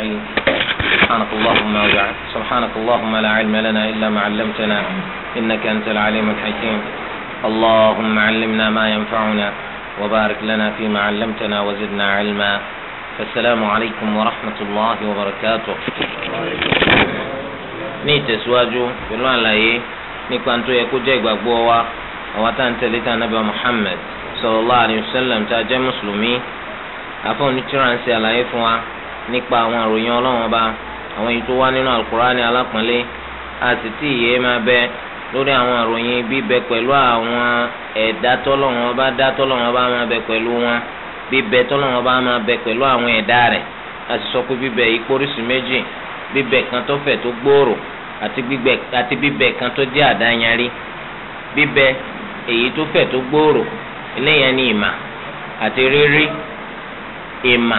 أجمعين سبحانك اللهم وبحمدك سبحانك اللهم لا علم لنا إلا ما علمتنا إنك أنت العليم الحكيم اللهم علمنا ما ينفعنا وبارك لنا فيما علمتنا وزدنا علما السلام عليكم ورحمة الله وبركاته نيت سواجو في الوان لاي نيكو انتو يكو جيكو اقبوا واتان تلتا نبي محمد صلى الله عليه وسلم تاجي مسلمي افو نتران سيالا يفوا nípa àwọn àròyìn ọlọ́run ọba àwọn èyí tó wá nínú alukurani alápọ̀nlé àti tí ìyè máa bẹ lórí àwọn àròyìn bíbẹ pẹ̀lú àwọn ẹ̀dá tọ́lọ́run ọba dá tọ́lọ́run ọba máa bẹ pẹ̀lú wọn bíbẹ tọ́lọ́run ọba máa bẹ pẹ̀lú àwọn ẹ̀dá rẹ̀ àti sọ pé bíbẹ yìí pórísìí méjì bíbẹ kan tó fẹ̀ tó gbòòrò àti bíbẹ kan tó jẹ́ àdáyanrí bíbẹ èyí tó fẹ̀ tó gbòòrò eléyàn ni ìmà àti rírí ìmà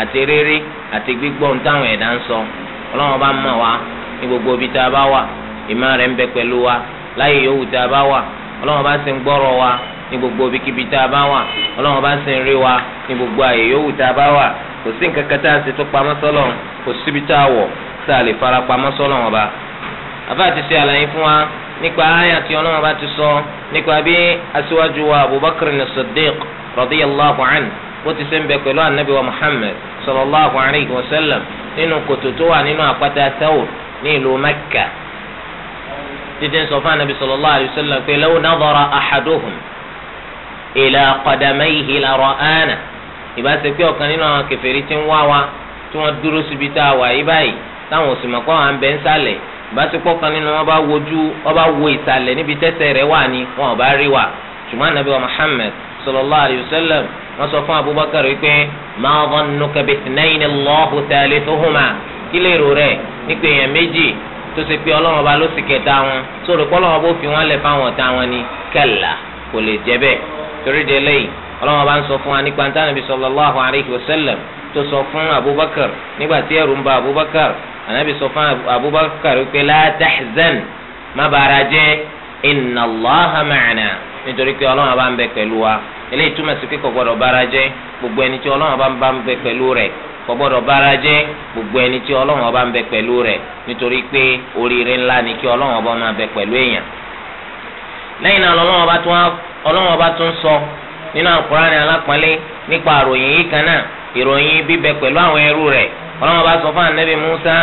àti rírí àti gbígbọ́ ohun táwọn ẹ̀dá ń sọ ọlọ́run bá mọ̀ wá ní gbogbo ibi tá a bá wà ìmọ̀ rẹ̀ ń bẹ pẹ̀lú wa láyé yòówù tá a bá wà ọlọ́run bá sì ń gbọ́rọ̀ wa ní gbogbo ibikíbi tá a bá wà ọlọ́run bá sì ń rí wa ní gbogbo àyè yòówù tá a bá wà kò sí nǹkan kan tá a ṣe a wọ̀ tá a lè fara pamọ́ sọ́lọ̀ wọn àbá wa nípa ọlọ́run bá ti sọ bó ti ṣe ń bẹ pẹ̀lú anabi wa muhammed sallallahu alayhi wa sallam nínú kòtò tó wà nínú àpáta tawr ní ìlú mẹ́kà títí ń sọ fún anabi sallallahu alayhi wa sallam pé law nadhara ahaduhum ila qadamayhi la ra'ana ìbá ṣe pé ọ̀kan nínú àwọn kèfèrí tí ń wá wa tí wọ́n dúró síbi tá a wà yí báyìí táwọn òsì mọ̀ pé àwọn ń sálẹ̀ ìbá ṣe pọ̀ kan nínú wọn bá wojú wọn bá wo ìsàlẹ̀ níbi tẹ́sẹ̀ rẹ̀ wà ní wọn ò bá rí wa ṣùgbọ́n anabi wa muhammed sallallahu alayhi wa sallam wọ́n sọ fún abubakar wípé ma zannuka bithnayni Allahu thalithuhuma kí lè rò rẹ̀ nípa èèyàn méjì tó ṣe pé ọlọ́run ọba ló sì kẹta wọn sórí pé ọlọ́run ọba ó fi wọn lẹ̀ fáwọn ọ̀tá wọn ni kalla kò lè jẹ́ bẹ́ẹ̀ torí de lẹ́yìn ọlọ́run ọba ń sọ fún wa nípa níta sallallahu alayhi wa sallam tó sọ fún abubakar nígbà tí ẹ̀rù ń ba abubakar ànábì sọ fún abubakar wípé la má bàrà jẹ́ inna nítorí pé ọlọ́run bá ń bẹ pẹ̀lú wa eléyìí túmọ̀ sí pé kò gbọ́dọ̀ bára jẹ́ gbogbo ẹni tí ọlọ́run bá ń bá ń bẹ pẹ̀lú rẹ̀ kò gbọ́dọ̀ bára jẹ́ gbogbo ẹni tí ọlọ́run bá ń bẹ pẹ̀lú rẹ̀ nítorí pé oríire ńlá ni kí ọlọ́run bá máa bẹ pẹ̀lú èèyàn. lẹ́yìn náà ọlọ́run bá tún sọ nínú àkùránì alápọ̀nlé nípa ìròyìn yìí kan náà ìròyìn bíbẹ pẹ̀lú àwọn ẹrú ọlọ́wọ́n bá sọ fún anabi musa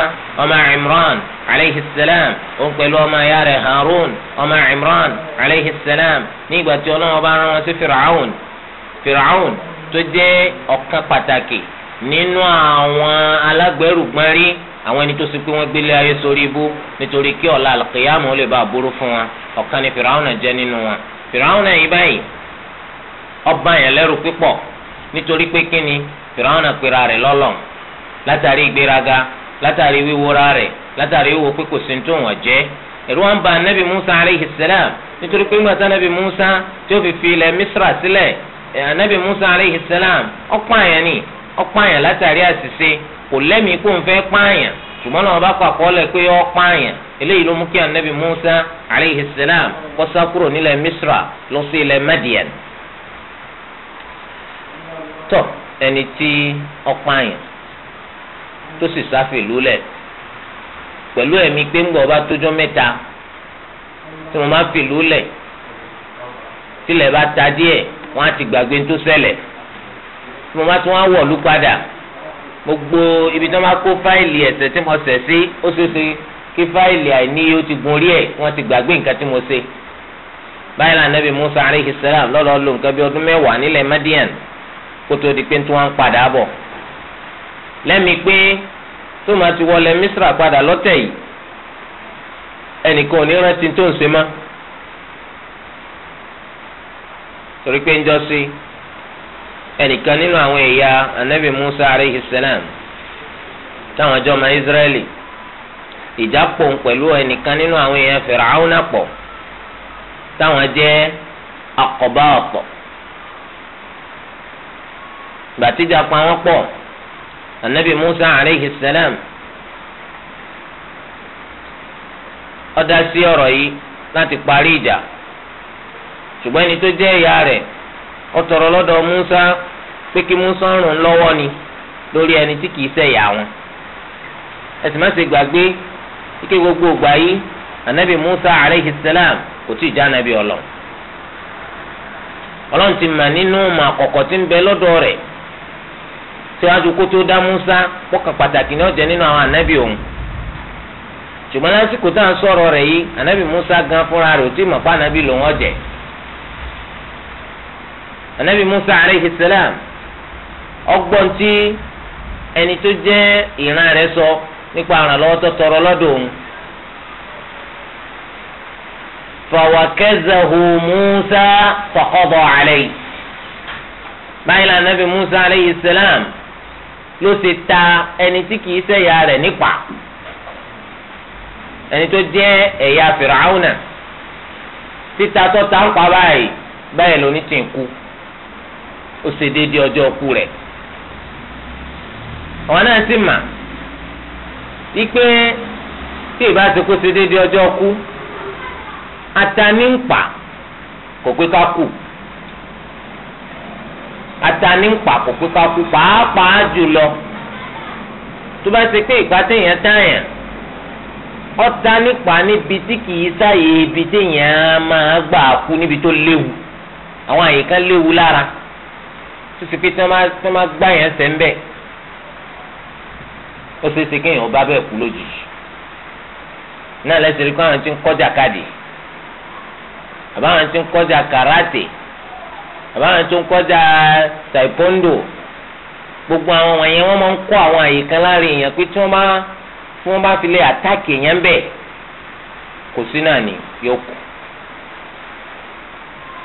ọmọ imran aleyhi salam òun pẹ̀lú ọmọ ìyá rẹ̀ harun ọmọ imran aleyhi salam ní ìgbà tí ọlọ́wọ́n bá rán wọn sí firaun firaun tó jẹ́ ọ̀kan pàtàkì nínú àwọn alágbẹ̀rùgbọ́nrí àwọn ẹni tó sì pé wọ́n gbélé ayé sórí ibú nítorí kí ọ̀la àlùkìyàmù ó lè bá burú fún wa ọ̀kan ni firaun jẹ́ nínú wọn firaun yìí báyìí ọba yẹn lẹ́rù pípọ̀ nítorí pé kíni firaun pera rẹ̀ lọ́lọ́run látàrí ìgbéraga látàrí wíwúra rẹ̀ látàrí wíwo pé kò sí ní tó wọ́n jẹ́ ẹ̀rù wọn bá anabi musa aleyhi nítorí pé ńgbà tí anabi musa tí ó fi fi ilẹ̀ misra sílẹ̀ anabi musa aleyhi ọ̀pààyàn ni ọ̀pààyàn látàrí àṣìṣe kò lẹ́mìí kó ń fẹ́ pààyàn ṣùgbọ́n náà bá àkọọ́lẹ̀ pé ó pààyàn eléyìí ló mú kí anabi musa misra lọ sí ilẹ̀ madian. tọ́ ẹni tí ọ̀pààyàn tó sì sáfìlú lẹ̀ pẹ̀lú ẹ̀mí pé ńgbọ̀ bá tójọ́ mẹ́ta tí mo máa fìlú lẹ̀ tilẹ̀ bá ta díẹ̀ wọ́n á ti gbàgbé tó ṣẹlẹ̀ tí mo máa tún wá wọ̀lú padà gbogbo ibi tí wọ́n máa kó fáìlì ẹ̀ṣẹ̀ tí mo ṣẹ̀ sí ó ṣeé ṣe kí fáìlì àìníye ó ti gun orí ẹ̀ wọ́n ti gbàgbé nǹkan tí mo ṣe báyìí la nàbì Musa alayhi salam lọ́lọ́ lo nǹkan bí ọdún mẹ́wàá nílẹ̀ Madian kó tó di pé tí wọ́n ń padà bọ̀ lẹ́mi pé tó máa ti wọlé misra padà lọ́tẹ̀ yìí ẹnìkan ò ní rántí tó ń ṣe mọ́ torí pé ń jọ sí ẹnìkan nínú àwọn ẹ̀yà anabi musa aleyhi táwọn ọjọ́ ọmọ israẹli ìjà pọ̀ ń pẹ̀lú ẹnìkan nínú àwọn ẹ̀yà fìràhánà pọ̀ táwọn jẹ́ àkọ́bá ọ̀pọ̀ gbàtíjà pa wọ́n pọ̀. anabi musa aleyhi salam ó dá sí ọrọ yìí láti parí ìjà ṣùgbọ́n ẹni tó jẹ́ ìyá rẹ̀ ó lọ́dọ̀ musa pé kí musa rùn lọ́wọ́ ni lórí ẹni tí kìí wọn gbàgbé ike gbogbo ògbà yìí anabi musa aleyhi salam kò tí ì já anabi ọlọ́run ti mà nínú o kó tó dá Musa pọkàn pàtàkì ní jẹ nínú àwọn ànábì òun ṣùgbọ́n lásìkò tá à ń sọ̀rọ̀ rẹ̀ yìí ànábì Musa gan fúnra rẹ̀ ò tí mọ̀ pa ànábì lòun ọ̀jẹ̀ ànábì Musa aleyhi salam ọgbọ́n tí ẹni tó jẹ́ ìran rẹ̀ sọ nípa tọrọ lọ́dọ̀ òun Musa báyìí Musa aleyhi ló ṣe ta ẹni tí kìí ṣẹ̀yà rẹ̀ nípa ẹni tó jẹ́ ẹ̀yà fìràhùnà títa tó ta ń pa báyìí báyìí lóní ti ń kú ó ṣe déédéé ọjọ́ ọkú rẹ̀ àwọn náà sì mà wípé tí ìbá ti kó ṣe déédéé ọjọ́ ọkú ata ní ń pa kò pé ká kù. atani ń pa kò pípa kú pàápàá jùlọ tó bá ṣe pé ìpa téèyàn dáyàn ọ̀tá nípa níbi tí kìí sáyé ibi téèyàn máa gbà kú níbi tó léwu àwọn àyè kan léwu lára tó ṣe pé tí wọ́n máa gbá yẹn sẹ́ ń bẹ̀ ó ṣeé ṣe kéèyàn bá bẹ́ẹ̀ kú lójijì náà lẹ́sẹ̀ rí kó àwọn tí ń kọjá káàdì àbáwọn tí ń kọjá kàráàtì àbáwọn tó ń kọjá taekwondo gbogbo àwọn wọ̀nyẹn wọ́n máa ń kọ́ àwọn àyè kan láàrin èèyàn pé tí wọ́n bá tí wọ́n bá fi lè àtàkì èèyàn bẹ̀ kò sí náà ni yóò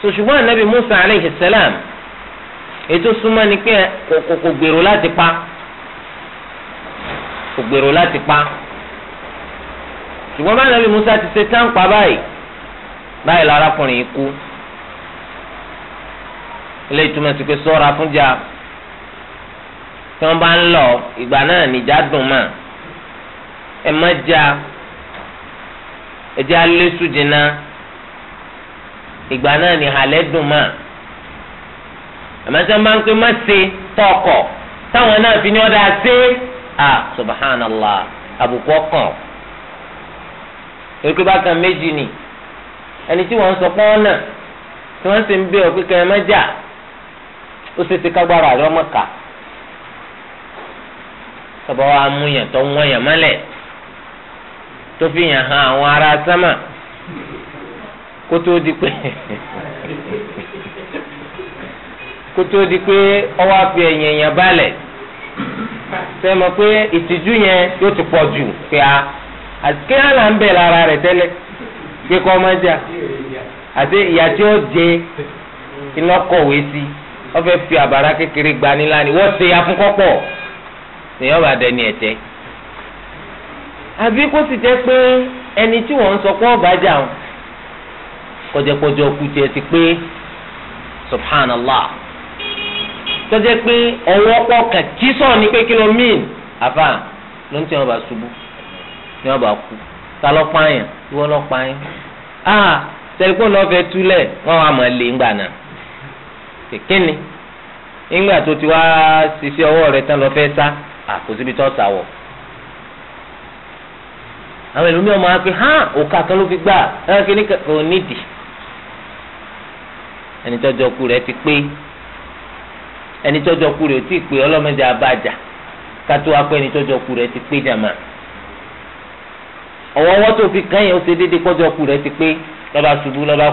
sòṣùgbọ́n ànábì Musa aleyhi salam ètò súnmọ́ ni pé kò gbèrò láti pa kò gbèrò láti pa ṣùgbọ́n bá ànábì Musa ti ṣe tán pa báyìí báyìí lárakùnrin yìí kú. ilé ìtumọ̀ sí pé sọ́ra fúnjà tí wọ́n bá ń lọ ìgbà náà nìjà dùn mà ẹ má jà ẹjẹ́ alẹ́sù jìnnà ìgbà náà ní halẹ́ dùn mà àmọ́ sẹ́ máa ń pè má ṣe tọkọ̀ táwọn náà fi ní subhanallah àbùkù ọkàn bákan ni ẹni tí wọ́n ń sọ pọ́n náà tí wọ́n sì ń ó ṣe ti kágbára rẹ ọmọ kà tọ́ba wa mú yàn tó wọ́n yàn mọ́lẹ̀ tó fi yàn hàn àwọn ará sámà kó tó di pé kó tó di pé ọwọ́ àfi ẹ̀yìn balẹ̀ a àti àlà ń bẹ̀ lára rẹ̀ tẹ́lẹ̀ pé kọ́ ọmọ jà àti ìyá tí ó wọ́n fẹ́ fi àbàrà kékeré gba nílá ni wọ́n ṣe afúnkọ́pọ̀ nìyẹn bá dẹni ẹ̀tẹ́ àbí kó sì jẹ́ pé ẹni tí wọ́n ń sọ pé ọba jà ń kọjọkọjọ kú tiẹ̀ ti pé subhanallah tọ́jẹ́ pé ọwọ́ pọ̀ kàn kí sọ̀rọ̀ ní pé kí ló mìn àfà ló ń tẹ́ wọn bá ṣubú ni wọn bá kú ta ah, lọ pààyàn ìwọ lọ pààyàn ah tẹlifóònù ọ̀fẹ́ túlẹ̀ wọn wà mọ̀ lé ńgbà náà. ekini nígbà tó ti wá ṣiṣẹ́ ọwọ́ rẹ̀ tán lọ fẹ́ sá àkóso bí tó sá wọ̀ àwọn ẹlòmíràn máa pe hàn òkà kan ló fi gbà ẹ kí ni kò nídìí ẹni tọ́jọ́ ku rẹ ti pé ẹni tọ́jọ́ ku rẹ̀ ò pé ọlọ́mọdé abájà kátó wá ẹni tọ́jọ́ ku rẹ̀ ti pé jàmá tó fi kàn yẹn ó ṣe déédéé kọ́jọ́ ku ti pé lọ́ba ṣubú lọ́ba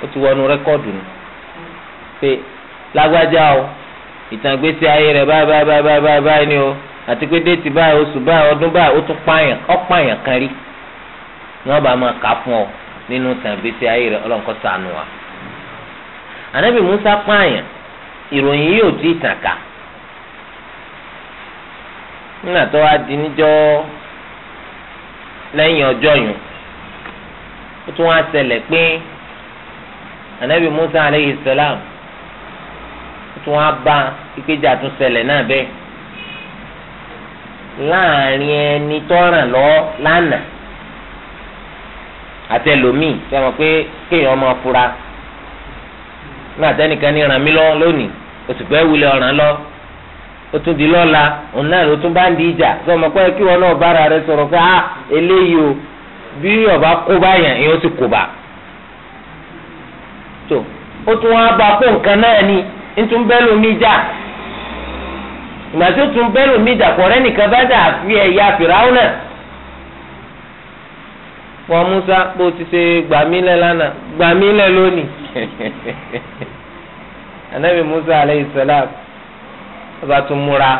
kú ti wọnú rẹ́kọ́ọ̀dù pé lágbájá o ìtàn gbèsè ayé rẹ̀ báyìí báyìí báyìí báyìí báyìí ni o àti pé déètì báyìí oṣù báyìí ọdún báyìí ó tún pààyàn ọ̀pààyàn kan rí ni máa kà fún ọ nínú ìtàn ayé ọlọ́nkọ́ sànù wa. ànábì Musa pààyàn ìròyìn yìí ò itaka ì nígbà tó wá di lẹ́yìn ọjọ́ ó tún wá ṣẹlẹ̀ pé ànábì Musa tí wọ́n bá ìpèjà tó ṣẹlẹ̀ náà bẹ́ẹ̀ láàrin ẹni tọ́ràn lọ lánàá àtẹlómìn tí wọ́n pé kéèyàn máa fura ní àtẹnìkan ní ràn mí lọ lónìí oṣù fẹ́ wulẹ̀ ọ̀ràn lọ o tún di lọ́la òun náà ló tún bá ń ìjà sọ pé ah, o bí ọba kó báyàn ìyẹn ó sì kó bá tó o tún wá bá ntun bẹ́ẹ̀ lomi jà ìgbà tó tún bẹ́ẹ̀ lomi jà kọ̀ọ̀rẹ́ nìkan bá dà fi ẹ̀yà fìràwọ̀nà wọ́n musa bó ti ṣe gbàmílẹ̀ lánàá gbàmílẹ̀ lónìí anabi musa aleyhi salam ọba tún múra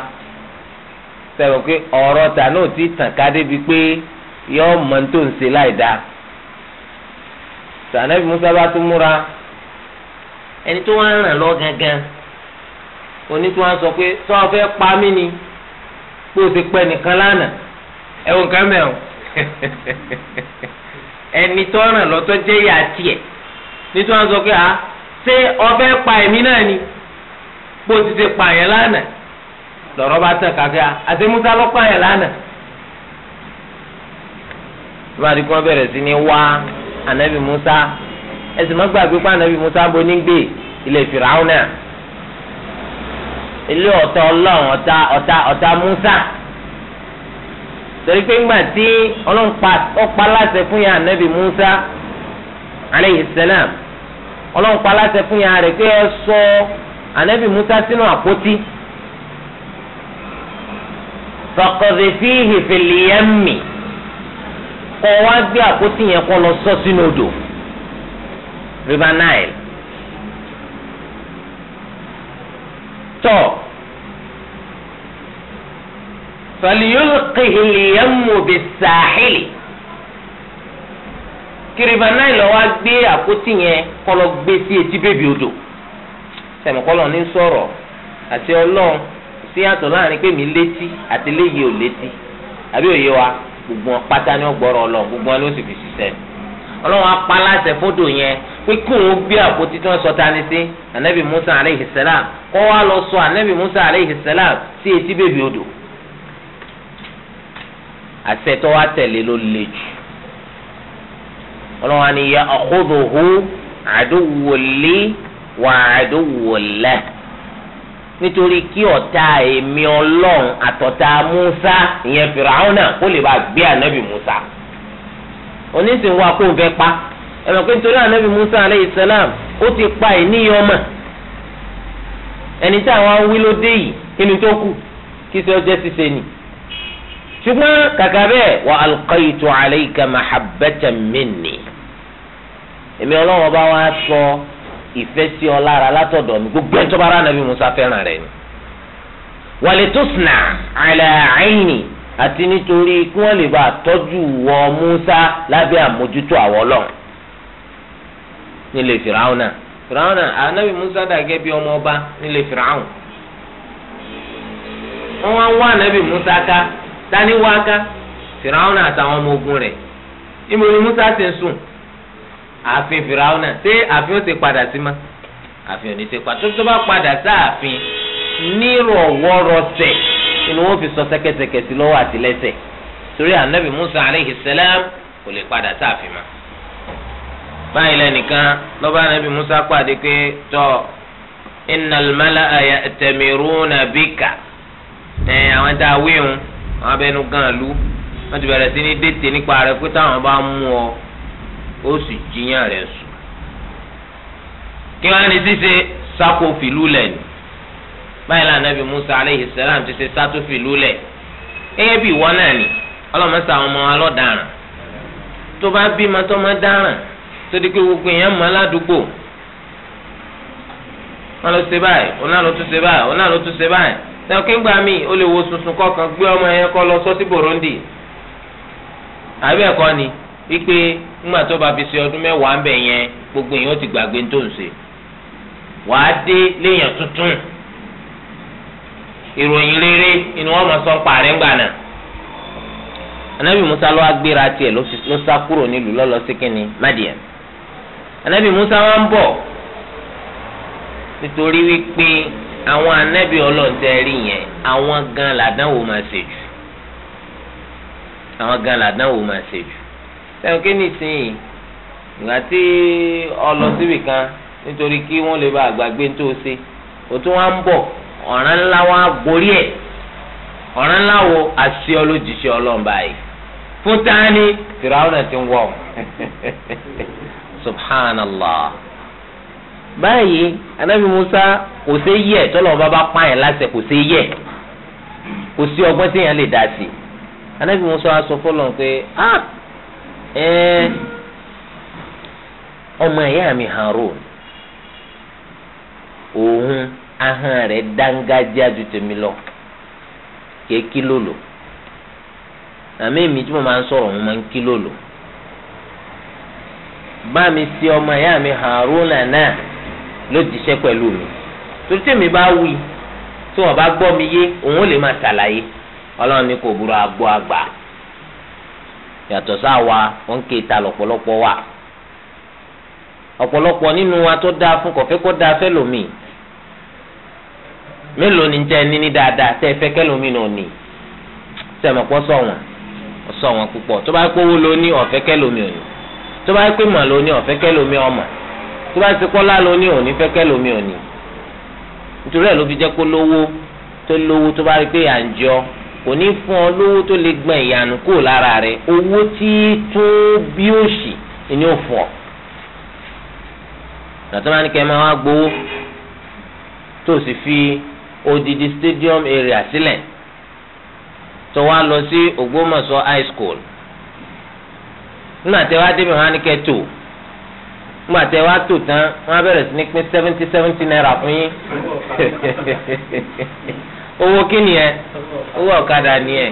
sẹ́wọ̀n pé ọ̀rọ̀ ta náà ti tàn ká débi pé yọ ọmọ tó ń ṣe láì dáa sànẹ́bí musa bá tún múra ẹni tó wá ń ràn lọ gangan oní tí wọ́n sọ pé sọ fẹ́ pa mí ni pé o ti pẹ́ nìkan lánàá ẹ̀wọ̀n kan mẹ́wọ̀n ẹni tó ràn lọ tó jẹ́ ìyá tiẹ̀ ní tí wọ́n sọ pé ah ṣé o pa èmi náà ni pé o ti ti pa yẹn lánàá lọ́rọ̀ bá tẹ̀ káfíà àti musa ló pa yẹn lánàá tí wọ́n di kí wọ́n bẹ̀rẹ̀ sí ní wá anabi musa ẹsìn má gbàgbé pa ànábì Musa bo ní gbé ilé Fìràwọ́nà ilé ọ̀tá ọlọ́run ọ̀tá ọ̀tá ọ̀tá Musa torí pé ńgbà tí ọlọ́run pa láṣẹ fún ya ànábì Musa aleyhi salam ọlọ́run pa láṣẹ fún ya rẹ̀ pé ẹ sọ ànábì Musa sínú àpótí fàkọ̀dé fíhì fil yammi kọ́ wá gbé àpótí yẹn kọ́ lọ sọ sínú odò. river nile tọ fàlìyọ́lùkìhì lìyẹ́mù bí sàáhìlì kí river nile wá gbé àpótí yẹn kọlọ gbé sí etí bèbí odò sẹ̀mí kọlọ ní sọrọ àti ọlọ́run sí yàtọ̀ láàrin pé mi létí àti léyìí ò létí àbí òye wa gbogbo pátá ni ó gbọrọ ọlọ́run gbogbo ni ló sì fi ṣiṣẹ́. ọlọ́run apaláṣẹ fódò yẹn pé kí òun gbé àpótí tí wọ́n sọ ta ni sí anabi musa aleyhi salam kọ́ wa lọ sọ anabi musa aleyhi salam sí etí bèbè odò àṣẹ tó wá tẹ̀lé ló le jù ọlọ́run àni yẹ ọ̀kúndùnhù àdúwòlé wà àdúwòlẹ̀ nítorí kí ọ̀tá èmi ọlọ́run àtọ̀tá musa ìyẹn fìràwọ́nà kó lè bá gbé anabi musa onísìn wa kó n fẹ́ pa ẹ̀rọ pé nítorí anabi musa aleyhi salam ó ti pa ẹ̀ níyọmọ ẹni tí àwọn wí ló dé yìí inú tó kù kí sọ jẹ́ ṣiṣẹ́ ni ṣùgbọ́n kàkà bẹ́ẹ̀ wa alqaytu alayka mahabbatan minni èmi ọlọ́wọ́ bá wá sọ ìfẹ́ sí ọ lára látọ̀dọ̀ mi gbogbo ẹ̀ bá rà nàbí musa fẹ́ràn rẹ̀ ni wàlẹ̀ tó sùnà àlẹ́ àìní àti nítorí kí wọ́n lè bá tọ́jú wọ Musa lábẹ́ àmójútó àwọn ọlọ́run nílé fìràwọnà fìràwọnà anabi Musa dàgẹ́ bí ọmọ ọba nílé fìràwọn wọ́n wá wá anabi Musa ká dání wá ká fìràwọnà àtàwọn ọmọ ogun rẹ̀ ìmọ̀lẹ́ Musa ti ń sùn ààfin fìràwọnà ṣé ààfin ó ti padà sí ma ààfin ò ní ti padà tó tó bá padà sáàfin nírọ̀wọ́rọ̀sẹ̀ inú wọn fi sọ sẹ́kẹsẹkẹ sí lọ́wọ́ àti lẹ́sẹ̀ torí anabi musa aleyhi salam kò lè padà sáàfin ma báyìí lẹ́nìkan lọ́ba anabi musa pàdé pé tọ́ innal mala'a ya'tamiruna bika ẹ̀ àwọn tá a wíhun àwọn abẹnú gan lu wọ́n ti bẹ̀rẹ̀ sí ní dètè nípa rẹ̀ pé táwọn bá mú ọ ó sì jiyàn rẹ̀ sùn kí wọ́n á ní sísè sáko lẹ́nu báyìí la anabi musa aleyhi salam ti ṣe sátúfì lulẹ̀ gẹ́gẹ́ bí ìwọ náà ni ọlọmọsà ọmọ alọdaràn tó bá bímọ tó má dáràn tó di pé gbogbo èèyàn mọ aládùúgbò wọn lọ ṣe báyìí wọn lọ tún ṣe báyìí wọn lọ tún ṣe báyìí tẹ̀wọ́n gbé ọmọ yẹn kọ́ lọ Burundi àbí ni wípé ńgbà tó bá fi ṣe ọdún mẹ́wàá ń bẹ̀ yẹn gbogbo èèyàn gbàgbé tó ìròyìn rere inú wọn mọ sọ ń pa rẹ̀ ńgbà náà anabi musa ló wá gbéra tiẹ̀ ló sá kúrò nílùú lọlọ sí kínní madian anabi musa wá ń bọ̀ nítorí wípé àwọn anabi ọlọ́ọ̀tẹ́rì yẹn àwọn gan làdánwò máa ṣe jù àwọn gan làdánwò máa ṣe jù sẹ́wọ̀n kí nìsín ìgbà tí ọlọ síbì kan nítorí kí wọ́n lè bá àgbàgbé tó ṣe òtún wá ń bọ̀ ọ̀ràn ńlá wa borí ẹ̀ ọ̀ràn ńlá wo àṣẹ olójìṣẹ́ ọlọ́mba yìí fún tani fìràwọ́nà ti ń wọ̀ subhanallah báyìí anabi musa kò sí yẹ tọ́lọ́mọba bá pààyàn láṣẹ kò sí yẹ kò sí ọgbọ́n tí èèyàn lè dá sí anabi musa wa sọ fọlọ́n pé ah ẹ́ẹ́ ọmọ ẹ̀yà mi harun òun. ahọ́n rẹ̀ dángájá ju tèmi lọ kì na mee àmì èmi tí mo máa ń sọ̀rọ̀ si máa ń mi sí ọmọ ìyá mi Haruna náà ló mi torí tèmi bá wí tí wọ́n bá gbọ́ mi yé òun ò lè máa ṣàlàyé ọlọ́run ní kò burú agbó àgbà yàtọ̀ sáà wa wọ́n ń ta lọ́pọ̀lọpọ̀ wa ọ̀pọ̀lọpọ̀ nínú wa tó dáa fún kọ̀fẹ́ kó mélòó ni jẹ́ níní dáadáa tẹ́ ẹ fẹ́ kẹ́lómi náà nì sẹ́mi pọ́ sọ̀wọ́n sọ̀wọ́n púpọ̀ tó bá yẹ pé owó ló ní ọ̀fẹ́ kẹ́lómi òní tó bá yẹ pé màá ló ní ọ̀fẹ́ kẹ́lómi ọmọ tó bá yẹ pé kọ́lá ló ní òní fẹ́ kẹ́lómi òní nítorí ẹ̀ ló fi jẹ́ kó lówó tó lówó tó bá rí pé à ń jọ kò ní fún ọ lówó tó lè gbọ̀n ìyanu kúrò lára rẹ owó tí tó bí òṣì ni ó fọ̀ nàtọ́ bá ní kẹ́ máa wá gbowó tó sì fi odidi stadium area sílẹ̀ tó wá lọ sí Ògbómọ̀ṣọ́ high school nígbà tẹ́ wá débi wọn á ní kẹ́ tó nígbà tẹ́ wá tó tán wọn bẹ̀rẹ̀ sí ní pín seventy seventy naira fún yín owó kí ni ẹ owó ọ̀kadà ni ẹ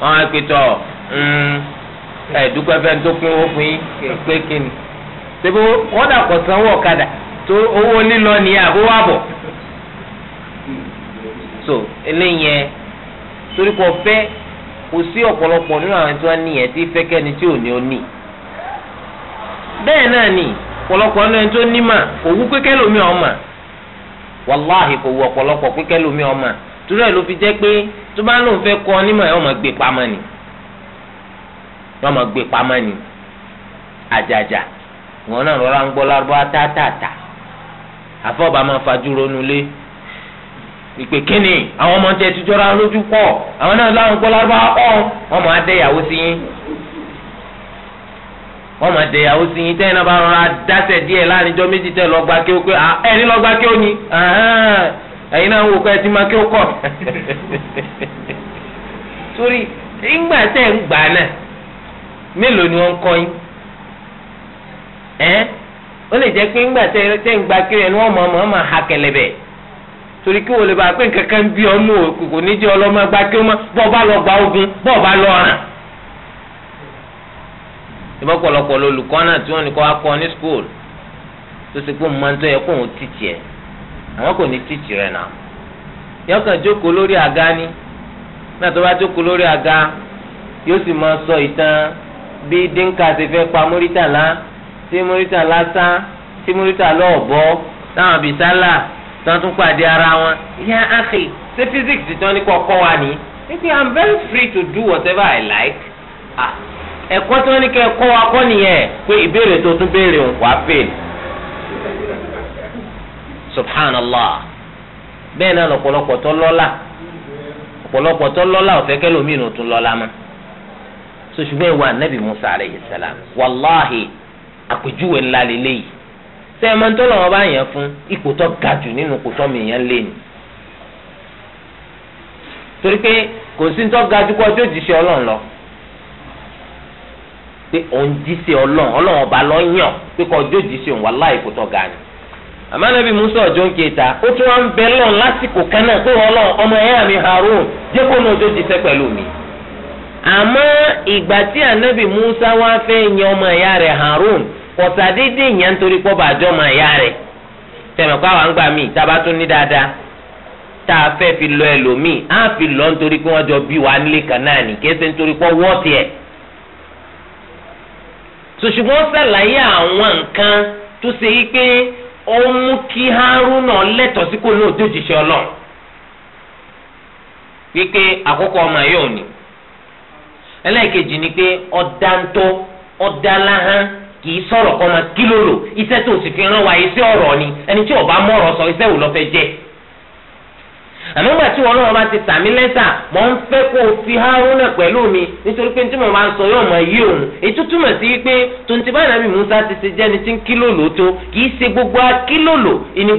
wọn á pè tọ hmm, ẹ̀ẹ́dúpẹ́ fẹ́ẹ́ tó pín owó fún yín pé kí ni ṣé wọ́n dà pọ̀ sanwó ọ̀kadà tó owó lílọ nìyẹn àbówàbọ̀. tó eléyẹn torí kò fẹ́ kò sí ọ̀pọ̀lọpọ̀ nínú àwọn tí wọ́n ní yẹn tí fẹ́kẹ́ni tí ò ní ó ní. bẹ́ẹ̀ náà ni ọ̀pọ̀lọpọ̀ nínú ẹni tó ní mà kò wú pé kẹ́lòmí ọmọ wàláhì kò wú ọ̀pọ̀lọpọ̀ pé kẹ́lòmí ọmọ torí ẹ̀ ló fi jẹ́ pé ìpè kínní àwọn ọmọ tẹ tijọ́ra lójú pọ̀ àwọn náà láwọn gbọ́ lárúbáwá pọ̀ wọ́n máa dẹ ìyàwó sí yín wọ́n máa dẹ ìyàwó sí yín tẹ́yìn náà bá rọra dáṣẹ̀ díẹ̀ láàrin ijọ́ méjì tẹ́ gba kí ó pé ah, kí ó ní ẹ̀yin náà wò pé máa kí ó kọ̀ ìgbà tẹ́ ń gbà náà mélòó ni wọ́n ń kọ́ yín ẹ́ gba kí ha torí kí wọ́n lè bá pé nkankan bí ọmọ òkùnkùn níjẹ́ ọlọ́mọ gba kí wọ́n bọ́ bá lọ gba ogun bọ́ bá lọ ràn. ìbọn pọ̀lọpọ̀ lolùkọ́ náà tí wọ́n ní kọ́ wá kọ́ ní school tó ṣe pé mọ́ tó yẹ kó òun tìtì ẹ̀ àwọn kò ní tìtì rẹ̀ náà. yọ kàn jókòó lórí àga ni náà tó bá jókòó lórí àga yóò sì máa sọ ìtàn bí dínkà ti fẹ́ pa múrítàlá tí múrítàlá sá tí múrítàlá ọ̀bọ náà bìtálà tí wọ́n tún pàdé ara wọn yá àkè ṣé physics tán ní kọ́ wa very free to do whatever i like. ẹ̀kọ́ tí wọ́n ní kẹ́ ẹ wa kọ́ nìyẹn pé ìbéèrè tó tún béèrè wá subhanallah bẹ́ẹ̀ náà lọ́pọ̀lọpọ̀ tó lọ́lá ọ̀pọ̀lọpọ̀ tó lọ́lá ọ̀fẹ́ kẹlòmíì ló tún lọ́lá mọ́ so musa alayhi salam wàláhì àpèjúwe ńlá lélẹ́yìí ṣé ẹ máa ń tọ́lọ̀ wọn bá yàn fún ipò tó ga jù nínú ipò mi yàn lé ni. torí pé kò sí tó ga jù kó ọjọ́ lọ pé òun jíṣẹ́ ọlọ́run ọlọ́run ọba lọ yàn pé kó ọjọ́ òjíṣẹ́ òun wà láì musa ọjọ́ ń ta ó tún wá lásìkò kan náà pé ọmọ ẹ̀yà harun jẹ́ kó ní pọ̀tàdédé yẹn nítorí pọ́ bàjọ́ máa yá rẹ̀ mi kó àwọn àgbà míì tá a bá tún ní dáadáa tá a fẹ́ fi lọ ẹlòmíì á fi lọ nítorí pé wọ́n jọ bí wàá nílé kan náà nì kése nítorí pọ́ wọ́ọ̀tì ẹ̀. sòṣùgbọ́n sàlàyé àwọn nǹkan tó ṣe yí pé ó mú kí Haruna lẹ́tọ̀ọ́ sí kò náà dójúṣe ọlọ́run wípé àkókò ọmọ yóò ní ẹlẹ́ẹ̀kejì kì í sọ̀rọ̀ kọ́ ma kílò lò iṣẹ́ tó sì fi ràn wá iṣẹ́ ọ̀rọ̀ ni ẹni tí ọba bá mọ̀rọ̀ sọ iṣẹ́ wò ló jẹ́ àmọ́ tí wọn náà bá ti tàmí lẹ́tà mọ̀ ń fẹ́ kó o fi pẹ̀lú mi nítorí pé tí mo máa ń sọ yóò mọ òun ètò túmọ̀ sí wípé tonti báyìí Musa ti ṣe jẹ́ni tí ń kílòlò tó kì í ṣe gbogbo akílòlò ìní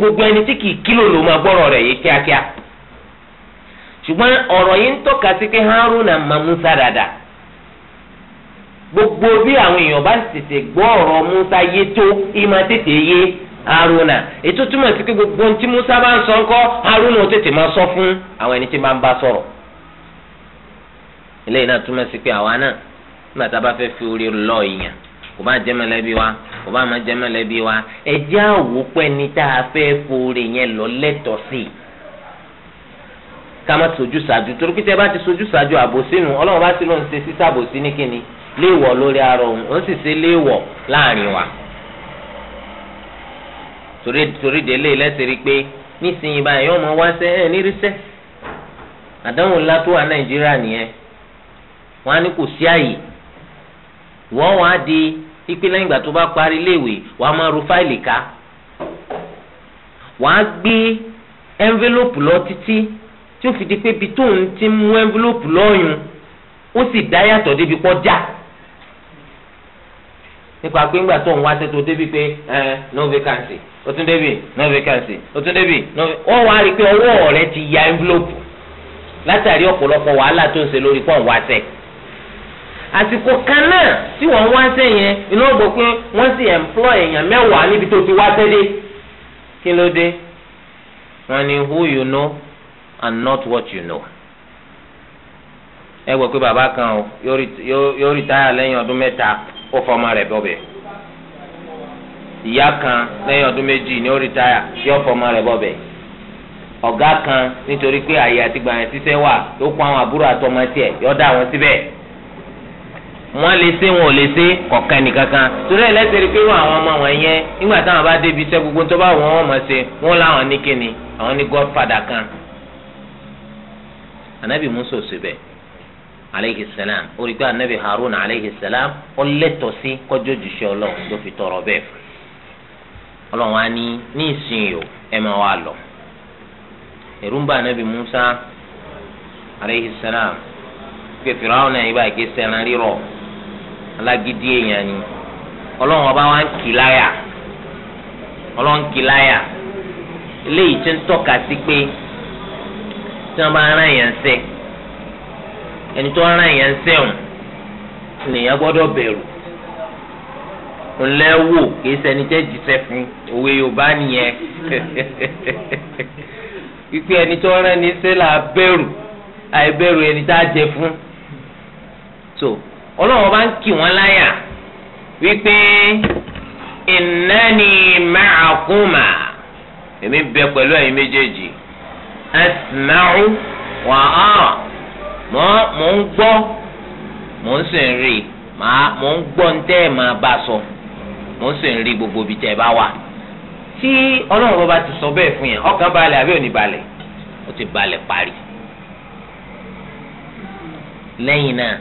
gbogbo bí àwọn èèyàn bá tètè gbọ́ ọ̀rọ̀ Musa yé tó ìmọ̀ tètè yé Haruna ètò túmọ̀ sí pé gbogbo ohun tí Musa bá ń sọ ńkọ́ Haruna ó tètè máa sọ fún àwọn ẹni tí máa ń bá sọ̀rọ̀ eléyìí náà túmọ̀ sí pé àwa náà nígbà tá a bá fẹ́ fi orí lọ èèyàn kò bá jẹ́ mẹ́lẹ́bí wa kò bá máa jẹ́ mẹ́lẹ́bí wa ẹ jẹ́ àwòpẹ́ ni tá a fẹ́ forí yẹn lọ lẹ́tọ̀ọ́ sí i ká má sojú ṣáájú torí pé tẹ́ bá ti sojú ṣáájú àbòsínú Ọlọ́run bá léèwọ̀ lórí arọ òun òun sì ṣe léèwọ̀ láàrin wa torí torí délé lẹ́sẹ̀ rí pé nísìnyí báyìí ọmọ wá sẹ́ ẹ̀ ní àdánwò ńlá tó wà nàìjíríà nìyẹn wọn á ní kò sí àyè di ipe lẹ́yìn ìgbà tó bá parí wọn máa fáìlì ká gbé lọ títí tí ó fi di pé ti mú ẹnvílópù lọ́yùn ó sì dá yàtọ̀ débi nípa pé ńgbà tó ń wá tètò débi pé ẹ no vacancy o tún débi no vacancy o tún débi no wọ́n wá rí i pé ọwọ́ rẹ ti ya envelope látàrí ọ̀pọ̀lọpọ̀ wàhálà tó ń ṣe lórí pọ̀ wá tẹ̀. àsìkò kan náà tí wọ́n wá tẹ̀ yẹn iná gbọ́ pé wọ́n sì employ èèyàn mẹ́wàá níbi tó ti wá tẹ́ dé kí ló dé wọ́n ní who you know and not what you know ẹ gbọ́ pé bàbá kan yóò rí táyà lẹ́yìn ọdún mẹ́ta ó fọmọ rẹ̀ bọ̀bẹ̀ ìyá kan lẹ́yìn ọdún méjì ni ó rìtáyà yóò fọmọ rẹ bọbẹ ọ̀gá kan nítorí pé àyè àti yẹn ṣiṣẹ́ wà yóò kó àwọn àbúrò àtọmọ tiẹ̀ yóò dá àwọn síbẹ wọn lè ṣe wọn ò lè ṣe kọ̀ọ̀kan nìkankan torí ẹ̀ lẹ́sẹ̀ rí pé irú àwọn ọmọ wọn yẹn nígbà táwọn bá débi gbogbo tó bá wọn wọn ṣe wọn ní kíni àwọn ní kan aleyhi salam orí pé anabi harun aleyhi salam ó lẹ́tọ̀ọ́ sí kọjú ojúṣe ọlọ́run tó fi tọrọ bẹ́ẹ̀ fún ọlọ́run á ní ní ìsinyìí o ẹ máa wá lọ ẹ̀rù ń bà anabi musa aleyhi salam pé fìràwọn náà ibà ké sẹ́ran rírọ̀ alágídí èèyàn ni ọlọ́run ọba wa ń kì láyà ọlọ́run kì láyà eléyìí tí ń tọ́ka sí pé tí wọ́n bá rán èèyàn sẹ́ẹ̀ ẹni tó rán èèyàn sẹ́wọ̀n lèèyàn gbọ́dọ̀ bẹ̀rù ńlẹ́ wò kìí ṣẹni tẹ́ jíṣẹ́ fún òwe yorùbá nìyẹn pípé ẹni tó rán ẹni sẹ́là bẹ̀rù àìbẹ̀rù ẹni tá a jẹ fún so ọlọ́run bá ń kì wọ́n láyà wípé ìnáni máa kún èmi bẹ pẹ̀lú ẹ̀yin méjèèjì asma'u wa ara mò ń gbọ́ mò ń sì ń rí i mò ń gbọ́ ń tẹ́ ẹ̀ máa bá a sọ mò ń sì ń rí gbogbo ibi tẹ́ ẹ bá wà. tí ọlọ́run bọ́ba ti sọ bẹ́ẹ̀ fún yẹn ọkàn balẹ̀ àbí òní balẹ̀ ó ti balẹ̀ parí. lẹ́yìn náà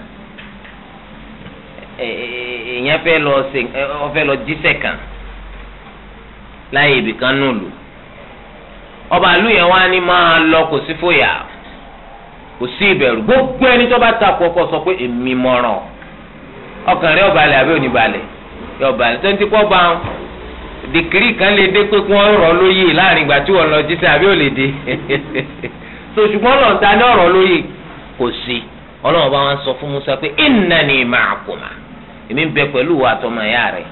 èèyàn fẹ́ lọ ṣe ọ fẹ́ lọ jíṣẹ́ kan láyé ibìkan nù ọba àlùyẹn wá ní máa lọ kò sí fòyà kò sí ìbẹ̀rù gbogbo ẹni tó bá ta kú ọkọ sọ pé èmi mọ̀ràn ọkàn rẹ ó balẹ̀ àbí ó ní balẹ̀ yọ balẹ̀ tó ń ti kọ́ bá wọn dìkírì kan lè dé pé kí wọ́n rọ̀ lóyè láàrin ìgbà tí wọ́n lọ jíṣẹ́ àbí ò lè dé so ṣùgbọ́n lọ́n ta ní ọ̀rọ̀ lóyè kò sí ọlọ́run bá wọn sọ fún Musa pé innani ma'akuma èmi ń bẹ pẹ̀lú wa àtọmọ ẹ̀yà rẹ̀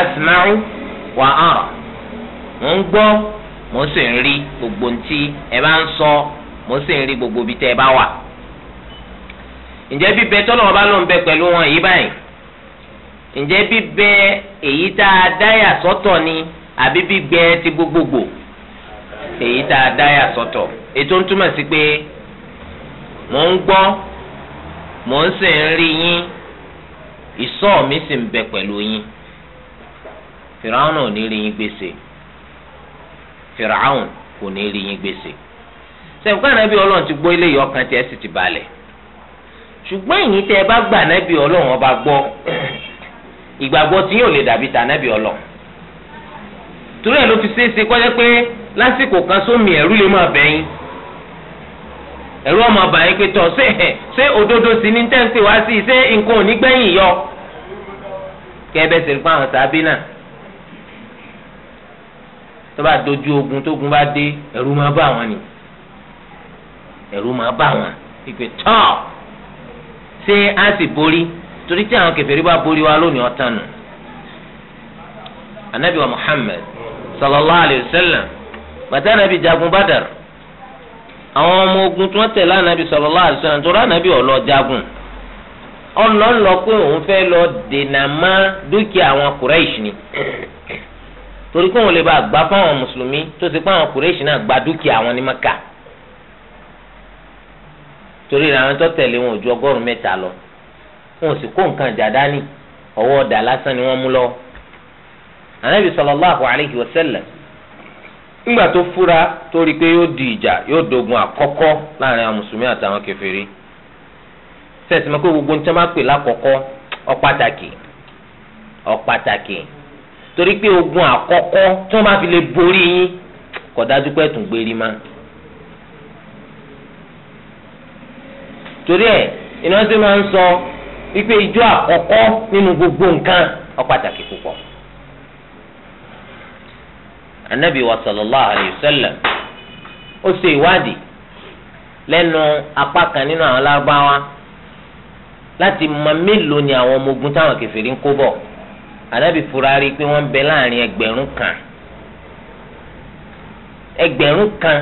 asma'u wa ara mò ń gbọ́ mò ń sì ń rí gbogbo ntí ẹ bá ń sọ mo sì ń rí gbogbo ibi tẹ́ ẹ bá wà. ǹjẹ́ bíbẹ tọ́lọ̀ ọba ló ń bẹ pẹ̀lú wọn yìí báyìí ǹjẹ́ bíbẹ èyí tá a dáyà sọ́tọ̀ ni àbí bíbẹ ti gbogbogbò èyí tá a dáyà sọ́tọ̀ ètò ń túmọ̀ sí pé mò ń gbọ́ mò ń sì ń rí yín ìsọ mi sì ń bẹ pẹ̀lú yín fìràwọn ò ní rí yín gbèsè fìràwọn kò ní rí yín gbèsè sẹ̀kọ́ ànábì ọlọ́run ti gbọ́ eléyìí ọkàn tiẹ̀ sì ti balẹ̀ ṣùgbọ́n ẹ̀yin tẹ́ ẹ bá gbà ànábì ọlọ́run ọba gbọ́ ìgbàgbọ́ tí yóò lè dàbí tà ànábì ọlọ́run torí ẹ̀ ló fi ṣeéṣe kọ́jẹ́ pé lásìkò kan sómi ẹ̀rú lè máa bẹ̀yìn ẹ̀rú ọmọ àbàyìn pé tọ̀ ṣé ṣé òdodo sí ní tẹ́ǹsì wá sí ṣé nǹkan ò ní gbẹ̀yìn yọ kẹ́ẹ́bẹ́ sì fún àwọn tó bá dojú ogun tógun bá dé ẹ̀rú máa bá àwọn nìyí ẹ̀rù máa bà wọn ife tọ́ ṣé a sì borí torí tí àwọn kèfèrí bá borí wa lónìí ọ̀tá nù anabi wa Muhammad sallallahu alayhi wa sallam anabi jagun Badar àwọn ọmọ ogun tí wọ́n tẹ̀lé anabi sallallahu alayhi wa sallam torí anabi jagun pé òun fẹ́ lọ dènà má dúkìá àwọn ni torí kóun lè bá fáwọn gba dúkìá àwọn ní torí àwọn tó tẹ̀lé wọn ò ju ọgọ́rùn mẹ́ta lọ wọn ò sì kó nǹkan ìjà dání ọwọ́ ọ̀dà lásán ni wọ́n mú lọ. ànábì sọlọ alayhi wa sallam ńgbà tó fura tó rí i pé yóò di ìjà yóò dogun àkọ́kọ́ láàrin àwọn mùsùlùmí àtàwọn kèfèrí sẹ́ẹ̀sì mọ́ pé gbogbo ní tí wọ́n pè lákọ̀ọ́kọ́ ọ̀pàtàkì ọ̀pàtàkì torí pé ogun àkọ́kọ́ tí wọ́n bá fi lè borí yín kò dájú pé ẹ̀tùn gbérí máa torí ẹ̀ iná tí máa ń sọ wípé ijó àkọ́kọ́ nínú gbogbo nǹkan ó púpọ̀. anabi wa sallallahu alayhi wa sallam ó ṣe ìwádìí lẹ́nu apá kan nínú àwọn lárúbáwá láti mọ mélòó ni àwọn ọmọ ogun táwọn kèfèrí ń kó bọ̀ anabi fura rí i pé wọ́n ń bẹ láàrin ẹgbẹ̀rún kan ẹgbẹ̀rún kan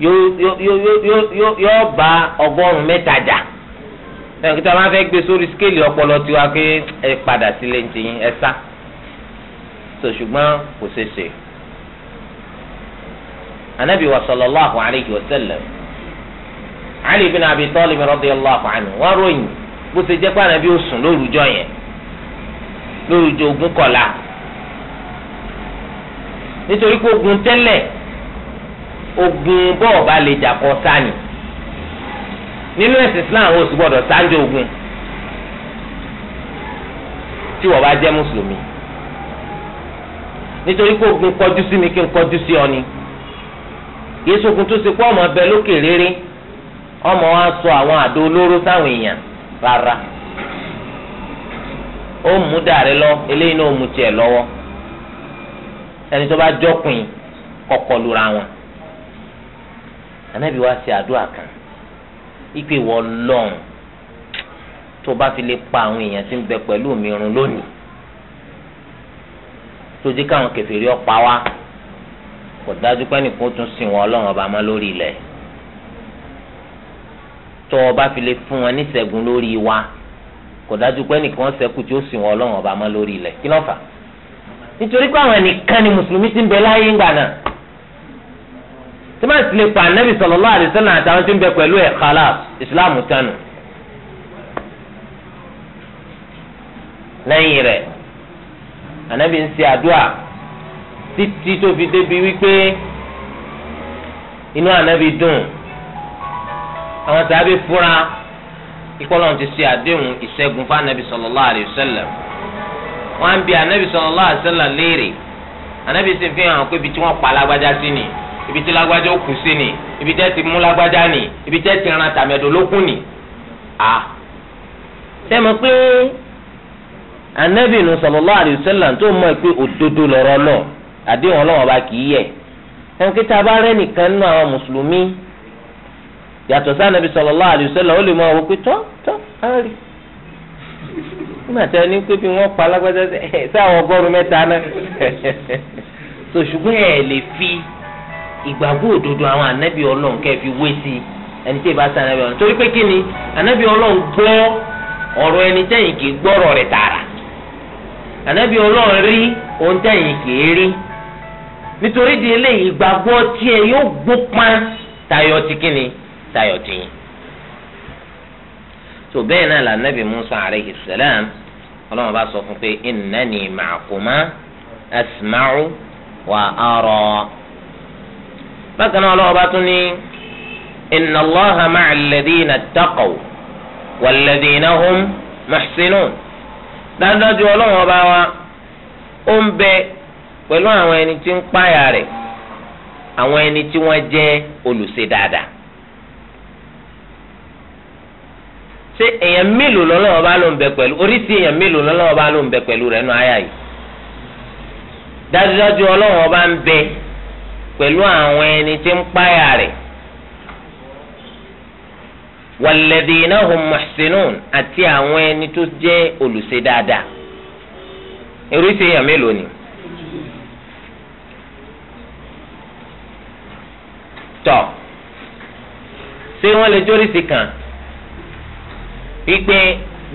yóò bá ọgọ́rùn-ún mẹ́ta jà ẹnì kíta máa fẹ́ gbé sórí skéèlì ọpọlọ tiwa pé ẹ padà sílé ń tiyín ẹ sá so ṣùgbọ́n kò ṣeé ṣe. anabi wa sallallahu alayhi wa sallam ali bin abi talib radiyallahu anhu wọn ròyìn bó ṣe jẹ́ pé anabi ó sùn lórúkọ yẹn lórúkọ ogun kọlá nítorí pé ogun tẹ́lẹ̀ ogun bọ́ọ̀ bá lè jà kọ́ sáni nínú ẹ̀sìn Islam o sì gbọ́dọ̀ sáńjọ ogun tí wọ́n bá jẹ́ mùsùlùmí nítorí pé ogun kọjú sí mi kí n kọjú sí ọ ni kìí sókun tó ṣe pé ọmọ ọbẹ̀ lókè rere ọmọ wa sọ àwọn àdó olóró sáwọn èèyàn rárá ó mú dàrí lọ eléyìí náà ó mú tiẹ̀ lọ́wọ́ ẹni tó bá jọ́kùn kọkọ lura wọn. anabi wa ṣe adu kan ipe wọ lọ́n tó bá fi lè pa àwọn èèyàn tí ń bẹ pẹ̀lú mi run lónìí tó jẹ́ káwọn kèfèrí ọ̀pá wa kò dájú pé nìkan tún sìn wọn ọlọ́run ọba mọ́ lórí ilẹ̀ tó o bá fi lè fún wọn níṣẹ́gun lórí wa kò dájú pé nìkan ṣẹ́kù tí ó sìn wọn ọlọ́run ọba mọ́ lórí ilẹ̀ kí ló fà nítorí pé àwọn ẹnìkan ni mùsùlùmí ti ń bẹ láyé ńgbà náà tí máa ti lè pa anabi sallallahu alaihi wasallam àtàwọn tí ń bẹ pẹ̀lú ẹ̀ khalas ìsìláàmù tánu. lẹ́yìn rẹ̀ anabi ń ṣe àdúrà títí tó fi débi wípé inú anabi dùn àwọn tàbí fúra ìkọlọ́n ti ṣe àdéhùn ìṣẹ́gun fún anabi sallallahu alaihi wasallam wọ́n á ń bi anabi sallallahu alaihi wasallam léèrè anabi sì fi hàn pé ibi tí wọ́n pa alágbájá sí ni ibi tí lágbájá ó kù sí ni ibi tẹ́ ti mú lágbájá ni ibi tẹ́ ti ran tàmẹ̀dò lókun ni à ṣé mo pé anabinu sallallahu alayhi wa sallam tó mọ̀ pé òdodo lọ̀rọ̀ náà àdéhùn Ọlọ́run bá kì í yẹ̀ ẹnìkí tá a bá rẹ nìkan nínú àwọn mùsùlùmí yàtọ̀ sí anabi sallallahu alayhi ó lè mọ àwọn pé tọ́ tọ́ á nígbàtí ẹni pé bí wọ́n pa alágbádá sí àwọn ọgọ́rùn-ún náà so ẹ lè fi ìgbàgbọ́ òdodo àwọn ànábì ọlọ́run kẹ́ fi wé sí ẹni tí ìbá sànábì ọlọ́run torí pé kí ni ànábì ọlọ́run gbọ́ ọ̀rọ̀ ẹni tẹ́yìn kì í gbọ́rọ̀ rẹ̀ tààrà ànábì ọlọ́run rí ohun tẹ́yìn kì í rí nítorí di eléyìí ìgbàgbọ́ tiẹ̀ yóò gbópa tayọ ti kí ni tayọ ti yìn tó bẹ́ẹ̀ náà lànàbì Musa alayhi salam ọlọ́run bá sọ fún pé innani ma'akuma asma'u wa ara. bákan náà ọlọ́wọ́ bá tún ní inna Allaha ma'al ladhina ttaqaw wal ladhina hum muhsinun dájúdájú ọlọ́wọ́ bá wa ó ń bẹ pẹ̀lú àwọn ẹni tí ń páyà rẹ̀ àwọn ẹni tí wọ́n jẹ́ olùṣe dáadáa. ṣé èèyàn mélòó pẹ̀lú àwọn ẹni tí ń páyà rẹ̀ walladhina hum muhsinun àti àwọn ẹni tó jẹ́ olùṣe dáadáa irú ìṣèyàn mélòó ni. tọ́ ṣé wọ́n lè jórísì kan wípé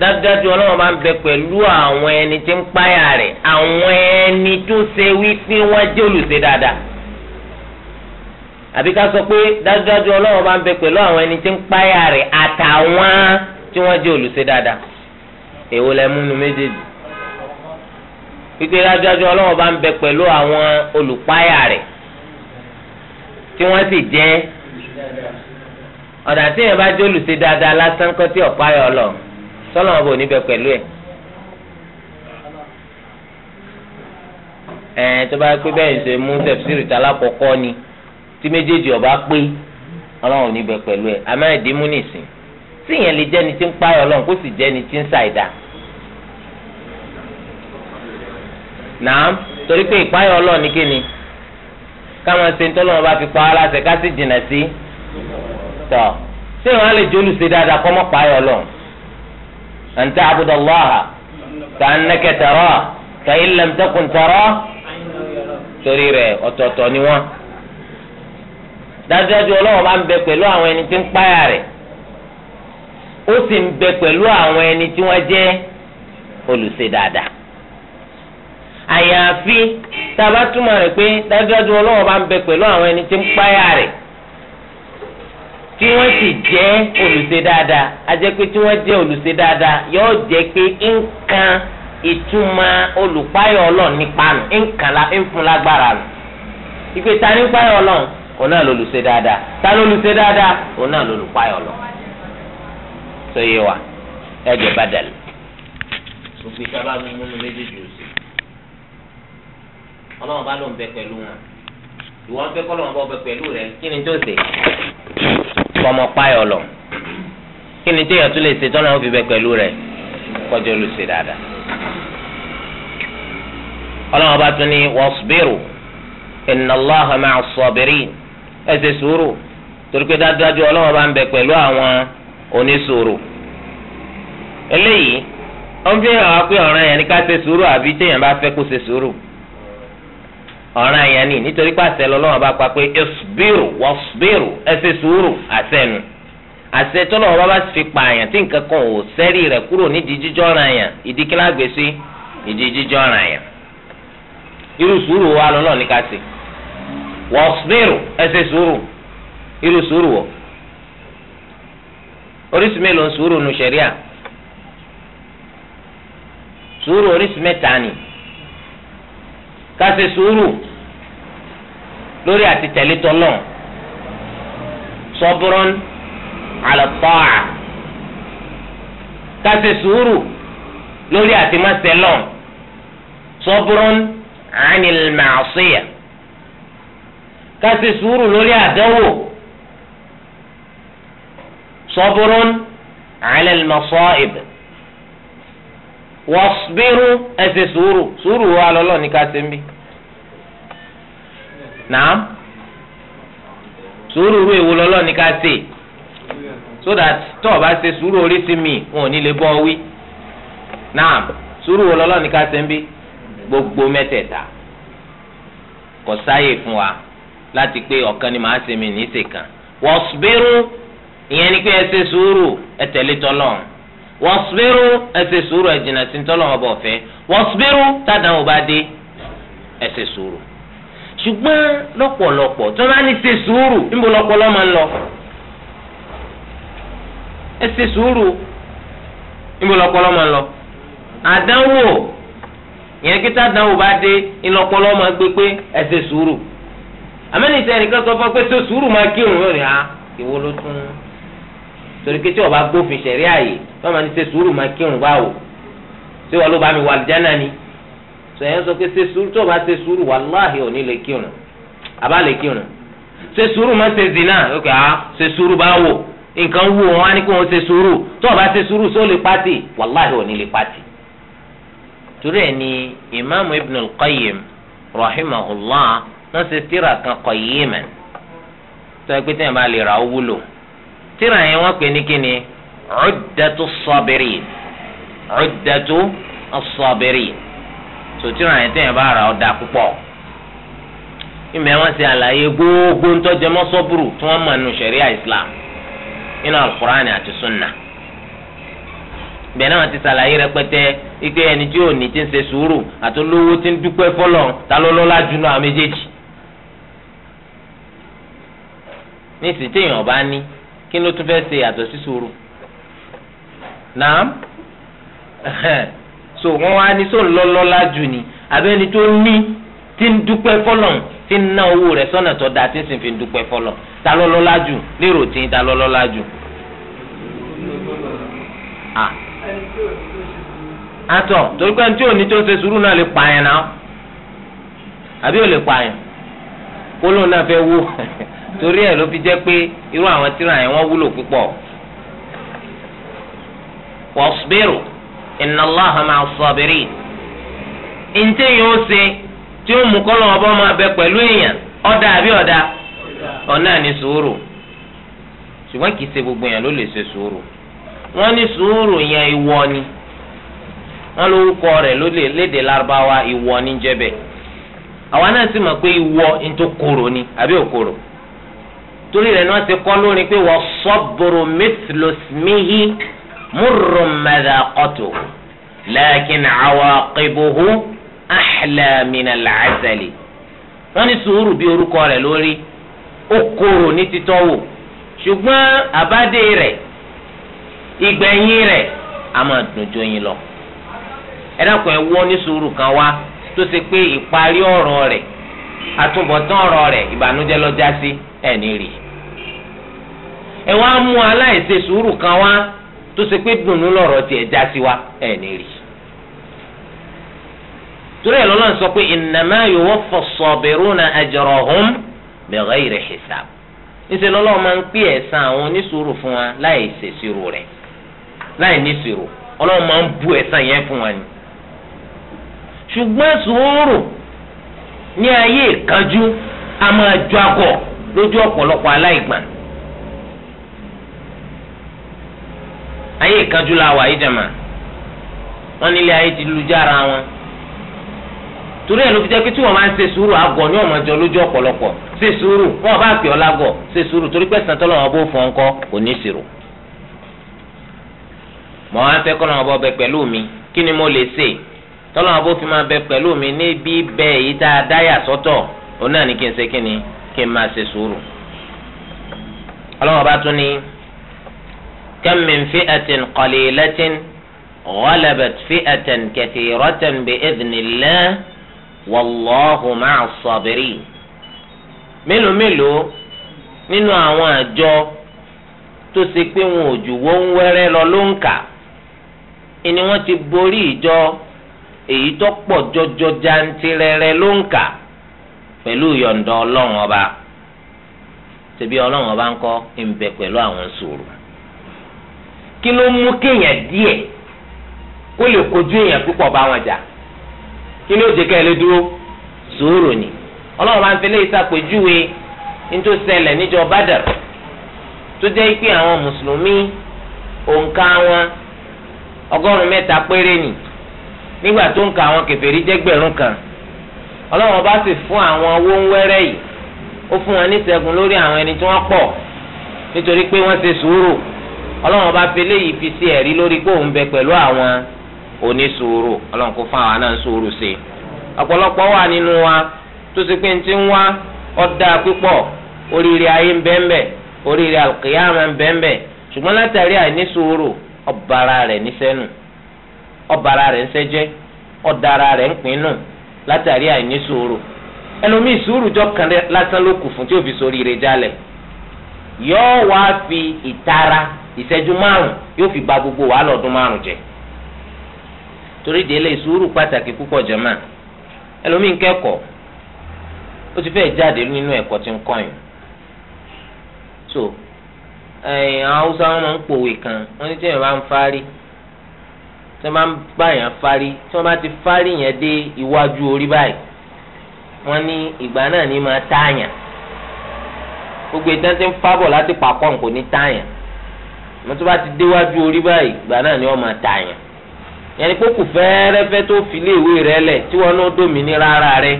dájúdájú ọlọ́run máa ń bẹ pẹ̀lú àwọn ẹni tí ń páyà rẹ̀ àwọn ẹni tó ṣe wípé wọ́n jẹ́ olùṣe dáadáa àbí ká sọ pé dájúdájú ọlọ́run bá ń bẹ pẹ̀lú àwọn ẹni tí ń páyà rẹ̀ àtàwọn tí wọ́n jẹ́ olùṣe dáadáa èwo lẹ múnu méjèèjì pípé dájúdájú ọlọ́run bá ń bẹ pẹ̀lú àwọn olùpáyà rẹ̀ tí wọ́n sì jẹ́ ọ̀dà tí yẹn bá jẹ́ olùṣe dáadáa lásán kọ́ tí ọ̀páyà ọlọ́run sọ́lọ́run bò ní bẹ pẹ̀lú ẹ̀. ẹ̀ tó bá pé bẹ́ẹ̀ ṣe mú tẹ̀síìrì tí méjèèjì ọba pé ọlọ́run ò ní bẹ pẹ̀lú ẹ̀ àmọ́ ẹ̀dínmú nìsín tí ìyẹn lè jẹ́ni tí ń páyọ̀ ọlọ́run kó sì jẹ́ni tí ń ṣàìdá. nàá torí pé ìpáyọ̀ ọlọ́run ní kíni káwọn ṣe ń tọ́lọ́run bá fi pa ara ṣẹ̀ ká sì jìnà sí tọ̀ tí ìwọ̀n á lè jólù dáadáa kọ́ mọ́ páyọ̀ ọlọ́run. an ta'budu Allaha ka'annaka tarahu fa in lam torí rẹ̀ ọ̀tọ̀ọ̀tọ̀ ni wọ́n. dájúdájú ọlọ́run máa ń bẹ pẹ̀lú àwọn ẹni tí ń páyà rẹ̀ ó sì ń bẹ pẹ̀lú àwọn ẹni tí wọ́n jẹ́ olùṣe dáadáa àyàfi tá a bá túmọ̀ rẹ̀ pé dájúdájú ọlọ́run máa ń bẹ pẹ̀lú àwọn ẹni tí ń páyà rẹ̀ pé tí wọ́n jẹ́ dáadáa yóò jẹ́ pé nǹkan ìtumọ̀ olùpáyọ̀ nípa òun náà lolùṣe dáadáa ta lolùṣe dáadáa òun náà lolùpayọ lọ tó yé wa ẹgbẹ badal gbogbo ìtaba mi múnú méjèèjì òsè ọlọ́wọ́n bá lóun bẹ pẹ̀lú wọn ìwọ ń bẹ kọ́ lọ́wọ́n bá bẹ pẹ̀lú rẹ kí ni tó ṣe kọ́mọ páyọ̀ lọ kí ni téèyàn tún lè ṣe tọ́nà òfin bẹ pẹ̀lú rẹ kọjá olùṣe dáadáa ọlọ́wọ́n bá tún ní wasbiru inna Allaha ma'as sabirin. ese ṣe sùúrù torí pé dájúdájú ọlọ́wọ́ bá ń bẹ pẹ̀lú àwọn o eléyìí ó fi hàn wá pé ọ̀ràn yẹn ni ká ṣe sùúrù àbí téèyàn bá fẹ́ kó ni nítorí pàṣẹ lọ́lọ́wọ́ bá pa pé ẹ̀sùbírù wọ́sùbírù ẹ ṣe àṣẹnu àṣẹ tó lọ́wọ́ bá fi pa àyàn tí nǹkan kan ò sẹ́rí rẹ̀ kúrò nídìí jíjọ́ ọ̀ràn ìdí kí lágbèsè ìdí jíjọ́ ọ̀ràn wasbiru ẹ ṣe sùúrù irú sùúrù wọ orísun mélòó ń sùúrù nu ṣẹ̀ríà sùúrù orísun mẹ́ta ni ká ṣe sùúrù lórí àti tẹ̀lé tọ́lọ̀ sọ́bùrọ́n àlọ́tọ́à ká sùúrù lórí àti má ṣẹlọ̀ sọ́bùrọ́n ànilmàṣíyà ká ṣe sùúrù lórí àdánwò sọbùrún ala al-masa'ib wọ́sbírú ẹ ṣe sùúrù sùúrù wa lọ́lọ́ ní ká ṣe ń bí. nàám sùúrù so that tó o bá ṣe sùúrù orí sí mi wọn ò ní lè bọ́ wí. nàám sùúrù wo lọ́lọ́ ní ká ṣe gbogbo mẹ́tẹ̀ẹ̀ta kò fún wa. láti pé ọ̀kan ni màá ṣe mi ní ìṣèkan wọ́sbírú ìyẹn ni pé ẹ sùúrù ẹ tẹ̀lé tọ́lọ́run wọ́sbírú ẹ sùúrù ẹ sí tọ́lọ́run ọba ọ̀fẹ́ wọ́sbírú tàdán ò dé ẹ sùúrù ṣùgbọ́n lọ́pọ̀lọpọ̀ tó bá ní ṣe sùúrù níbo máa ń lọ amẹ́nìtẹ́ nìkan sọ fún pé tó sùúrù máa kírun yóò ní a ah, ìwo ló tún torí pé tí ọba gbófin ṣẹ̀rí àyè wọ́n máa ní ṣe sùúrù máa kírun báwo ṣé wọ́n ló bá mi wà jánà ni sọ̀yẹ́ sọ pé ṣe sùúrù tó bá ṣe sùúrù wàláhì ò ní lè kírun àbá lè kírun ṣe sùúrù máa ṣe zina ókè á ṣe sùúrù báwo nǹkan wù wọn á ní kó wọn ṣe sùúrù tó bá ṣe sùúrù só lè pàtì wàláhì rahimahullah wọ́n ṣe tíra kan kọ yìí mẹ́ tó ẹ pé tẹ́yìn bá lè ra ó wúlò tíra yẹn wọ́n pè ní kíni Uddatu Sabirin Uddatu Sabirin tó tíra yẹn tẹ́yìn bá ra ọ̀dà púpọ̀ ìmọ̀ ṣe àlàyé gbogbo ntọ́jẹmọ́ sọ́bùrù tí wọ́n mọ̀ nù Islam nínú alukur'ani àti sunna bẹ́ẹ̀ náà ti ṣàlàyé rẹpẹtẹ ike ẹni tí ò ní ti ń ṣe sùúrù àti olówó ti ní ìsìn téèyàn bá ní kí ló tún fẹ́ ṣe yàtọ̀ sí sùúrù naam so wọn wá ní sóun lọ́lọ́lá jù ni abẹ́ni tó ní tí ń dúpẹ́ fọlọ́n tí ń ná owó rẹ̀ sọ́nà tó da tí ń sì fi ń dúpẹ́ fọlọ́n ta lọ́lọ́lá jù lérò tí ń ta lọ́lọ́lá jù. àtọ̀ torí pé ní tí ò ní tó ń ṣe sùúrù náà lè pààyàn náà àbí ò lè pààyàn. kóló náà fẹ́ torí ẹ̀ ló fi jẹ́ pé irú àwọn tíra yẹn wọ́n wúlò púpọ̀. wasbiru inna Allaha ma'a as-sabirin. ǹjẹ́ ṣe tí ó mú kọ́lọ́ ọba máa bẹ pẹ̀lú èèyàn ọ̀dà àbí ọ̀dà gbogbo èèyàn ló lè ṣe sùúrù wọ́n ní sùúrù yẹn ìwọ ni wọ́n lórúkọ rẹ̀ lédè àwa náà sì mọ̀ pé ìwọ ntó koro ni àbí òkoro torí rẹ̀ ni wọ́n ti kọ́ lórí pé wọ́n sọ́bùrù mẹ́tìlósímìhì múrùmẹ́dà ọ̀tò lẹ́kìn àwọn akébuhu àhlẹ́mìnà làásẹ̀lì wọ́n ní sùúrù bí orúkọ rẹ̀ lórí ó ní títọ́ wò ṣùgbọ́n àbádé rẹ̀ ìgbẹ̀yìn rẹ̀ a máa dùn jọyìn lọ ẹ dákun ẹ wọ́n ní sùúrù kan wá. tó ṣe pé ìparí ọ̀rọ̀ rẹ̀ àtúbọ̀tán ọ̀rọ̀ rẹ̀ ìbànújẹ́ ló já sí ẹni rì ẹ wá mú aláìṣe sùúrù kan wá tó ṣe pé dùnú lọ̀rọ̀ tiẹ̀ já sí wa ẹni rì torí ẹ lọ́lọ́run sọ pé innama yuwaffa as-sabiruna ajrahum bighayri hisab níṣẹ́ lọ́lọ́run máa ń pè ẹ̀san àwọn onísùúrù fún wa láì ṣèṣirò rẹ̀ láì níṣirò ṣùgbọ́n sùúrù ní ayé ìkanjú a máa jọ agọ̀ lójú ọ̀pọ̀lọpọ̀ aláìgbọ̀n. ayé ìkanjú la wà ìjàmà wọn nílé ayé ti lu jára wọn torí ẹ̀ ló fi jẹ́ pé tí máa ń ṣe sùúrù ní jọ lójú ọ̀pọ̀lọpọ̀ ṣe sùúrù wọn bá pè ṣe sùúrù torí pé bó kò mi kí ni tọ́lọ́ àbó fi máa bẹ pẹ̀lú mi níbi bẹ́ẹ̀ èyí tá a dáyà sọ́tọ̀ òun náà ní kí n ṣe kí ni kí n máa ṣe sùúrù. ọlọ́wọ́ bá tún ní kam min fi'atin qalilatin ghalabat fi'atan kathiratan bi'idhnillah wallahu ma'a as-sabirin. mélòó mélòó nínú àwọn àjọ tó ṣe pé wọn ò jù wọ́n wẹ́rẹ́ lọ ló ń kà ìní wọ́n ti borí ìjọ. èyí tó pọ̀ jọjọ jantirẹrẹ ló ń kà pẹ̀lú yọ̀ǹda ọlọ́run ọba tẹ̀bí ọlọ́run ọba ń kọ́ ń pẹ̀lú àwọn sùúrù kí ló mú kéèyàn díẹ̀ kó lè kojú èèyàn púpọ̀ bá wọn jà kí ló jẹ́ kẹ́lẹ́ dúró sùúrù ni ọlọ́run bá ń fẹlẹ́ ìsàpèjúwe nítorí ṣẹlẹ̀ níjọ Badr tó jẹ́ pé àwọn mùsùlùmí òǹkà wọn ọgọ́rùn-ún mẹ́ta péré nìyí nígbà tó ń ka àwọn kèfèrí jẹ́gbẹ̀rún kan ọlọ́run bá sì fún àwọn owó ń wẹ́rẹ́ yìí ó fún wọn níṣẹ́gun lórí àwọn ẹni tí wọ́n pọ̀ nítorí pé wọ́n ṣe sùúrù ọlọ́run bá fi léyìí fi sí ẹ̀rí lórí pé òun bẹ pẹ̀lú àwọn onísùúrù ọlọ́run kò fún àwọn náà sùúrù sí i ọ̀pọ̀lọpọ̀ wà nínú wa tó ṣe pé ní ti ń wá ọ̀dà pípọ̀ oríire ayé ń bẹ́ńbẹ́ oríire àlùkìyàmà ń bẹ́ńbẹ́ ṣùgbọ́n látàrí àìnísùúrù ọ̀bàrà rẹ̀ níṣẹ́nu ọbara rẹ̀ sẹ́jẹ́ ọ̀dara rẹ ń látàrí àìní sùúrù ẹlòmíì sùúrù jọ kan lásán ló kù fún tí sórí yóò wá fi ìtara ìṣẹ́jú márùn yóò fi ba gbogbo wàhálà ọdún márùn jẹ torí délé sùúrù pàtàkì jama elomi ẹlòmíì ń ó ti fẹ́ jáde nínú ẹ̀kọ́ tí ń yìí so tí wọ́n bá ń bá yàn fárí tí wọ́n bá ti fárí yẹn dé iwájú orí báyìí wọ́n ní ìgbà náà ní máa táyàn gbogbo ìtàn tí ń fábọ̀ láti pàpọ̀ kò ní táyàn mo tó bá ti déwájú orí báyìí ìgbà náà ni wọ́n máa táyàn yẹn ni kókò fẹ́ẹ́rẹ́fẹ́ tó fi léèwé rẹ lẹ̀ tí wọ́n náà dòmìnira rárá rẹ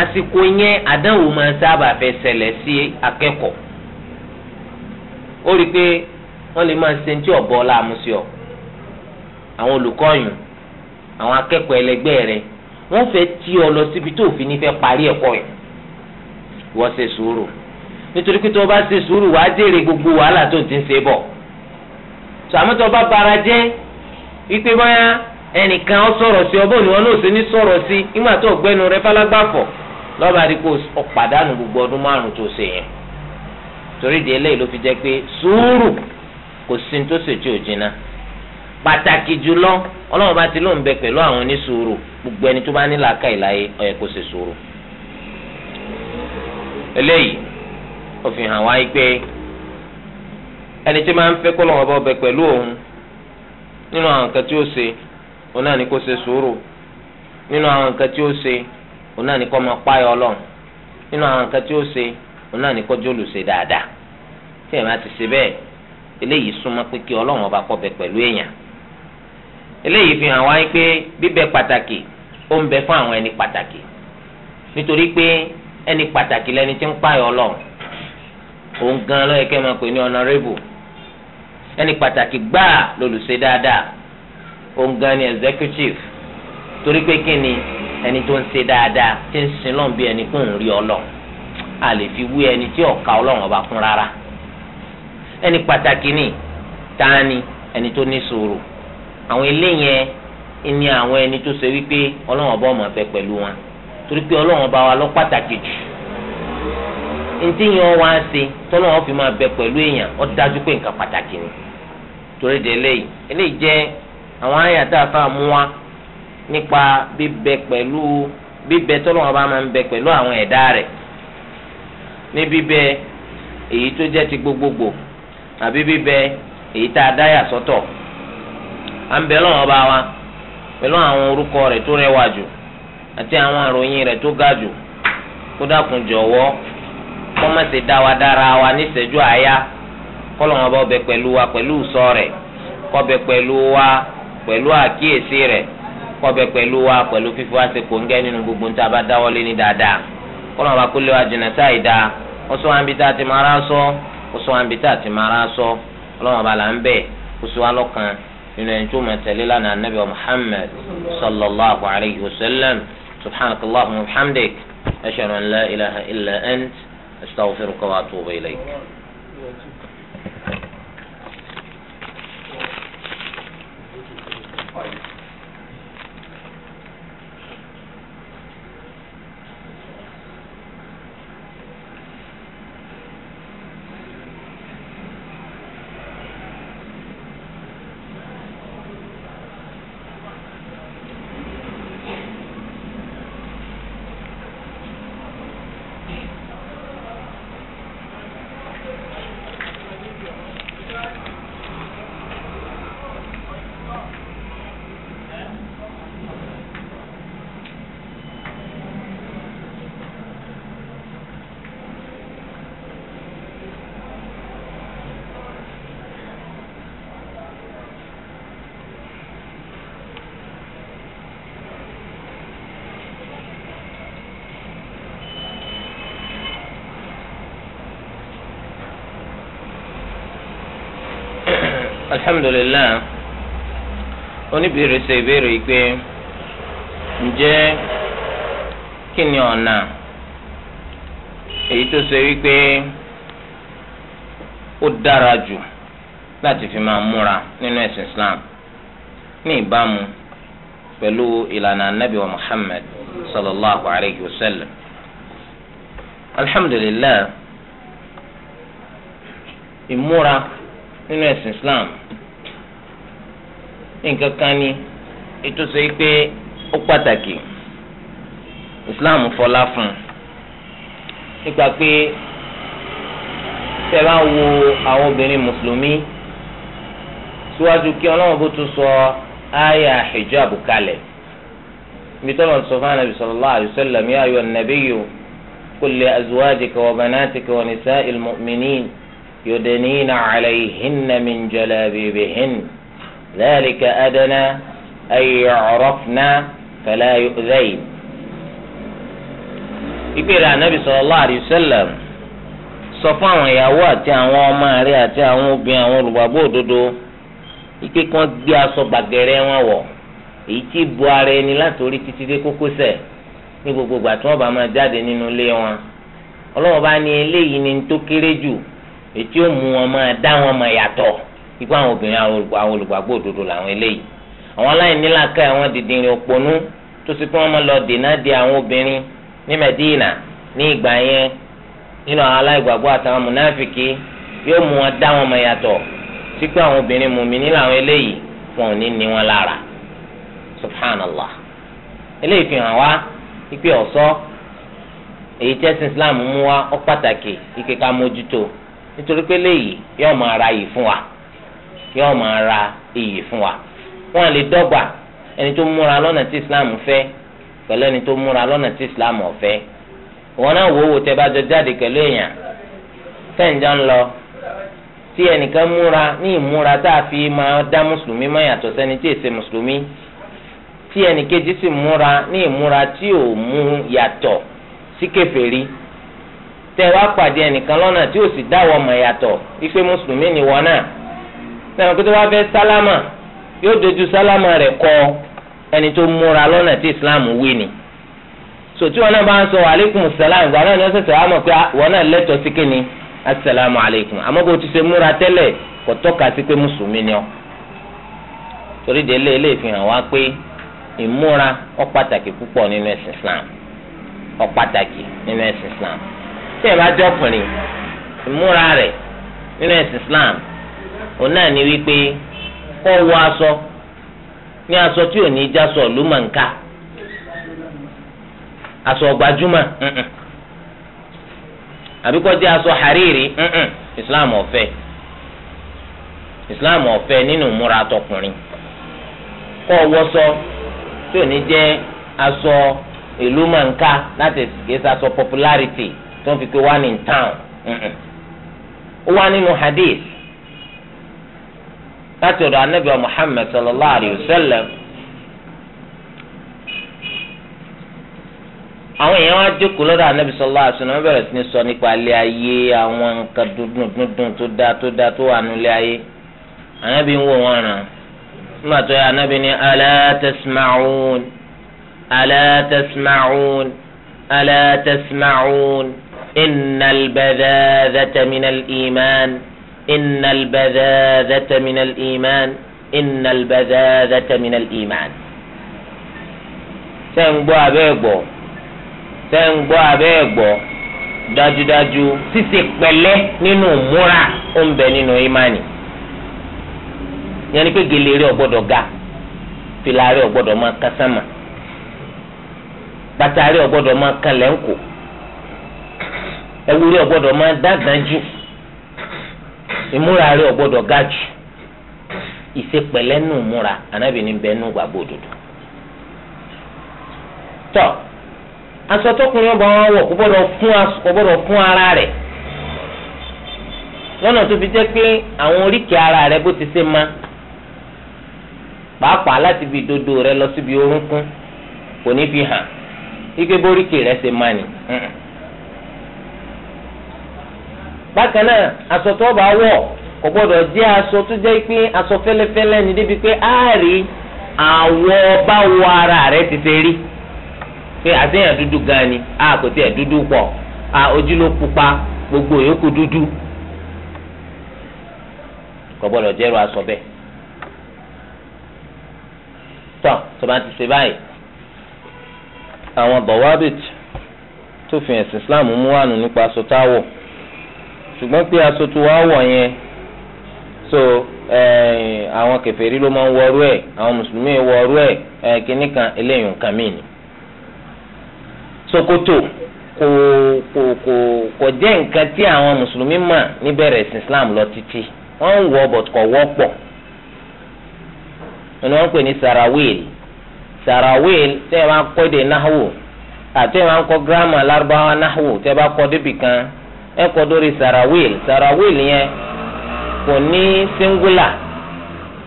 àsìkò yẹn àdánwò máa sábà fẹ́ ṣẹlẹ̀ sí akẹ́kọ̀ọ́ ó rí i pé wọ́n lè máa ṣe ní tí ọ̀bọ àwọn olùkọ́yùn àwọn akẹ́kọ̀ọ́ ẹlẹgbẹ́ rẹ wọ́n fẹ́ tí ọ lọ síbi tó fi ní fẹ́ parí ẹ̀kọ́ yẹn wọ́n ṣe sùúrù nítorí pé tó o bá ṣe sùúrù wàá gbogbo wàhálà tó ti ń ṣe bọ̀ bara jẹ́ wípé báyà ẹnìkan sọ̀rọ̀ sí ni wọn náà ṣe ní sọ̀rọ̀ gbogbo ọdún márùn tó ṣe yẹn torí eléyìí ló fi jẹ́ pé sùúrù pàtàkì jùlọ ọlọ́run bá ti lóun bẹ pẹ̀lú àwọn onísùúrù gbogbo ẹni tó bá ní làákà ìláyé ó eléyìí ó fi hàn wáyé pé ẹni tí máa ń fẹ́ kọ́ lọ́wọ́ bá pẹ̀lú òun nínú àwọn nǹkan tí ó ṣe òun náà ṣe nínú àwọn nǹkan tí ó ṣe òun náà máa páyọ ọlọ́run nínú àwọn nǹkan tí ó ṣe ọba bẹ pẹ̀lú eléyìí fi hàn wá pé bíbẹ pàtàkì ó ń bẹ fún àwọn ẹni pàtàkì nítorí pé ẹni pàtàkì lẹni tí ń pààyàn Ọlọ́run òun gan ló kẹ́ máa pè ní honourable ẹni pàtàkì gbáà lolùṣe dáadáa òun gan ni executive torí pé kí ni ẹni tó ń ṣe dáadáa tí ń sin lọ́n bí ẹni kún ń rí Ọlọ́run a lè fi wí ẹni tí ọ̀ka Ọlọ́run ọba fún rárá ẹni pàtàkì ni tani ẹni tó ní sùúrù àwọn eléyẹn ni àwọn ẹni tó ṣe wípé ọlọ́wọ́n bá ọmọ fẹ́ pẹ̀lú wọn torí pé ọlọ́wọ́n bá wa lọ pàtàkì jù ntí yẹn wá ṣe tọ́lọ́wọ́n fi máa bẹ pẹ̀lú èèyàn ó dájú pé nǹkan pàtàkì ni torí de eléyìí eléyìí jẹ́ àwọn wa nípa bíbẹ pẹ̀lú bíbẹ tọ́lọ́wọ́n bá máa ń bẹ pẹ̀lú àwọn ẹ̀dá ti gbogbogbò àbí bíbẹ èyí tá a à ń bẹ lọ́wọ́ bá wa pẹ̀lú àwọn orúkọ rẹ̀ tó rẹwà jù àti àwọn àròyìn rẹ̀ tó ga jù kó dákun jọ̀wọ́ kó má wa dára wa níṣẹ́jú àáyá kọ́lọ́wọ́n bá ọbẹ̀ pẹ̀lú wa pẹ̀lú sọ rẹ̀ kọ́bẹ̀ pẹ̀lú wa pẹ̀lú àkíyèsí gbogbo níta bá dáwọ́lé ní dáadáa wa jìnnà sáì ó sọ wọn bí tá a ti máa rá sọ ó sọ wọn bí tá a ti máa rá sọ nínú ẹni tó máa tẹ̀lé lánàá anabi wa muhammad sallallahu alayhi wa sallam subhanak allahumma wa bihamdik ashhadu an la ilaha illa ant astaghfiruka wa atubu ilayk. Thank you. alhamdulilayi oníbèrè ṣe ìbéèrè yìí pé ǹjẹ́ kí ni ọ̀nà èyí tó ṣe wípé ó dára jù láti fi máa múra nínú ẹ̀sìn Islam ní ìbámu pẹ̀lú ìlànà Ànábì wa Muhammad sallallahu alayhi wa sallam alhamdulilayi ìmúra. nínú ẹ̀sìn Islam nǹkan kan ni ètò sọ pé ó pàtàkì Islam fọlá fún un nípa pé tẹ́ bá wo àwọn obìnrin mùsùlùmí síwájú kí ọlọ́run bó tún sọ àyà hijab kalẹ̀ bí tọ́lọ̀ sọ fún anabi sallallahu alaihi wasallam ya ayyuhan nabiyyu qul li azwajika wa banatika wa nisa'il mu'minin. يدنين عليهن من جلابيبهن ذلك أدنى أن يعرفن فلا يؤذين ìbéèrè anabi sallallahu alayhi wa sallam sọ fún àwọn ìyàwó àti àwọn ọmọ rẹ̀ ati àwọn obìnrin àwọn olùgbàgbọ́ òdodo ike kan gbé aṣọ gbàgẹ̀rẹ̀ wọn wọ̀ èyí ara ẹni gbogbo ìgbà bá máa jáde nínú ilé wọn ọlọ́wọ́ bá ní ètí ó mú wọn máa dá wọn máa yàtọ̀ ikú àwọn obìnrin àwọn olùgbàgbọ́ òdodo làwọn eléyìí àwọn aláìní làákà àwọn dìndínrín òpònú tó sì pé wọn máa lọ dènà àwọn obìnrin ní Medina ní ìgbà yẹn nínú àwọn àtàwọn yóò mú wọn dá wọn máa sí pé àwọn obìnrin eléyìí wọn ò ní ní wọn lára subhanallah Islam mú wa ó pàtàkì ike mójútó. nítorí pé léyìí yóò máa ra iyì fún wa yóò máa ra iyì fún wa wọn lè dọ́gba ẹni tó múra lọ́nà tí islam fẹ́ pẹ̀lú ẹni tó múra lọ́nà tí islam ò fẹ́ wọn náà wò wò tẹ bá jọ jáde pẹ̀lú èèyàn tẹ̀njọ́ ń lọ tí ẹnìkan múra ní ìmúra tá a fi máa dá mùsùlùmí mọ́ yàtọ̀ sẹ́ni tí èsè mùsùlùmí tí ẹnìkejì sì múra ní ìmúra tí ò mú yàtọ̀ sí kèfèrí. Si tẹ wá pàdé ẹnìkan lọ́nà tí ó sì dáwọ́ mọ̀ yàtọ̀ ife mùsùlùmí ni wọn náà sẹ́wọ̀n pété wá fẹ́ sálámà yóò dojú sálámà rẹ̀ kọ ẹni tó múra lọ́nà tí islam wí ni sòtú wọn náà bá ń sọ aleykum salam gba náà ni wọ́n sẹ̀sẹ̀ wá mọ̀ pé ah, wọn náà lẹ́tọ̀ọ́ sí kíni asalaamu aleykum àmọ́ bó ti ṣe múra tẹ́lẹ̀ kò tọ́ka sí pé mùsùlùmí ni ọ́ torí délé ilé ìfihàn wá pé ìmúra ọ̀ pàtàkì púpọ̀ nínú ẹ̀sìn islam ọ̀ pàtàkì nínú ẹ̀sìn islam. tẹ́ ẹ bá jọkùnrin ìmúra rẹ̀ nínú ẹ̀sìn Islam òun náà ni wípé kó wọ aṣọ ní aṣọ tí ò ní í jásọ lùmọ̀ǹká aṣọ gbajúmọ̀ àbí jẹ́ aṣọ hariri Islam ọ̀fẹ́ Islam ọ̀fẹ́ nínú ìmúra tọkùnrin kó wọṣọ tí ò ní jẹ́ aṣọ ìlú láti kìí ṣe popularity tó ń fi pé one in town ó wá nínú hadith láti ọ̀dọ̀ anabi muhammed sallallahu alayhi wa sallam àwọn èèyàn wá jókòó lọ́dọ̀ anabi sallallahu alayhi wa sallam wọ́n bẹ̀rẹ̀ sí ní sọ nípa ilé ayé àwọn nǹkan dúndùn tó dáa tó dáa tó wà nílé ayé anabi ń wò wọ́n ràn nígbà tó yẹ anabi ní ala tasma'un ala innal badhadhata minal iman innal badhadhata minal iman innal badhadhata minal iman. ṣé ń gbọ́ abẹ́ gbọ́ ṣé ń gbọ́ abẹ́ gbọ́ dájúdájú ṣíṣe pẹ̀lẹ́ nínú múra ó ń bẹ nínú ìmánì yẹn ni pé gèlè rẹ̀ ò gbọ́dọ̀ ga fìlà rẹ̀ ò gbọ́dọ̀ máa kásánmà bàtà rẹ̀ ò gbọ́dọ̀ máa kan lẹ́ńkò. ẹ̀wù rẹ̀ ọ̀gbọ́dọ̀ máa dáadáa jù ìmúra rẹ̀ ọ̀gbọ́dọ̀ ga jù ìsepẹ̀lẹ́ múra anábì ní bẹ́ẹ̀ nù tọ́ aṣọ tọkùnrin ọba wọn fún ara rẹ̀ lọ́nà tó fi jẹ́ pé àwọn ara rẹ̀ bó ti ṣe ma pàápàá láti bi dodo rẹ lọ síbi orúnkún kò ní fi hàn ike ṣe ma ni. Mm bákan náà aṣọ tó bá wọ̀ kò gbọ́dọ̀ jẹ́ aṣọ tó jẹ́ pé aṣọ fẹ́lẹ́fẹ́lẹ́ ni débi pé àárí àwọ̀ báwo ara rẹ̀ ti ṣe rí pé àtẹ̀yàn dúdú gan ni a kò tiẹ̀ dúdú pọ̀ a ojú ló pupa gbogbo yòókù dúdú kò gbọ́dọ̀ jẹ́rú aṣọ bẹ́ẹ̀ tọ́ tó bá ti ṣe báyìí àwọn bọ̀wábìtì tó fi ẹ̀sìn Islam mú wánu nípa aṣọ táwọ̀. ṣùgbọ́n pé aṣọ tí wọ̀ yẹn so eh, àwọn kèfèrí ló máa ń wọrú ẹ̀ àwọn mùsùlùmí wọrú ẹ̀ eh, kíní kan eléyìí nǹkan mí ni. ṣòkòtò kò kò kò kò jẹ́ nǹkan tí àwọn mùsùlùmí mà níbẹ̀rẹ̀ Islam lọ títí wọ́n ń wọ but kò wọ́pọ̀ ni wọ́n ń pè ní sarawil sarawil tẹ́ ẹ bá kọ́ èdè náhùn àti ẹ bá ń kọ́ ẹ kọ dórí sarawil sarawil yẹn kò ní singular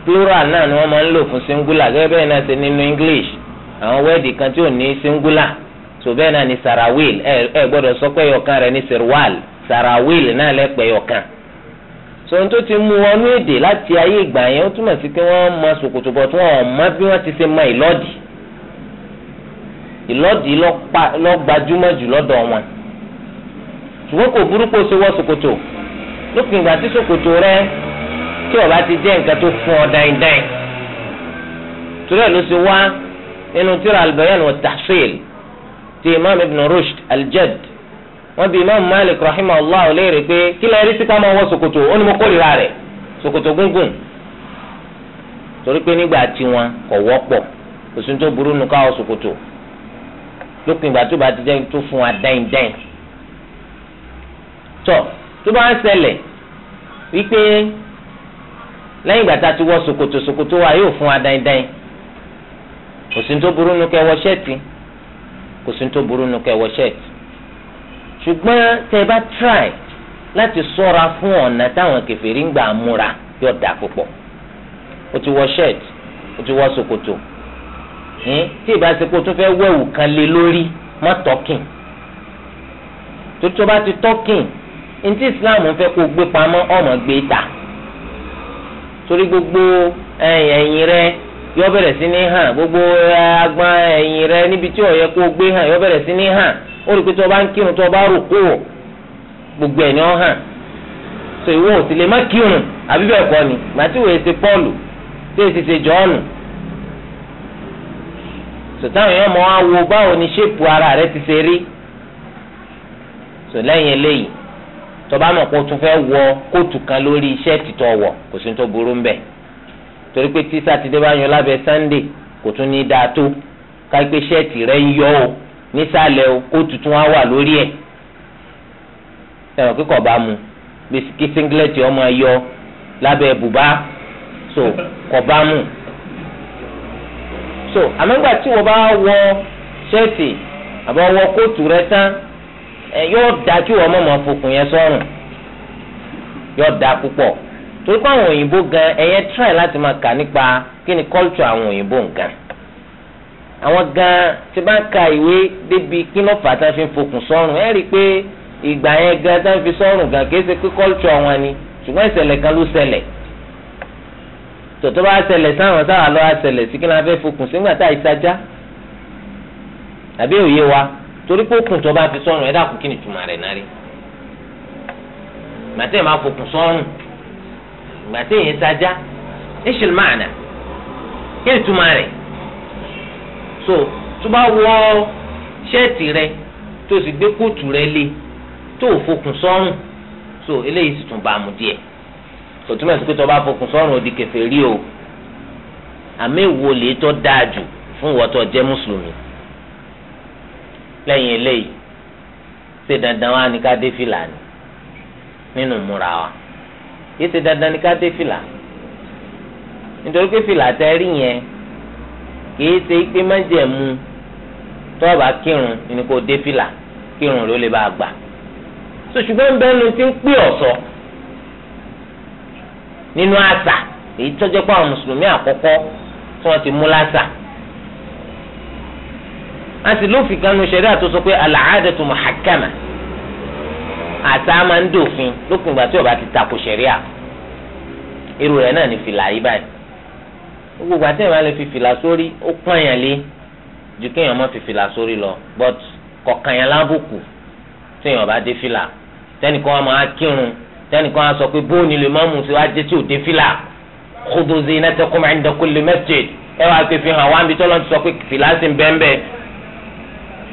plural náà ni wọ́n máa ń lò fún singular gẹ́gẹ́ bẹ́ẹ̀ náà ṣe nínú english àwọn wẹ́ẹ̀dì kan tí ò ní singular tó bẹ́ẹ̀ náà ni sarawil ẹ ẹ gbọ́dọ̀ sọ pé ẹyọkan rẹ̀ ní sirwal sarawil náà lẹ́pẹ̀ ẹyọkan tó ti mú wọn ní èdè láti ayé ìgbà yẹn ó túmọ̀ sí pé wọ́n ṣòkòtò bọ̀ tí wọ́n mọ bí wọ́n ti ṣe mọ ṣùgbọ́n kò burú kó o ṣe wọ ṣòkòtò lópin ìgbà tí ṣòkòtò rẹ tí ó bá ti jẹ́ nǹkan tó fún ọ dáindáin torí ẹ̀ ló ṣe wá nínú tíra albayan wa tahsil ti imam ibn rushd aljad wọ́n bi imam malik rahimahullah léèrè pé kí lẹ́ẹ̀rí sí ká máa wọ ṣòkòtò ó ní mo kórìíra rẹ̀ ṣòkòtò gúngùn torí pé nígbà tí wọn kò wọ́pọ̀ òsùn tó burú nu ká wọ ṣòkòtò lópin ìgbà tó bá ti jẹ́ tó fún wa dáindáin tọ tó bá ń ṣẹlẹ̀ wípé lẹ́yìn ìgbà tá a ti wọ ṣòkòtò ṣòkòtò wa yóò fún wa dáindáin kò sí tó burú nu kẹ́ wọ ṣẹ́ẹ̀tì kò sí tó burú nu kẹ́ wọ ṣẹ́ẹ̀tì ṣùgbọ́n tẹ́ bá try láti ṣọ́ra fún ọ̀nà táwọn kèfèrí ń gbà múra yóò dà púpọ̀ o ti wọ ṣẹ́ẹ̀tì o ti wọ ṣòkòtò hmm? tí ìbá ṣe kó tún fẹ́ wẹ̀wù kan lé lórí mọ́ tọ́kìn tó tó bá ti tọ́kìn ntí islam fẹ́ kó gbé pamọ́ ọmọ gbé ta torí gbogbo ẹ̀yìn rẹ yọ bẹ̀rẹ̀ sí ní hàn gbogbo agbọn ẹ̀yìn rẹ níbi tí ó kó gbé hàn yọ bẹ̀rẹ̀ sí ní hàn ó rí i pé tí wọ́n bá ń gbogbo ẹ̀ ni hàn so ìwọ ò sì lè má kírun àbí bẹ́ẹ̀ kọ́ ni màtí wòye ṣe pọ́ọ̀lù tí èsì ṣe ni ṣépù ara rẹ ti ṣe rí sò lẹ́yìn eléyìí tọba náà kó tún fẹ́ wọ kóòtù kan lórí iṣẹ́ títọ́ wọ̀ kò sí tó burú ń bẹ̀ torí pé tí sátidé bá yan lábẹ́ sannde kò tún ní dáa tó kápẹ́ ṣẹ́ẹ̀tì rẹ̀ ń yọ o nísàlẹ̀ o kóòtù tún wá wà lórí ẹ̀ ẹ̀rọ kíkọ̀ bá mu bisikí singlet ọmọ yọ lábẹ́ bùbá so kọ̀ bá mu so àmọ́ngbà tí wọ́n bá wọ ṣẹ́ẹ̀tì àbọ̀ wọ kóòtù rẹ̀ tán yóò da kí wọ́n mọ̀mọ́ fokùn yẹn sọ́rùn yóò da púpọ̀ torí àwọn òyìnbó gan ẹ̀yẹn try láti máa kà nípa kí ni culture àwọn òyìnbó nǹkan àwọn gan ti bá ka ìwé débi kí ló fà tá fi fokùn sọ́rùn ẹ̀ rí i pé ìgbà yẹn gan tá fi gan kì í ṣe pé culture ni ṣùgbọ́n ìṣẹ̀lẹ̀ kan ló ṣẹlẹ̀ tòtò bá ṣẹlẹ̀ sáwọn sáwọn lọ́wọ́ ṣẹlẹ̀ sí kí ló fẹ́ tá torí pé okùn tó bá fi sọ́rùn ẹ dàkú kí ni ìtumọ̀ rẹ̀ náà rí gbàtẹ́ máa fòkùn sọ́rùn gbàtẹ́ yẹn sájà ẹ̀ṣẹ̀ máa nà kí ni ìtumọ̀ rẹ̀ so tó bá wọ ṣẹ́ẹ̀tì rẹ tó sì gbé kóòtù rẹ lé tó ò fòkùn so eléyìí sì tún bá a mú díẹ̀ kò túmọ̀ sí pé tó bá fòkùn sọ́rùn ó di kèfèrí o àmì ìwọlé tó dáa jù fún ìwọ jẹ́ mùsùlùmí lẹ́yìn eléyìí ṣe dandan wa ni ká dé fìlà ni nínú múra wa yìí ṣe dandan ni ká dé fìlà nítorí pé fìlà tẹ rí yẹn kìí ṣe pé májẹ̀mú tọ́ọ̀bà kírun ni kò dé fìlà kírun ló lè bá a gbà so ṣùgbọ́n bẹ́ẹ̀nu ti ń pè ọ̀sọ́ nínú àṣà èyí tọ́jọ́ pé àwọn mùsùlùmí àkọ́kọ́ tí wọ́n ti mú láṣà a sì lófin kanu ṣẹ̀ríà tó sọ pé al-'adatu muhakkama àṣà máa ń dòfin lópin ìgbà tí ó bá ti tako ṣẹ̀ríà irú rẹ̀ náà ní fìlà yìí báyìí gbogbo àti ìwà lè fi fìlà sórí ó pọ́n yàn lé ju kéèyàn má fi fìlà sórí lọ but kọ̀ọ̀kan yẹn lábùkù téèyàn bá dé fìlà tẹ́nìkan wa máa kírun tẹ́nìkan wa sọ pé bóòní lè má mú sí wa jẹ́ tí ò dé fìlà khudhu zinatakum 'inda kulli masjid ẹ wá pé fi hàn wá níbi tọ́lọ́ ti sọ pé fìlà sì ń bẹ́ẹ̀ bẹ́ẹ̀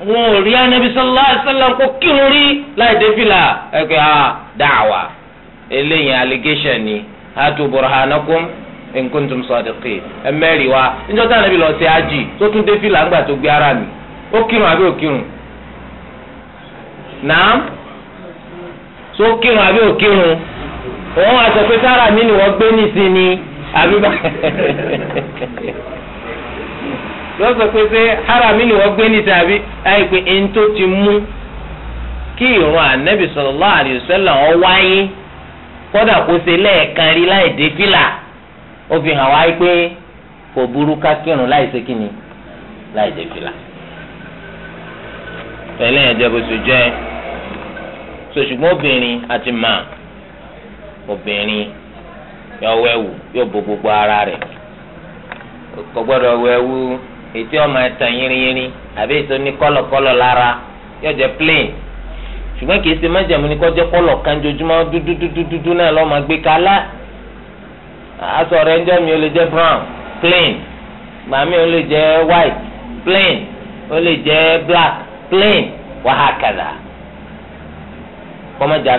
wọn ò rí sallallahu alaihi rí láì fìlà ẹgbẹ́ a ah, eléyìí allegation ni hatu burhanakum in kuntum sadiqin wa níjọ́ tí anabi lọ sí ají tó tún dé fìlà ńgbà tó gbé ara mi ó kírun àbí ó kírun náà tó kírun àbí ó kírun sára mi ni gbé lọ sọ pé pé harami ni wọ́n gbé ní tàbí àìpé ẹni tó ti mú kí ìrun ànábì sallallahu alaihi wasallam wáyé kódà kó ṣe lẹ́ẹ̀kan rí láì dé fìlà ó fi hàn wáyé pé kò burú ká kírun láì ṣe kíni láì dé fìlà. pẹ̀lẹ́ yẹn bó ṣe jẹ́ sòṣùgbọ́n obìnrin àti màá obìnrin yọ wẹ́wù yóò bo gbogbo ara rẹ̀ kò gbọ́dọ̀ wẹ́wù. ètò ọmọ ẹtàn yiri àbí ètò ní kọlọkọlọ lára yóò jẹ plain ṣùgbọ́n kìí ṣe májàmú ni kọlọ kan jojúmọ́ dúdúdúdúdú náà lọ́ọ́ gbé kálá aṣọ rẹ̀ ń jẹ́ mi ó lè jẹ́ brown màmí lè jẹ́ white lè jẹ́ black wàhákàdà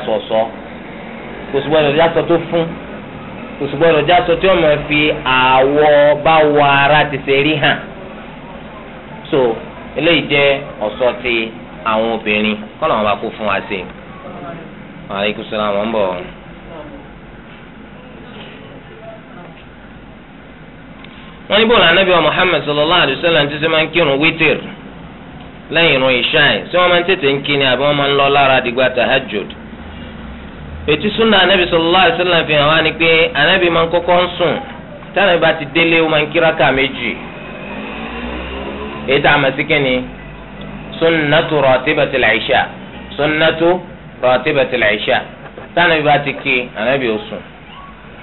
sọ̀sọ́ kò sì gbọ́dọ̀ jásọ fún kò sì gbọ́dọ̀ jásọ tí fi àwọ̀ bá ara ti so eléyìí jẹ́ ọ̀ṣọ́ ti àwọn obìnrin kọ́ làwọn bá kó fún wa sí maaleykum salaam wọn bọ̀. wọ́n ní bọ́ọ̀lù anábì wa sallallahu alayhi wa sallam ti sẹ́ máa ń kírun wítìr lẹ́yìn irun ìṣáì tí wọ́n máa ń tètè ń kíni àbí wọ́n máa ń lọ lára dìgbà tahajjud. ètí súnà anábì sallallahu alayhi wa sallam fi hàn wá ni pé anábì máa ń kọ́kọ́ ń sùn ti délé èyí tá a mọ̀ sí kínní sunnatu ratibatil isha sunnatu ratibatil isha tánàbí bá ti kí ànábì ó sùn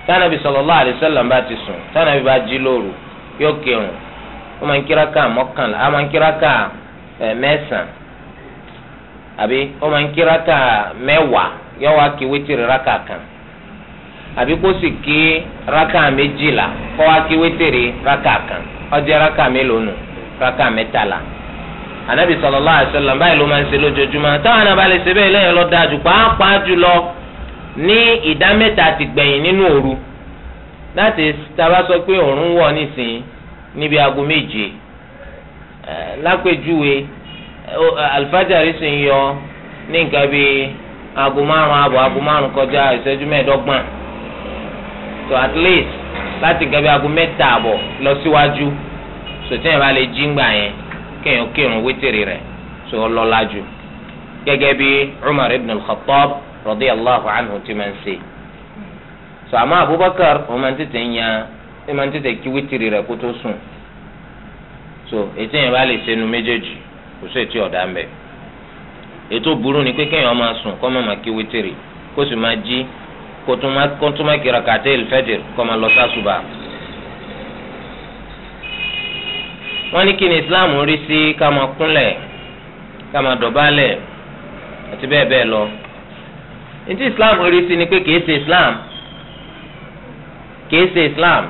tánàbí sallallahu alaihi wasallam bá ti sùn tánàbí bá jí lóru yóò kírun ó máa ń kíra ká mọ́kànlá kira ka ń kíra ká mẹ́sàn-án àbí ó máa ń kíra ká mẹ́wàá yóò wá kí wítìrì rákà kan abi ko si ki raka mejila kó wá kí wítìrì rákà kan ó jẹ́ rákà mélòó rákà mẹ́tàlá anabi sallallahu alaihi wasallam báyìí ló máa ń ṣe lójoojúmọ́ táwọn anábàálẹ̀ ṣe bẹ́ẹ̀ lẹ́yìn lọ dáa jù pàápàá jùlọ ní ìdá mẹ́ta ti gbẹ̀yìn nínú òru láti taba sọ pé òòrùn wọ̀ nísìnyí níbi aago méje lápèjúwe alifájàrí sì ń yọ ní nǹkan bíi aago márùn ààbọ̀ aago márùn kọjá ìṣẹ́jú mẹ́ẹ̀ẹ́dọ́gbọ̀n so at least láti nǹkan bíi aago mẹ́ta ààbọ̀ lọ síwájú. Si sòtẹ́yìn bá lè jí ngbà yẹn kéèyàn kírun wítìrì rẹ̀ tó lọ́lá jù gẹ́gẹ́ bí Umar ibn al-Khattab radiyallahu anhu ti máa ń ṣe. sọ àmọ́ Abubakar ó máa ń tètè ń yan ó máa ń tètè kí wítìrì rẹ̀ kó tó sùn. so ètò yẹn bá lè sẹnu méjèèjì kò sí ètò ọ̀dà mbẹ́. ètò burú ni pé kéèyàn máa sùn kó má máa kí wítìrì kó sì máa jí kó tún máa kí rak'atil fajr kó máa lọ sásùbà. wọ́n ní kí ni islam rí sí ká máa kúnlẹ̀ ká máa dọ̀bálẹ̀ àti bẹ́ẹ̀ bẹ́ẹ̀ lọ ní islam rí sí ni pé kìí ṣe islam kìí ṣe islam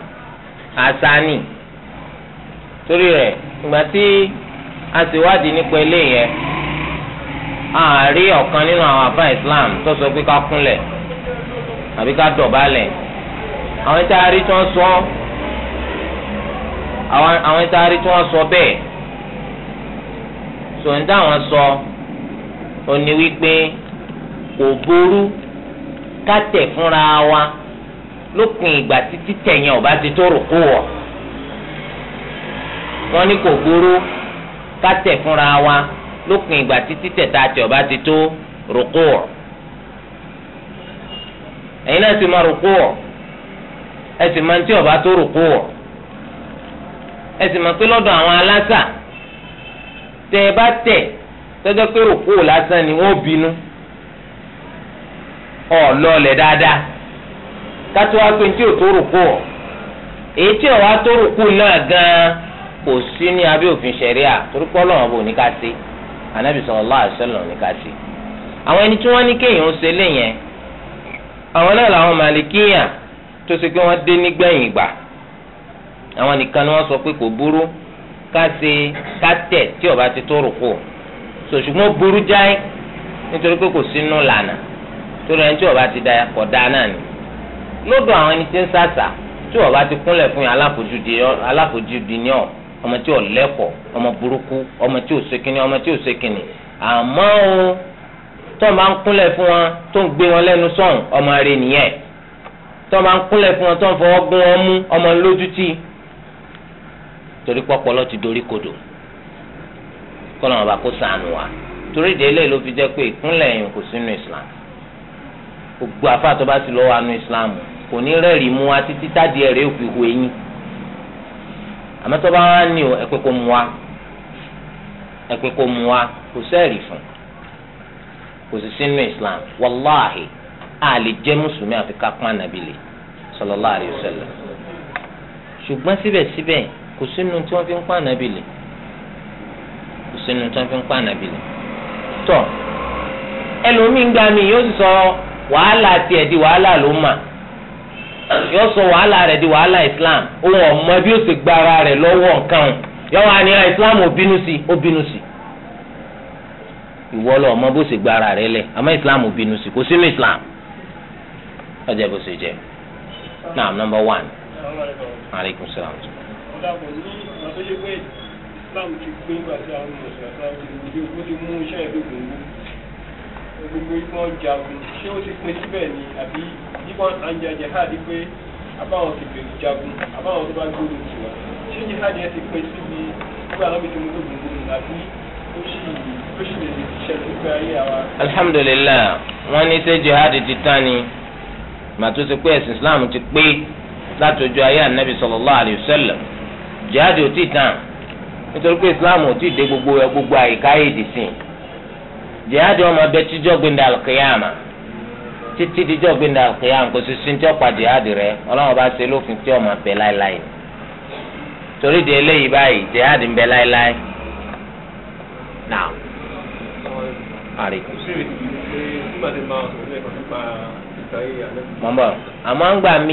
àṣà ni torí rẹ̀ ìgbà tí a sì wádìí nípa ilé yẹn a ọ̀kan nínú àwọn àbá islam tó sọ pé ká kúnlẹ̀ àbí ká dọ̀bálẹ̀ àwọn tí a rí tí wọ́n sọ ọ́. àwọn ìtaari tí wọ́n sọ bẹ́ẹ̀ sòǹda wọn sọ òní wípé kò burú kátẹ̀ fúnra wa lópin ìgbà títí tẹ̀yìn ọ̀bá ti tó rò kó wọ̀ wọ́n ní kò burú kátẹ̀ fúnra wa lópin ìgbà títí tẹ̀ta ti tó rò kó wọ̀ ẹ̀yin náà ti máa rò kó wọ̀ tí tó rò ẹ sì mọ̀ pé lọ́dọ̀ àwọn aláṣà tẹ ẹ bá ni wọn bínú ọ dáadáa kátó wá pé ní tí ò tó rùkú ọ̀ èyí tí ò gan-an kò sí ní abẹ́ òfin ṣẹ̀ríà torí pé ọlọ́run ní ká sí anábì sallallahu alaihi wasallam ò ní ká sí. àwọn ẹni tí ní kéèyàn ṣe léyìn àwọn náà làwọn tó ṣe pé dé àwọn nìkan ni wọ́n sọ pé kò burú ká ṣe tí ó ti tó rùkú so ṣùgbọ́n burú jáì nítorí pé kò sínú lànà torí ẹni tí ó bá ti da ẹ̀kọ́ dá náà ni lọ́dọ̀ àwọn ẹni tí ń sàṣà tí ó bá ti kúnlẹ̀ fún yẹn aláfojúdi ni ọ̀ ọmọ tí ò lẹ́kọ̀ọ́ ọmọ burúkú ọmọ tí ò ṣèkìní ọmọ tí ò ṣèkìní àmọ́ o tó máa ń kúnlẹ̀ fún wọn tó ń gbé wọn lẹ́nu sọ̀hún ọmọ rẹ̀ nìyẹn tó máa ń kúnlẹ̀ fún wọn tó ń fọwọ́ gún wọn mú ọmọ lójútì torí pọpọlọ ti dorí kodò kọlọ wọn bá kó sànù wa torí délé ló fi jẹ́ pé ìpínlẹ̀ yìí kò sínú islam gbogbo afáàtọ bá ti lọ wà nù islam kò ní rẹ́ẹ̀rì mu wa títí tádi ẹ̀rẹ́ òfin hu eyín àmọ́ tó ní o ẹ pé mu wa ẹ pé mu wa kò sẹ́ẹ̀rì fún kò sì sínú islam wàláhì a lè jẹ́ mùsùlùmí àfi ká pọ́n ànábìlẹ̀ sallallahu alaihi wasallam ṣùgbọ́n síbẹ̀síbẹ̀ kò sínú tí wọ́n fi ń pa ànábì lè kò sínú tí wọ́n fi ń pa ànábì lè tọ ẹlòmíín gba mi yóò sọ wàhálà tiẹ̀ di wàhálà ló mà yóò sọ wàhálà rẹ̀ di wàhálà islam òun ọmọ bí ó sì gba ara rẹ̀ lọ́wọ́ nǹkan yóò wá ní islam ò bínú sí ó bínú sí ìwọ lọ ọmọ bó sì gba ara rẹ̀ lẹ̀ àmọ́ islam ò bínú sí kò sínú islam ọjọ́ bó ṣe jẹ́ náà number one aleykum salaam dàpọ̀ ní ìgbà tó yẹ pé Islam ti pé nígbà tí àwọn mùsùlùmí Islam ti mú ó ti mú iṣẹ́ ìlú gbòǹgbò gbogbo ìgbọ́n jagun ṣé ó ti pin síbẹ̀ ni àbí ìgbọ́n àǹjà jihad pé àbáwọn ti bèrè jagun àbáwọn tó bá gbóòrò sí wa ṣé jihad yẹn ti pin síbi nígbà lọ́bì tó mú tó gbòǹgbò àbí ó sì ó sì lè ṣẹlẹ̀ nípa ayé àwa. alhamdulilayi wọn ní ṣé jihad ti tán ni màtó ti pé ẹ̀sìn Islam ti pé látọjọ́ ayé anabi sallallahu alayhi wa jihad ò tí ì islam ò tí dé gbogbo gbogbo àyíká yìí dì sí ọmọ abẹ tíjọ́ gbẹ̀ndà alkiyama títí díjọ́ gbẹ̀ndà alkiyama kò rẹ ọlọ́run bá ṣe lófin tí ọmọ abẹ láéláé torí di eléyìí báyìí jihad ń bẹ láéláé mọ̀mọ́ àmọ́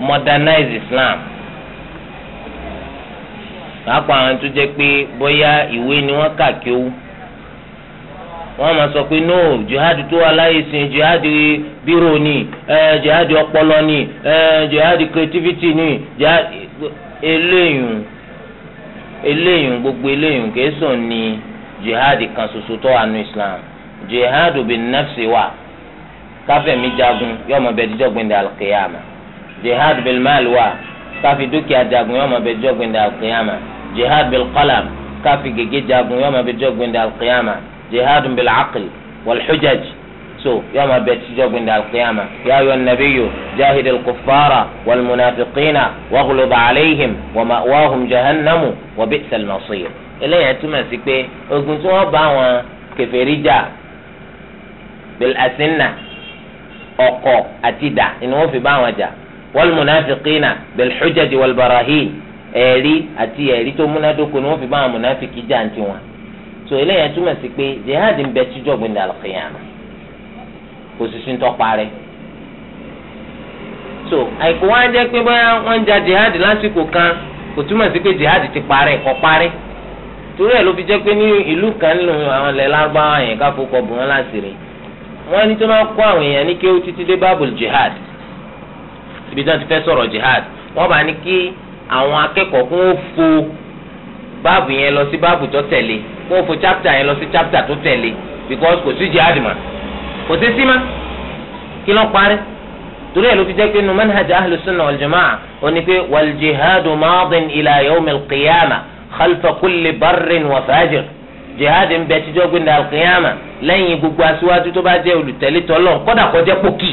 modernize Islam pàápàá àwọn tó jẹ́ pé bóyá ìwé ni wọ́n kà kí ó wọ́n máa sọ pé no jihadi tó wà láyé sin jihadi bírò ni jihadi ọpọlọ ni jihadi creativity ni jihad eléyìn eléyìn gbogbo eléyìn kẹsàn ni jihadi kan ṣoṣo tó wà ní Islam jihadi bin nafsi wa káfẹ́mi jagun yọ̀ọ́ mọ̀ bẹ́ẹ̀ dídọ́gbìn dàlùkìyàmà. jihad bil mal wà káfi dúkìá jagun yọọ ma bẹ jọ gbẹndẹ alqiyama jihad bil qalam káfi gègé jagun yọọ ma bẹ jọ gbẹndẹ alqiyama jihad bil aql wal hujaj so yọọ ma bẹ jọ gbẹndẹ alqiyama ya ayyuha nabiyyu jahid al kuffara wal munafiqina waghlub alayhim wa ma'wahum jahannamu wa bi'sal masir eléyà túmọ̀ sí pé ogun tí wọ́n bá wọn kèfèrí jà bil asinna ọ̀kọ̀ àti dà ni wọ́n fi bá wọn jà wal-munafiqina bil-hujaj wal-barahin ẹ̀rí àti ẹ̀rí tó múnádóko ni wọ́n fi bá àwọn munafiki jáǹtì wọn so eléyà túmọ̀ sí pé jihad ń bẹ tíjọ́ gbẹ̀ndẹ̀ al-qiyama kò sì sí ń tọ́ parẹ́ so àìkú wọn á jẹ́ pé bóyá wọ́n ń ja jihad lásìkò kan kò túmọ̀ sí pé jihad ti parẹ́ kò parẹ́ torí ẹ̀ ló fi jẹ́ pé ní ìlú kan nínú àwọn ilẹ̀ yẹn káfọ́ bùn wọn láṣìírí wọn ní tó máa kó àwọn èèyàn ní kéwú títí dé bábùl ibi tí wọ́n ti fẹ́ sọ̀rọ̀ jihad wọ́n bá ní kí àwọn akẹ́kọ̀ọ́ kún ó fo báàbù yẹn lọ sí báàbù tó tẹ̀lé kún ó fo chapter yẹn lọ sí chapter tó tẹ̀lé because kò sí jihad mà kò sí sí mà kí ló parí torí ẹ̀ ló fi jẹ́ pé nu manhaj ahlu sunnah wal jamaa ó ní pé wal jihadu maadin ila yawmil qiyamah khalfa kulli barrin wa fajir jihad ń bẹ tíjọ́ gbẹ̀ndà al qiyamah lẹ́yìn gbogbo aṣíwájú tó bá jẹ́ olùtẹ̀lé tọ́lọ́ kọ́dà kọjá pòkì.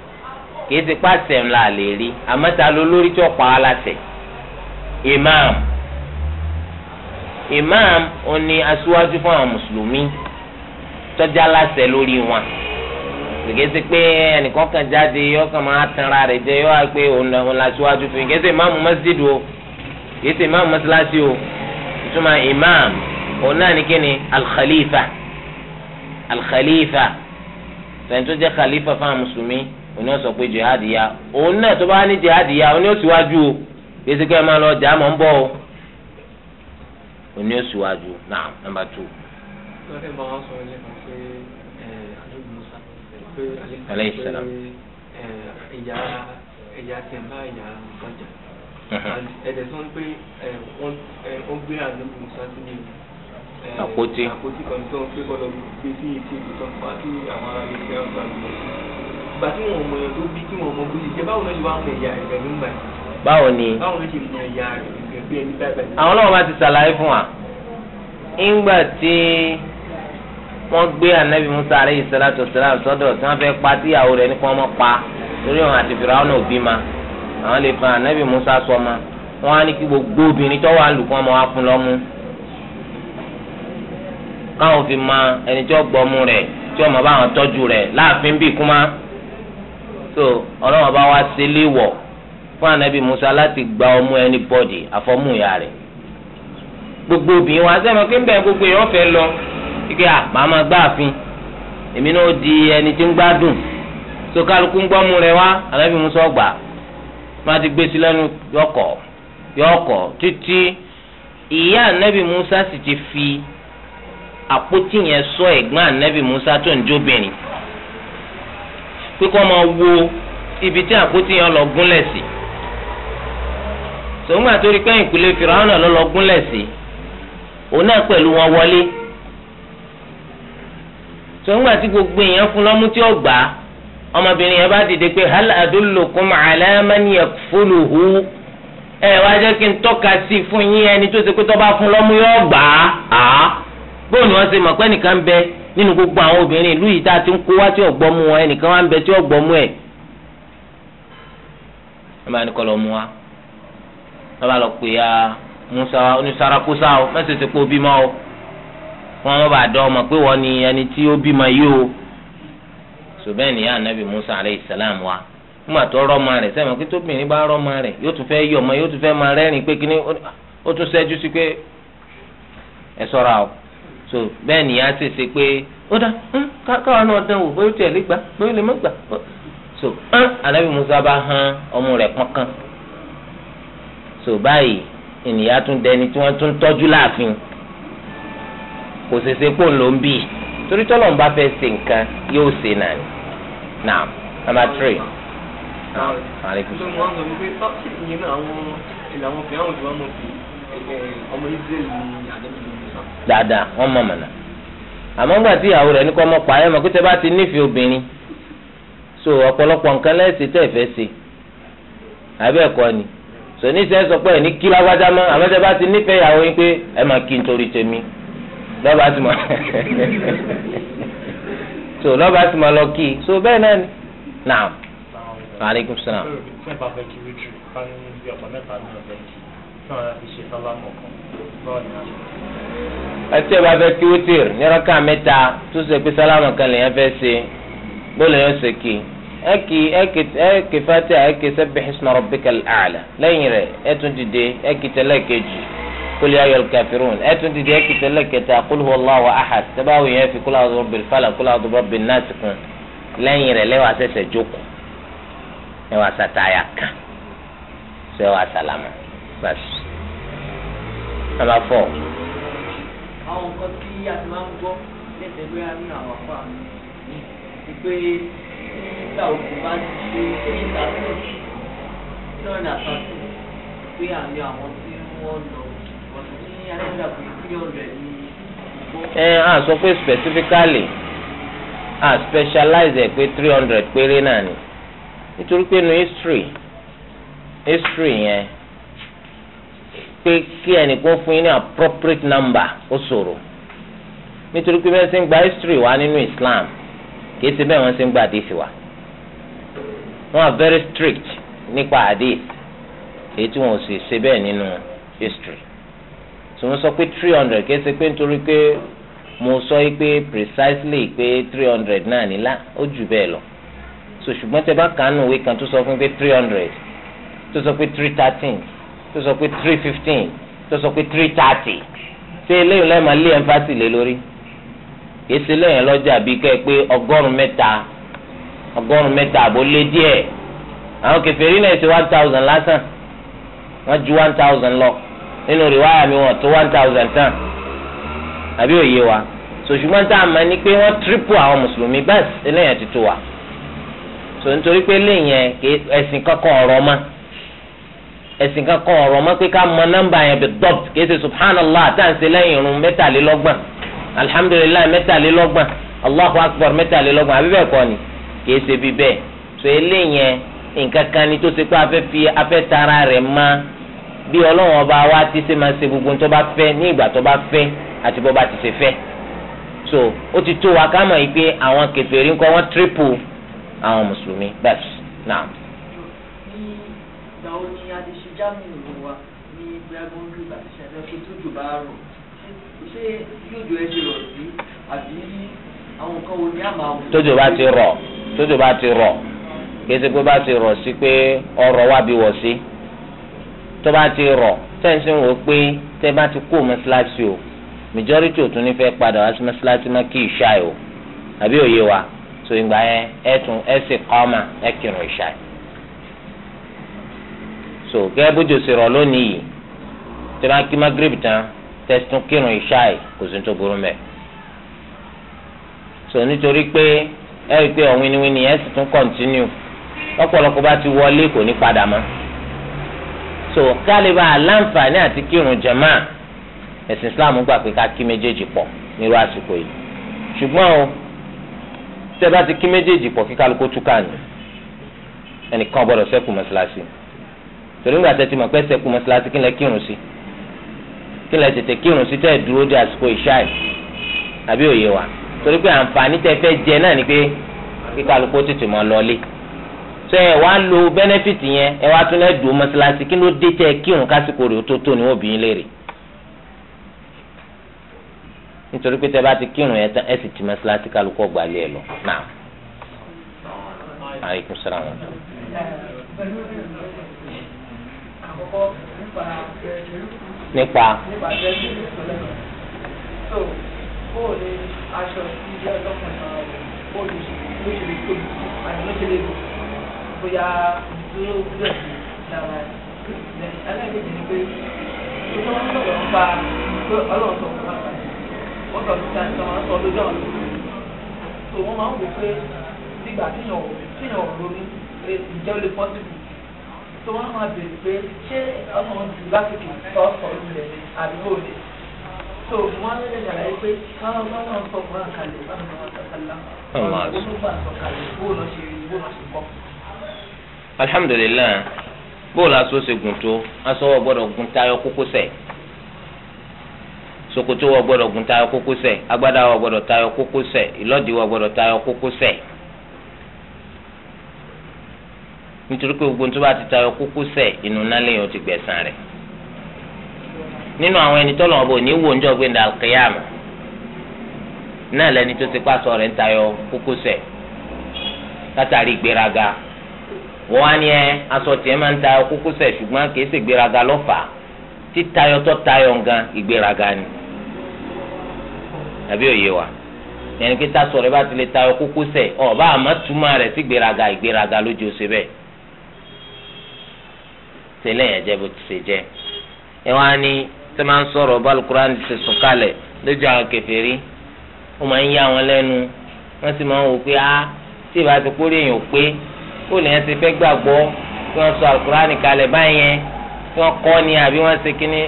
kìí ti pàṣẹ ńlá lè rí àmọ́ ta ló lórí tí ó pa á láṣẹ imam imam ó ní aṣíwájú fún àwọn mùsùlùmí tọ́jà láṣẹ lórí wọn kìí ti pé ẹnìkan kan jáde yọ kàn máa tanra rẹ̀ jẹ yọ wá pé òun la fún yín kìí ti imam masjid o kìí ti imam masalasi o ìtumọ̀ imam òun náà ní kíni alkhalifa alkhalifa tẹ̀yìn tó jẹ́ khalifa fún àwọn mùsùlùmí. oní ọ̀sọ̀ pé jihad ya òun náà tó bá ní jihad ya oní òsíwájú o gbèsè kẹ́ ẹ máa lọ jà mọ̀ ń bọ̀ o oní òsíwájú náà nàmbà tù. aleyhi salam. ìyá ìyá tẹ̀ ń bá ìyá nǹkan jà pé àpótí. àpótí kan tó ń pé kọ́ lọ gbé sí etí ìlú tó ń pa kí àwọn ará ilé fẹ́ràn gbà lọ. ìgbà tí wọn mọ èèyàn tó bí kí wọn mọ bó ṣe jẹ báwo ló ṣe wá mọ ẹ̀yà rẹ̀ nígbà yìí. báwo ni. báwo ló ṣe mọ ẹ̀yà rẹ̀ gẹ́gẹ́ ẹni báyìí. àwọn náà máa ti ṣàlàyé fún wa. ìgbà tí wọ́n gbé anabi musa aleyhi salatu salam sọ́dọ̀ tí wọ́n fẹ́ pa tíyàwó rẹ̀ nípa ọmọ pa lórí àwọn àti fìràwọn òbí ma àwọn lè fa anabi musa sọ ma wọ́n á ní kí gbogbo obìnrin tó wà lù ọmọ wa fún lọ́mú káwọn fi ma ẹni tí ó gbọmú rẹ̀ tí ó máa bá wọn tọ́jú rẹ̀ láàfin bíi kúmá so ọlọ́wọ́n bá wá sí léwọ̀ fún anabi musa láti gba ọmú ẹni bọ́dì àfọ́mú ìyá rẹ̀ gbogbo obìnrin wa sẹ́mi pé ń bẹ̀rẹ̀ gbogbo èèyàn fẹ́ lọ kíkẹ́ à màá máa gbá àfin èmi náà di ẹni tí ń gbádùn so kálukú ń gbọ́mú rẹ̀ wá anabi musa gbà má ti gbé sí lẹ́nu yọkọ̀ yọkọ̀ títí ìyá anabi musa sì ti fi àpótí yẹn sọ ẹ̀gbọ́n ànábì Musa tó ń jóbìnrin pé kó máa wo ibi tí àpótí yẹn lọ gúnlẹ̀ sí sòwúmọ̀ àti orí pẹ́yìn ìpìlẹ̀ Fìràwọ́nà ló lọ gúnlẹ̀ sí òun náà pẹ̀lú wọn wọlé sòwúmọ̀ àti gbogbo èèyàn fún lọ́mú tí ó gbà á ọmọbìnrin yẹn bá dìde pé hal adullukum ala man yakfuluhu ẹ wá jẹ́ kí n tọ́ka sí fún yín ẹni tó ṣe pé tó bá fún lọ́mú yóò gbà á bóònù wọn ṣe mọ̀ pé ẹnìkan bẹ nínú gbogbo àwọn obìnrin ìlú yìí tá a ti ń kó wá tí ọ̀gbọ́n mu wọn ẹnìkan wá ń bẹ tí ọ̀gbọ́n mu ẹ̀. wọ́n bá ní kọ́ lọ wa wọ́n bá lọ pè ya musa onísàràkúsà o mẹ́sẹ̀sẹ̀ pé ó o wọ́n wọ́n bá dán ọmọ pé wọ́n ni ẹni tí ó bímọ yìí o. sùbẹ́ẹ̀ ni anabi musa aleyhi salam wa nígbà tó rọ́ ọmọ rẹ̀ sẹ́wọ̀n pé tóbìnrin bá rọ́ ọmọ rẹ̀ yóò tún fẹ́ yọ ọmọ yóò tún fẹ́ máa rẹ́rìn-ín pé kíní ó tún ṣẹ́jú sí pé ẹ sọ́ra o. so bẹ́ẹ̀ ni a ṣe ṣe pé ó dá káwọn náà dán wò bóyá tiẹ̀ lè gbà bóyá lè má gbà so hàn anabi musa bá hàn ọmọ rẹ pọ́nkán so báyìí ènìyàn tún dẹni tí wọ́n tún tọ́jú láàfin kò ṣeṣe kó ló ń bì torí tọ́lọ̀ ń bá fẹ́ ṣe nǹkan yóò ṣe náà ni now number three. ọmọ ni dáadáa wọ́n mọ̀ mọ̀nà àmọ́ ńgbà tí ìyàwó rẹ ní kọ́ ọmọ pa ẹ̀ mọ̀ bá ti obìnrin so ọpọlọpọ nǹkan lẹsẹ tẹ́ fẹ́ ṣe àbẹ́ ẹ̀kọ́ ni so ní sẹ́ sọ pé ẹ̀ ní kí lágbájá mọ́ àmọ́ tẹ́ bá ti nífẹ̀ẹ́ ìyàwó yín pé ẹ̀ máa kí nítorí tèmi ti mọ̀ so lọ́ba ti lọ kí so bẹ́ẹ̀ náà ni naam Maaleykum salaam. fẹ́ kí mẹ́ta ní ọ̀bẹ kí ṣe náà àti ẹ̀ bá fẹ́ kí wítìr ní rákà mẹ́ta tó ṣe pé sálámù kan lèyàn fẹ́ ṣe bóòlù yóò ṣe kí ẹ kì ẹ kì ẹ kì fatiha ẹ kì sabbih isma rabbikal a'la lẹ́yìn rẹ̀ ẹ tún dìde ẹ kejì kul ya kafirun ẹ tún dìde ẹ kì tẹ́lẹ̀ kẹta ahad sábàáwò yẹn fi kul a'udhu birabbil falaq kul a'udhu birabbin nas kún lẹ́yìn rẹ̀ lẹ́wà sẹ̀sẹ̀ jókòó lẹ́wà sàtáyà kan sẹ́wà sàlámà bàṣ. nàbà fọ́ọ̀ àwọn nǹkan tí a ti máa ń gbọ́ lẹ́sẹ̀ bóyá nínú àwọn àpá mi ti pé nígbà òkú bá ti ṣe ṣéyìn tàbí kílọ̀nì àtàkù pé àmì àwọn tí wọ́n lọ ọ̀sùn ní adédàpọ̀ three hundred ní ẹ á sọ pé specifically á specialize ẹ pé three hundred péré náà ni nítorí pé nu history history yẹn. Yeah pé kí ẹnìkan fún yín ní appropriate number ó ṣòro nítorí pé bẹ́ẹ̀ ṣe ń gba history wa nínú Islam kìí ṣe bẹ́ẹ̀ wọ́n ṣe ń gba àdéhìí wa wọ́n are very strict nípa àdéhìí èyí tí wọ́n sì ṣe bẹ́ẹ̀ nínú history tí wọ́n sọ pé three hundred kìí ṣe pé nítorí pé mo sọ yìí pé precisely pé three hundred náà nílá ó jù bẹ́ẹ̀ lọ so ṣùgbọ́n tẹ bá kàánù òwe kan tó sọ fún pé three hundred tó sọ pé three thirteen tó sọ pé three fifteen tó sọ pé three thirty ṣé eléyìí lẹ́ẹ̀ma lé ẹ̀ńfàsì lé lórí èsì lẹ́yìn lọ́jà bíi kẹ́ ẹ pé ọgọ́rùn-ún mẹ́ta ọgọ́rùn-ún mẹ́ta àbó lé díẹ̀ àwọn kèfèrí náà ṣe one thousand lásán wọ́n ju one thousand lọ nínú rìwáyà mi wọ́n tó one thousand tán àbí òye wa sòṣùgbọ́n tá a mọ̀ ni pé wọ́n triple àwọn mùsùlùmí bẹ́ẹ̀ eléyàn ti tó wa so nítorí pé léyìn ẹ̀sìn kankan ọ̀rọ̀ máa ẹ̀sìn kan kan ọ̀rọ̀ mọ́ pé ká mọ nọ́mbà yẹn bí dọ́pt kì í ṣe subhanallah àtàǹsẹ̀ lẹ́yìn irun mẹ́tàlélọ́gbọ̀n alhamdulilayi mẹ́tàlélọ́gbọ̀n allahu akbar mẹ́tàlélọ́gbọ̀n àbí bẹ́ẹ̀ kọ́ ni kì í ṣe bí bẹ́ẹ̀ tó eléyẹn nǹkan kan ni tó ṣe pé afẹ́ fi afẹ́ tara rẹ̀ ma bí ọlọ́run ọba wa ti ṣe máa ṣe gbogbo tó bá fẹ́ ní ìgbà tó bá fẹ́ àti bó bá ti ṣe fẹ́ so ó ti tó wa ká mọ̀ yìí pé àwọn kèfèrí ńkọ́ wọ́n triple àwọn mùsùlùmí bẹ́ẹ̀ náà jámù ìlú wa ní gbẹ́gbọ́ndì ìbàdíṣẹ́ ẹgbẹ́ pé tójò bá rọ̀ ṣé yóòjò ẹ ti rọ̀ sí àbí àwọn nǹkan wo ni a máa wò. tójò bá ti rọ̀ tójò bá ti rọ̀ kété pé bá ti rọ̀ sí pé ọrọ̀ wà bí wọ̀ sí tó bá ti rọ̀ tẹ̀sí wò pé tẹ́ bá ti kó mọ́ṣáláṣí o majority ò tún ní fẹ́ padà wá sí mọ́ṣáláṣí mọ́ kí ìṣá o àbí òye wa tó ìgbà yẹn ẹ̀ tún ẹ̀ sì kọ́ ọ́ mà ẹ̀ kírun ìṣá yìí so gẹ́gẹ́ bójú ṣe rọ̀ lónìí yìí tí wọ́n á kí magrib tán tẹ̀sítún kírun ìṣáì kò sí tó burú mẹ́. so nítorí pé ẹ rí i pé ọ̀hún wíníwíní ẹ̀ sì tún kọ̀ntínú lọ́pọ̀lọpọ̀ bá ti wọlé kò ní padà mọ́. so kálíbà aláǹfààní àti kírun jàmáà ẹ̀sìn Islam gbà pé ká kí méjèèjì pọ̀ nírú àsìkò yìí ṣùgbọ́n o tẹ́ bá ti kí méjèèjì pọ̀ kí kálukó túkà ẹnìkan gbọ́dọ̀ ṣẹ́kù mọ́ṣáláṣí torí ńgbà tẹ́tí mọ̀ pé sẹ́kù mọ́sálásí kí n lẹ kírun sí kí n lẹ tètè kírun sí tẹ́ dúró dé àsìkò ìṣáì àbí òye wa torí pé àǹfààní tẹ́ fẹ́ jẹ náà ni pé kí kálukú tètè mọ́ lọlé sọ ẹ wá lo bẹ́nẹ́fìtì yẹn ẹ wá tún lẹ dúró mọ́sálásí kí ló dé tẹ́ kírun kásìkò rẹ̀ tó tó ni wọ́n bí yín léèrè nítorí pé tẹ́ bá ti kírun yẹn tán ẹ sì ti mọ́sálásí kálukú ọgbà lé ẹ lọ náà. Aleykum salaam kọ́ nípa ẹ̀rú. nípa. nípa ẹ̀rú ìsọ̀lẹ̀ náà. so bó o lè aṣọ ìdí ọlọ́kùnrin náà bó o lè ló ṣe lè tóbi àti ló ṣe lè lò bóyá dúró dúró sí ìjàmbá rẹ̀. ẹlẹ́gbẹ̀ẹ́ ni pé ìṣòro ń sọ̀rọ̀ ń pa pé ọlọ́run sọ fún wa wọ́n sọ fún wa wọ́n sọ lójú àwọn olùkọ́ so wọ́n máa ń wò pé nígbà tíyàn tíyàn ronú ǹjẹ́ ó lè pọ́sibú tó wọ́n máa bèrè pé ṣé ọmọ ju lásìkò ọkọ̀ ilẹ̀ àdúgbò ni so wọ́n lè ṣàlàyé pé káwọn bá wọn sọ fún àkàlẹ̀ báwọn máa sọ̀kalẹ̀ olùkọ́ àsọ̀kalẹ̀ bóòlù ṣe rí bóòlù ṣe kọ́. alhamdulilayi bóòlù aṣọ ṣe gùn tó aṣọ wọ gbọ́dọ̀ gùn tayọ kókósẹ̀ ṣòkòtò wọ gbọ́dọ̀ gùn tayọ kókósẹ̀ agbádá wọ gbọ́dọ̀ tayọ kókósẹ̀ ìlọ́dì wọ gbọ́dọ̀ tayọ kókósẹ̀. nítorí pé gbogbo tó bá ti tayọ kókó sẹ̀ inú náà lẹ́yìn ó ti gbẹ̀san rẹ̀ nínú àwọn ẹni tọ́lọ̀ ọ̀bọ ní wò níjọ́ gbé ndà kéyàmù náà lẹni tó ti pàṣọ rẹ̀ ń tayọ kókó sẹ̀ látàrí ìgbéraga wọ́n á ní ẹ aṣọ tiẹ̀ máa ń tayọ kókó sẹ̀ ṣùgbọ́n kìí ṣe ìgbéraga lọ́fà títayọ tó tayọ ngan ìgbéraga ni tàbí òye wa yẹn kí tásọ rẹ̀ bá ti lè tayọ kókó sẹ̀ ọ̀ bá àmọ́ túmọ̀ rẹ̀ sí ìgbéraga ìgbéraga lójú ṣe bẹ́ẹ̀ ṣe lẹ́yìn ẹ̀jẹ̀ bó ti ṣe jẹ́ ẹ wá ní tẹ́ máa ń sọ̀rọ̀ bá alukur'an ti sùn kalẹ̀ lójú àwọn kèfèrí ó máa ń yá wọn lẹ́nu wọ́n sì máa ń wò pé á tí ìbá ti kórè èèyàn pé ó lè yẹn ti fẹ́ gbàgbọ́ kí wọ́n sọ alukur'an kalẹ̀ báyẹn kí wọ́n kọ́ ni àbí wọ́n ṣe kíní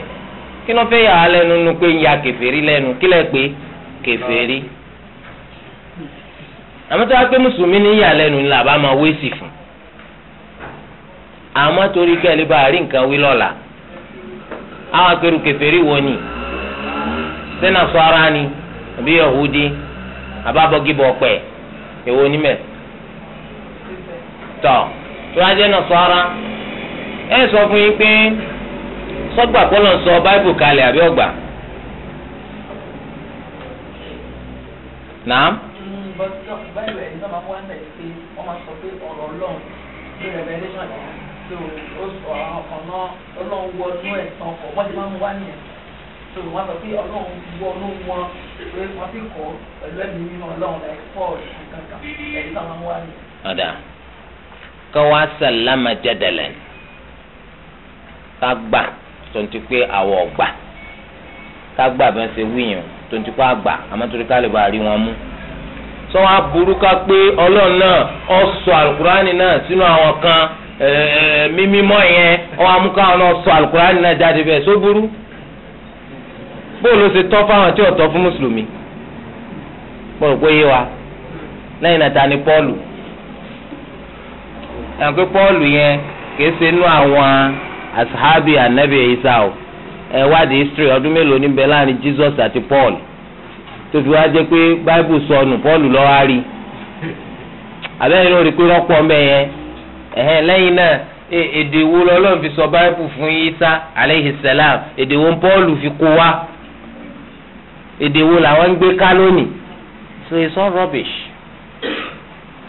kí wọ́n fẹ́ yà wá lẹ́nu nu pé ń ya kèfèrí lẹ́nu kílẹ̀ pé kèfèrí àmọ́ tó wá pé mùsùlùmí ní ìyàlẹ́nu ni làbá máa wé sí fún un àmọ́ torí kẹ́lẹ́ bá rí nǹkan wí lọ́la àwọn akérò kèfèrí wo ni ara ni àbí yahudi àbábọ́gìbọ̀ pẹ̀ èwo ni mẹ́ tọ́ tó wá jẹ́ nasọ́ra ẹ sọ fún yín pé sọ báìbù kalẹ̀ àbí fún pé sọ pé ọ̀rọ̀ ọlọ́run so ọ̀nà ọlọ́run wọ inú ẹ̀ tán kọ̀ wọ́n ti máa ń wá nìyẹn so wọ́n sọ pé ọlọ́run wọ inú wọn pé wọ́n ti kọ́ pẹ̀lú ẹ̀mí nínú ọlọ́run ọ̀dà kọ́ wá sàlámà jẹ́dẹ̀lẹ̀ ká gbà tó pé àwọ̀ gbà ká gbà bẹ́ẹ̀ ṣe wíyàn tó pé àgbà àmọ́ ká lè bá rí wọn mú sọ wọn aburú ká pé ọlọ́run náà ó sọ àlùkùránì náà sínú àwọn kan mímímọ́ yẹn ọ á mú káwọn náà sọ alukurani náà jáde bẹ́ẹ̀ so burú bóòlù ṣe tọ́ fáwọn tí ò fún mùsùlùmí mo pé yé wa lẹ́yìn náà ta ni pọ́ọ̀lù ẹ̀ ń pé pọ́ọ̀lù yẹn kìí ṣe inú àwọn asahabi anabi isa o ẹ wádìí history ọdún mélòó ní bẹ láàrin jesus àti paul tó wá jẹ́ pé sọnù lọ́wọ́ á rí abẹ́rẹ́ ló rí pé rọ́pọ̀ ẹ̀hẹ́n lẹ́yìn náà e, èdè wo fi sọ báyìí fún Isa aleyhi salam èdè fi kó wa èdè wo làwọn ń gbé so it's all rubbish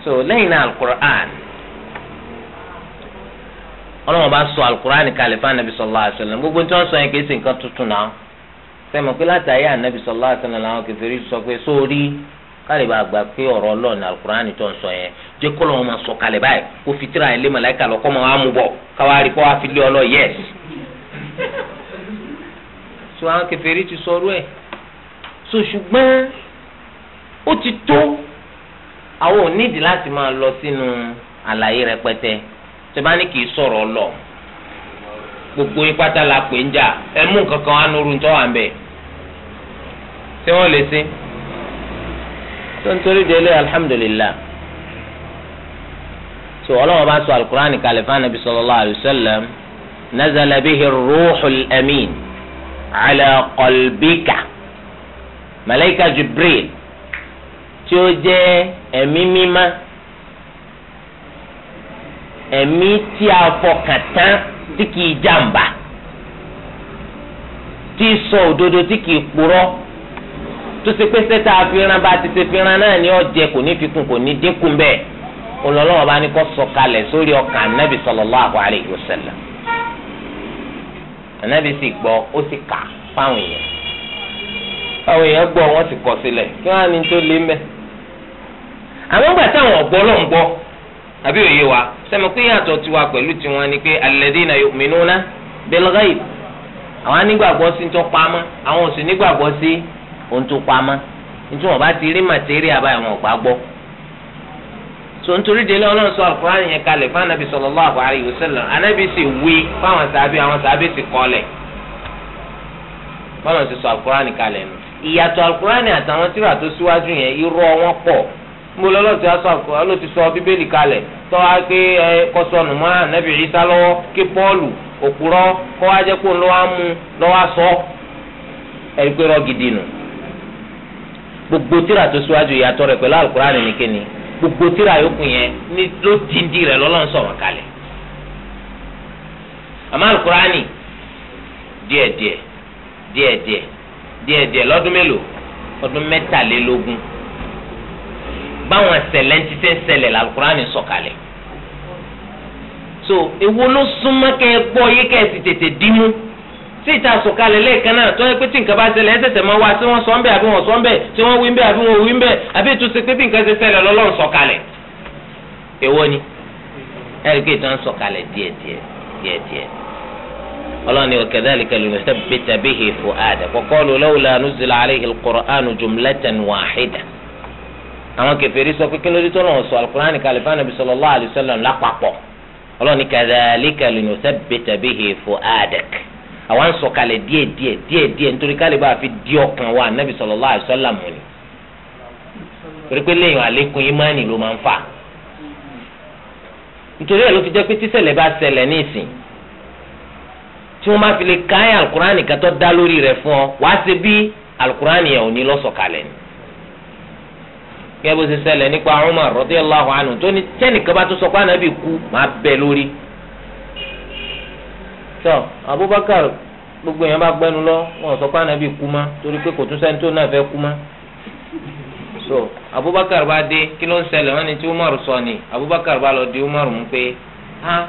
so lẹ́yìn náà alukur'an ọlọ́wọ́n bá sọ alukur'an kalẹ̀ fún anabi sallallahu alaihi gbogbo tí wọ́n sọ yẹn kì ṣe nǹkan tuntun náà sẹ́mi pé anabi sallallahu alaihi làwọn kẹfẹ́ sọ pé sórí. So káàlì bá gbà pé ọ̀rọ̀ ọlọ́run ní alukur'ani tó ń sọ yẹn jẹ́ kó lọ́wọ́ máa sọ báyìí kó fitiri màláìka lọ máa wá mú bọ̀ káwá rí kó wá fi lé so àwọn kèfèrí ti sọrú ẹ̀ so ṣùgbọ́n ó ti tó àwọn ò nídìí láti lọ sínú àlàyé rẹpẹtẹ ọlọ gbogbo la pè ń jà tó ń torí délé alhamdulillah so ọlọ́wọ́n bá sọ alukur'an kalẹ̀ fún anabi sallallahu alayhi wa sallam nazala bihi ruuxul amin ala qalbika malayika jibril tí ó jẹ́ ẹ̀mí mímá ẹ̀mí tí a fọkàn tán tí kìí jàmbá tí sọ òdodo tí kìí purọ́. tó ṣe pé sẹ́tà àfihàn bá ti ṣe fihàn náà ni ọ̀jẹ̀ kò ní fikún kò ní dínkù bẹ́ẹ̀ olọ́lọ́wọ́ bá ní kó kalẹ̀ sórí ọkàn anábì sallallahu alayhi wa sallam anábì sì gbọ́ ó sì kà fáwọn èèyàn fáwọn èèyàn gbọ́ wọ́n sì kọ́ sílẹ̀ kí wọ́n tiwa pẹ̀lú tiwọn ni pé àwọn anígbàgbọ́ sí ń tọ́ ohun tó pamọ́ nítorí wọn bá ti rí màtẹ́rì àbáyọ wọn gbà gbọ́ so nítorí délé ọlọ́run sọ àlùkùránì yẹn kalẹ̀ fún anabi sallallahu alaihi anabi sì wí àwọn sì sọ àlùkùránì kalẹ̀ nù ìyàtọ̀ àlùkùránì àtàwọn tírà tó wọn pọ̀ mo lọ lọ́ọ̀tì aṣọ àkùrọ̀ ló ti sọ bíbélì kalẹ̀ tọ́ wa pé ẹ mọ́ lọ́wọ́ kí sọ ẹ̀ gidi nù. gbogbo tíra tó síwájú ìyàtọ̀ rẹ̀ pẹ̀lú alukur'an nìkan ni gbogbo tíra yòókù yẹn ní ló ti ń di rẹ̀ lọ́lọ́run sọ̀rọ̀ kalẹ̀ àmọ́ alukur'ani díẹ̀díẹ̀ díẹ̀díẹ̀ díẹ̀díẹ̀ lọ́dún mélòó ọdún mẹ́tàlélógún báwọn ẹsẹ̀lẹ̀ ti fẹ́ ṣẹlẹ̀ lalukurani sọ̀kalẹ̀ so èwo ló súnmọ́ kẹ́ ẹ gbọ́ yé kẹ́ ẹ sì tètè dìmú sí ìta sọ̀kalẹ̀ lẹ́ẹ̀kan náà tó yẹ pé tí nǹkan bá ṣẹlẹ̀ ẹ́ tẹ̀sẹ̀ máa wá tí wọ́n sọ ń bẹ̀ àbí wọ́n sọ ń bẹ̀ tí wọ́n wí ń bẹ̀ àbí wọ́n wí ń bẹ̀ àbí ìtúnṣe pé bí nǹkan ṣe ṣẹlẹ̀ lọ́lọ́run sọ̀kalẹ̀. èwo ni ẹ̀rí pé ìtàn sọ̀kalẹ̀ díẹ̀díẹ̀ díẹ̀díẹ̀ ọlọ́ni wakadhalika linuthabbita bihi fu'adak wa qalu lawla nuzila alayhi al-Qur'anu àwọn sọ̀kalẹ̀ díẹ̀ díẹ̀ díẹ̀ díẹ̀ nítorí ká lè bá a fi di ọkàn wa anabi sallallahu alaihi wasallam ni torí pé lẹ́yìn àlékún ìmánì ló máa ń fà nítorí ẹ̀ ló fi jẹ́ pé tíṣẹ̀lẹ̀ bá ṣẹlẹ̀ ní ìsìn tí wọ́n bá fi lè ka ẹ́ alukur'ani kan tó dá lórí rẹ̀ fún ọ wàá ṣe bí alukur'ani yẹn ò ní lọ ni kí ẹ ṣe ṣẹlẹ̀ nípa Umar radiyallahu anhu tó ní tẹ́nìkan bá tó sọ pé ànábì kú máa bẹ lórí tọ́ Abubakar gbogbo yẹn bá gbẹnu lọ wọn sọ pé anabi kú ma torí pé kò tún sẹ́ni tó náà fẹ́ kú ma so Abubakar bá dé kí ló ń ṣẹlẹ̀ wọn ni tí Umar sọ ni Abubakar bá lọ di Umar mú pé ha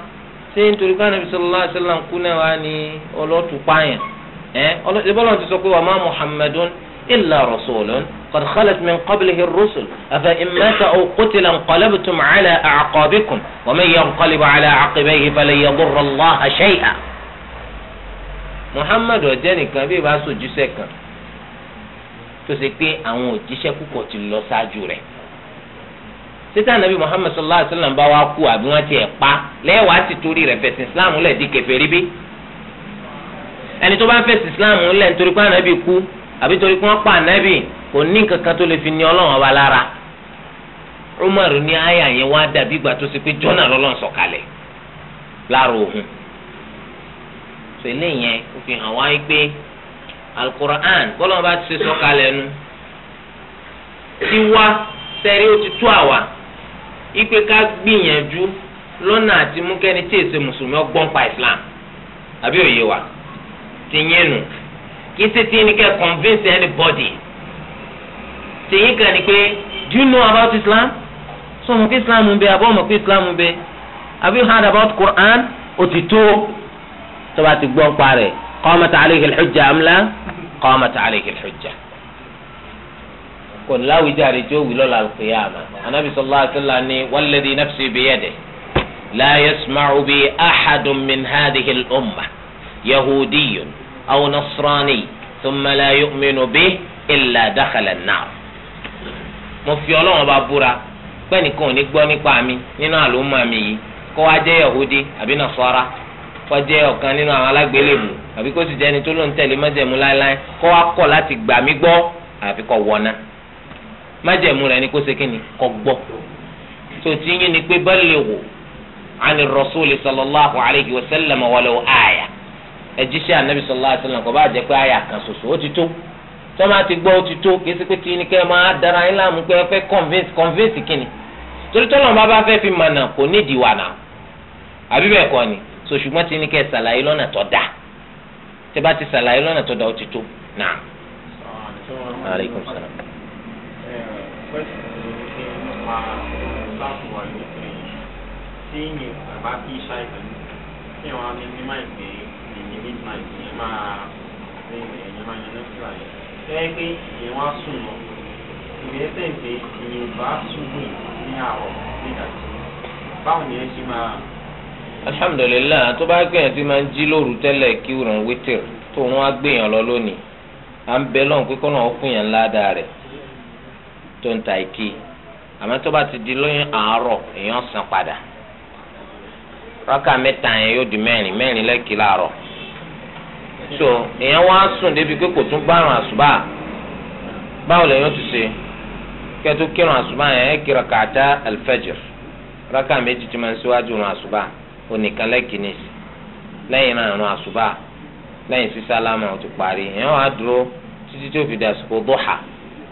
ṣé nítorí pé anabi sallallahu alaihi wasallam kú náà wá ní ọlọ́tù pààyàn ẹ ọlọ́tù ti sọ pé wa ma Muhammadun illa rasulun qad khalat min qablihi ar-rusul afa in mata aw qutila inqalabtum ala a'qabikum wa man yanqalib ala aqibayhi falan Muhammad ọ̀jẹ́ nìkan bí ìbá sòjúṣẹ́ kan tó ṣe pé àwọn òjíṣẹ́ púpọ̀ ti lọ ṣáájú rẹ̀ títí ànábì Muhammad sallallahu alayhi wa sallam bá wa kú àbí wọ́n ti ẹ̀ pa lẹ́wàá ti torí rẹ̀ fẹ̀sìn Islam lẹ̀ di kèfèrí bí ẹni tó bá ń fẹ̀sìn Islam lẹ̀ nítorí pé ànábì kú àbí torí pé wọ́n pa ànábì kò ní kankan tó lè fi ní ọlọ́run ọba lára Umar ní àyà yẹn wá dàbí ìgbà tó ṣe pé jọ́nà lọ́lọ́run sọ̀kalẹ̀ láàrọ̀ òhun sẹlẹ yẹn ó fi hàn wáyé pé alukur'an bọlọ bá ti ṣe nu ti wá sẹrí ó ti tó àwa ipe ká gbìyànjú lọ́nà àti mú kẹ́ni tí èsè mùsùlùmí ọgbọ́n pa islam àbí òye wa ti nu kí títí ni kẹ́ convince anybody ti yín kan ni pé do you know about islam sọ so, mọ̀ islam ń bẹ àbọ̀ mọ̀ pé islam ń bẹ have you heard about quran ó tó bá ti gbọ́ ń pa rẹ̀ qamat alayhi al-hujja am la qamat alayhi al-hujja. kò láwùjáde tó wí lọ́la al-qiyama anabi sallallahu alayhi wa sallam ni walladhi nafsi biyadihi la yasma'u bi ahadun min hadhihi al-umma yahudiyyun aw nasrani thumma la yu'minu bi illa dakhala an mo fi ọlọ́run bá búra pẹ́ẹ́nì kan ò ní gbọ́ nípa mi nínú àlùmọ́ mi yìí kó wá jẹ́ yahudi àbí nasara kọjá ọ̀kan nínú àwọn alágbélébù àbí kó sì jẹ́ ẹni tó ló ń tẹ̀lé májẹ̀mú láéláé kọ́ wa kọ̀ láti gbà mí gbọ́ àfi kọ́ wọ̀nà májẹ̀mú rẹ̀ ni kó ṣe kí ni kọ́ gbọ́ tó ti yín ni pé bẹ́ẹ̀ lè wò ani rasuli sallallahu alayhi wa sallam walau aya ẹ jíṣẹ́ anabi sallallahu alayhi wa sallam kò bá jẹ́ pé aya kan ṣoṣo ó ti tó tọ́mà ti gbọ́ ó ti tó kí ẹsẹ̀ pé kí ni kẹ́ ẹ máa dara yín láàmú pé ẹ fẹ́ convince convince kí ni torí tọ́lọ́mọba bá fẹ́ fi mànà kò nídìí wà náà àbí bẹ́ẹ̀ kọ́ ni so ṣùgbọ́n tí ní kẹ́ ẹ ṣàlàyé lọ́nà tó dáa tí bá ti ṣàlàyé lọ́nà tó dáa ó ti tó náà. aleykum salaam. báwo ni ẹ ṣe máa alhamdulilayi tó bá gbìyànjú tí máa ń jí lóru tẹ́lẹ̀ kí òrùn wítìr tó wọn á gbìyàn lọ lónìí à ń bẹ lọ́n pé kọ́nà ọkùn yẹn ládàá rẹ̀ tó ń ta ìkí àmọ́ tó bá ti di lóyún àárọ̀ èèyàn san padà rákà mẹ́ta yẹn yóò di mẹ́rin mẹ́rin lẹ́kì láàárọ̀ so èèyàn wá sùn débi pé kò tún bárùn àṣùbà báwo lèèyàn ti ṣe kẹ́tù kírun àṣùbà yẹn kí rákà àtà rákà méjì tí máa ń síwájú rún àṣùbà onìkan lẹ́kìnní lẹ́yìn náà àrùn àṣùbà lẹ́yìn sísálámà ó ti parí èèyàn wá dúró títí tó fi dàsìkò dọ́hà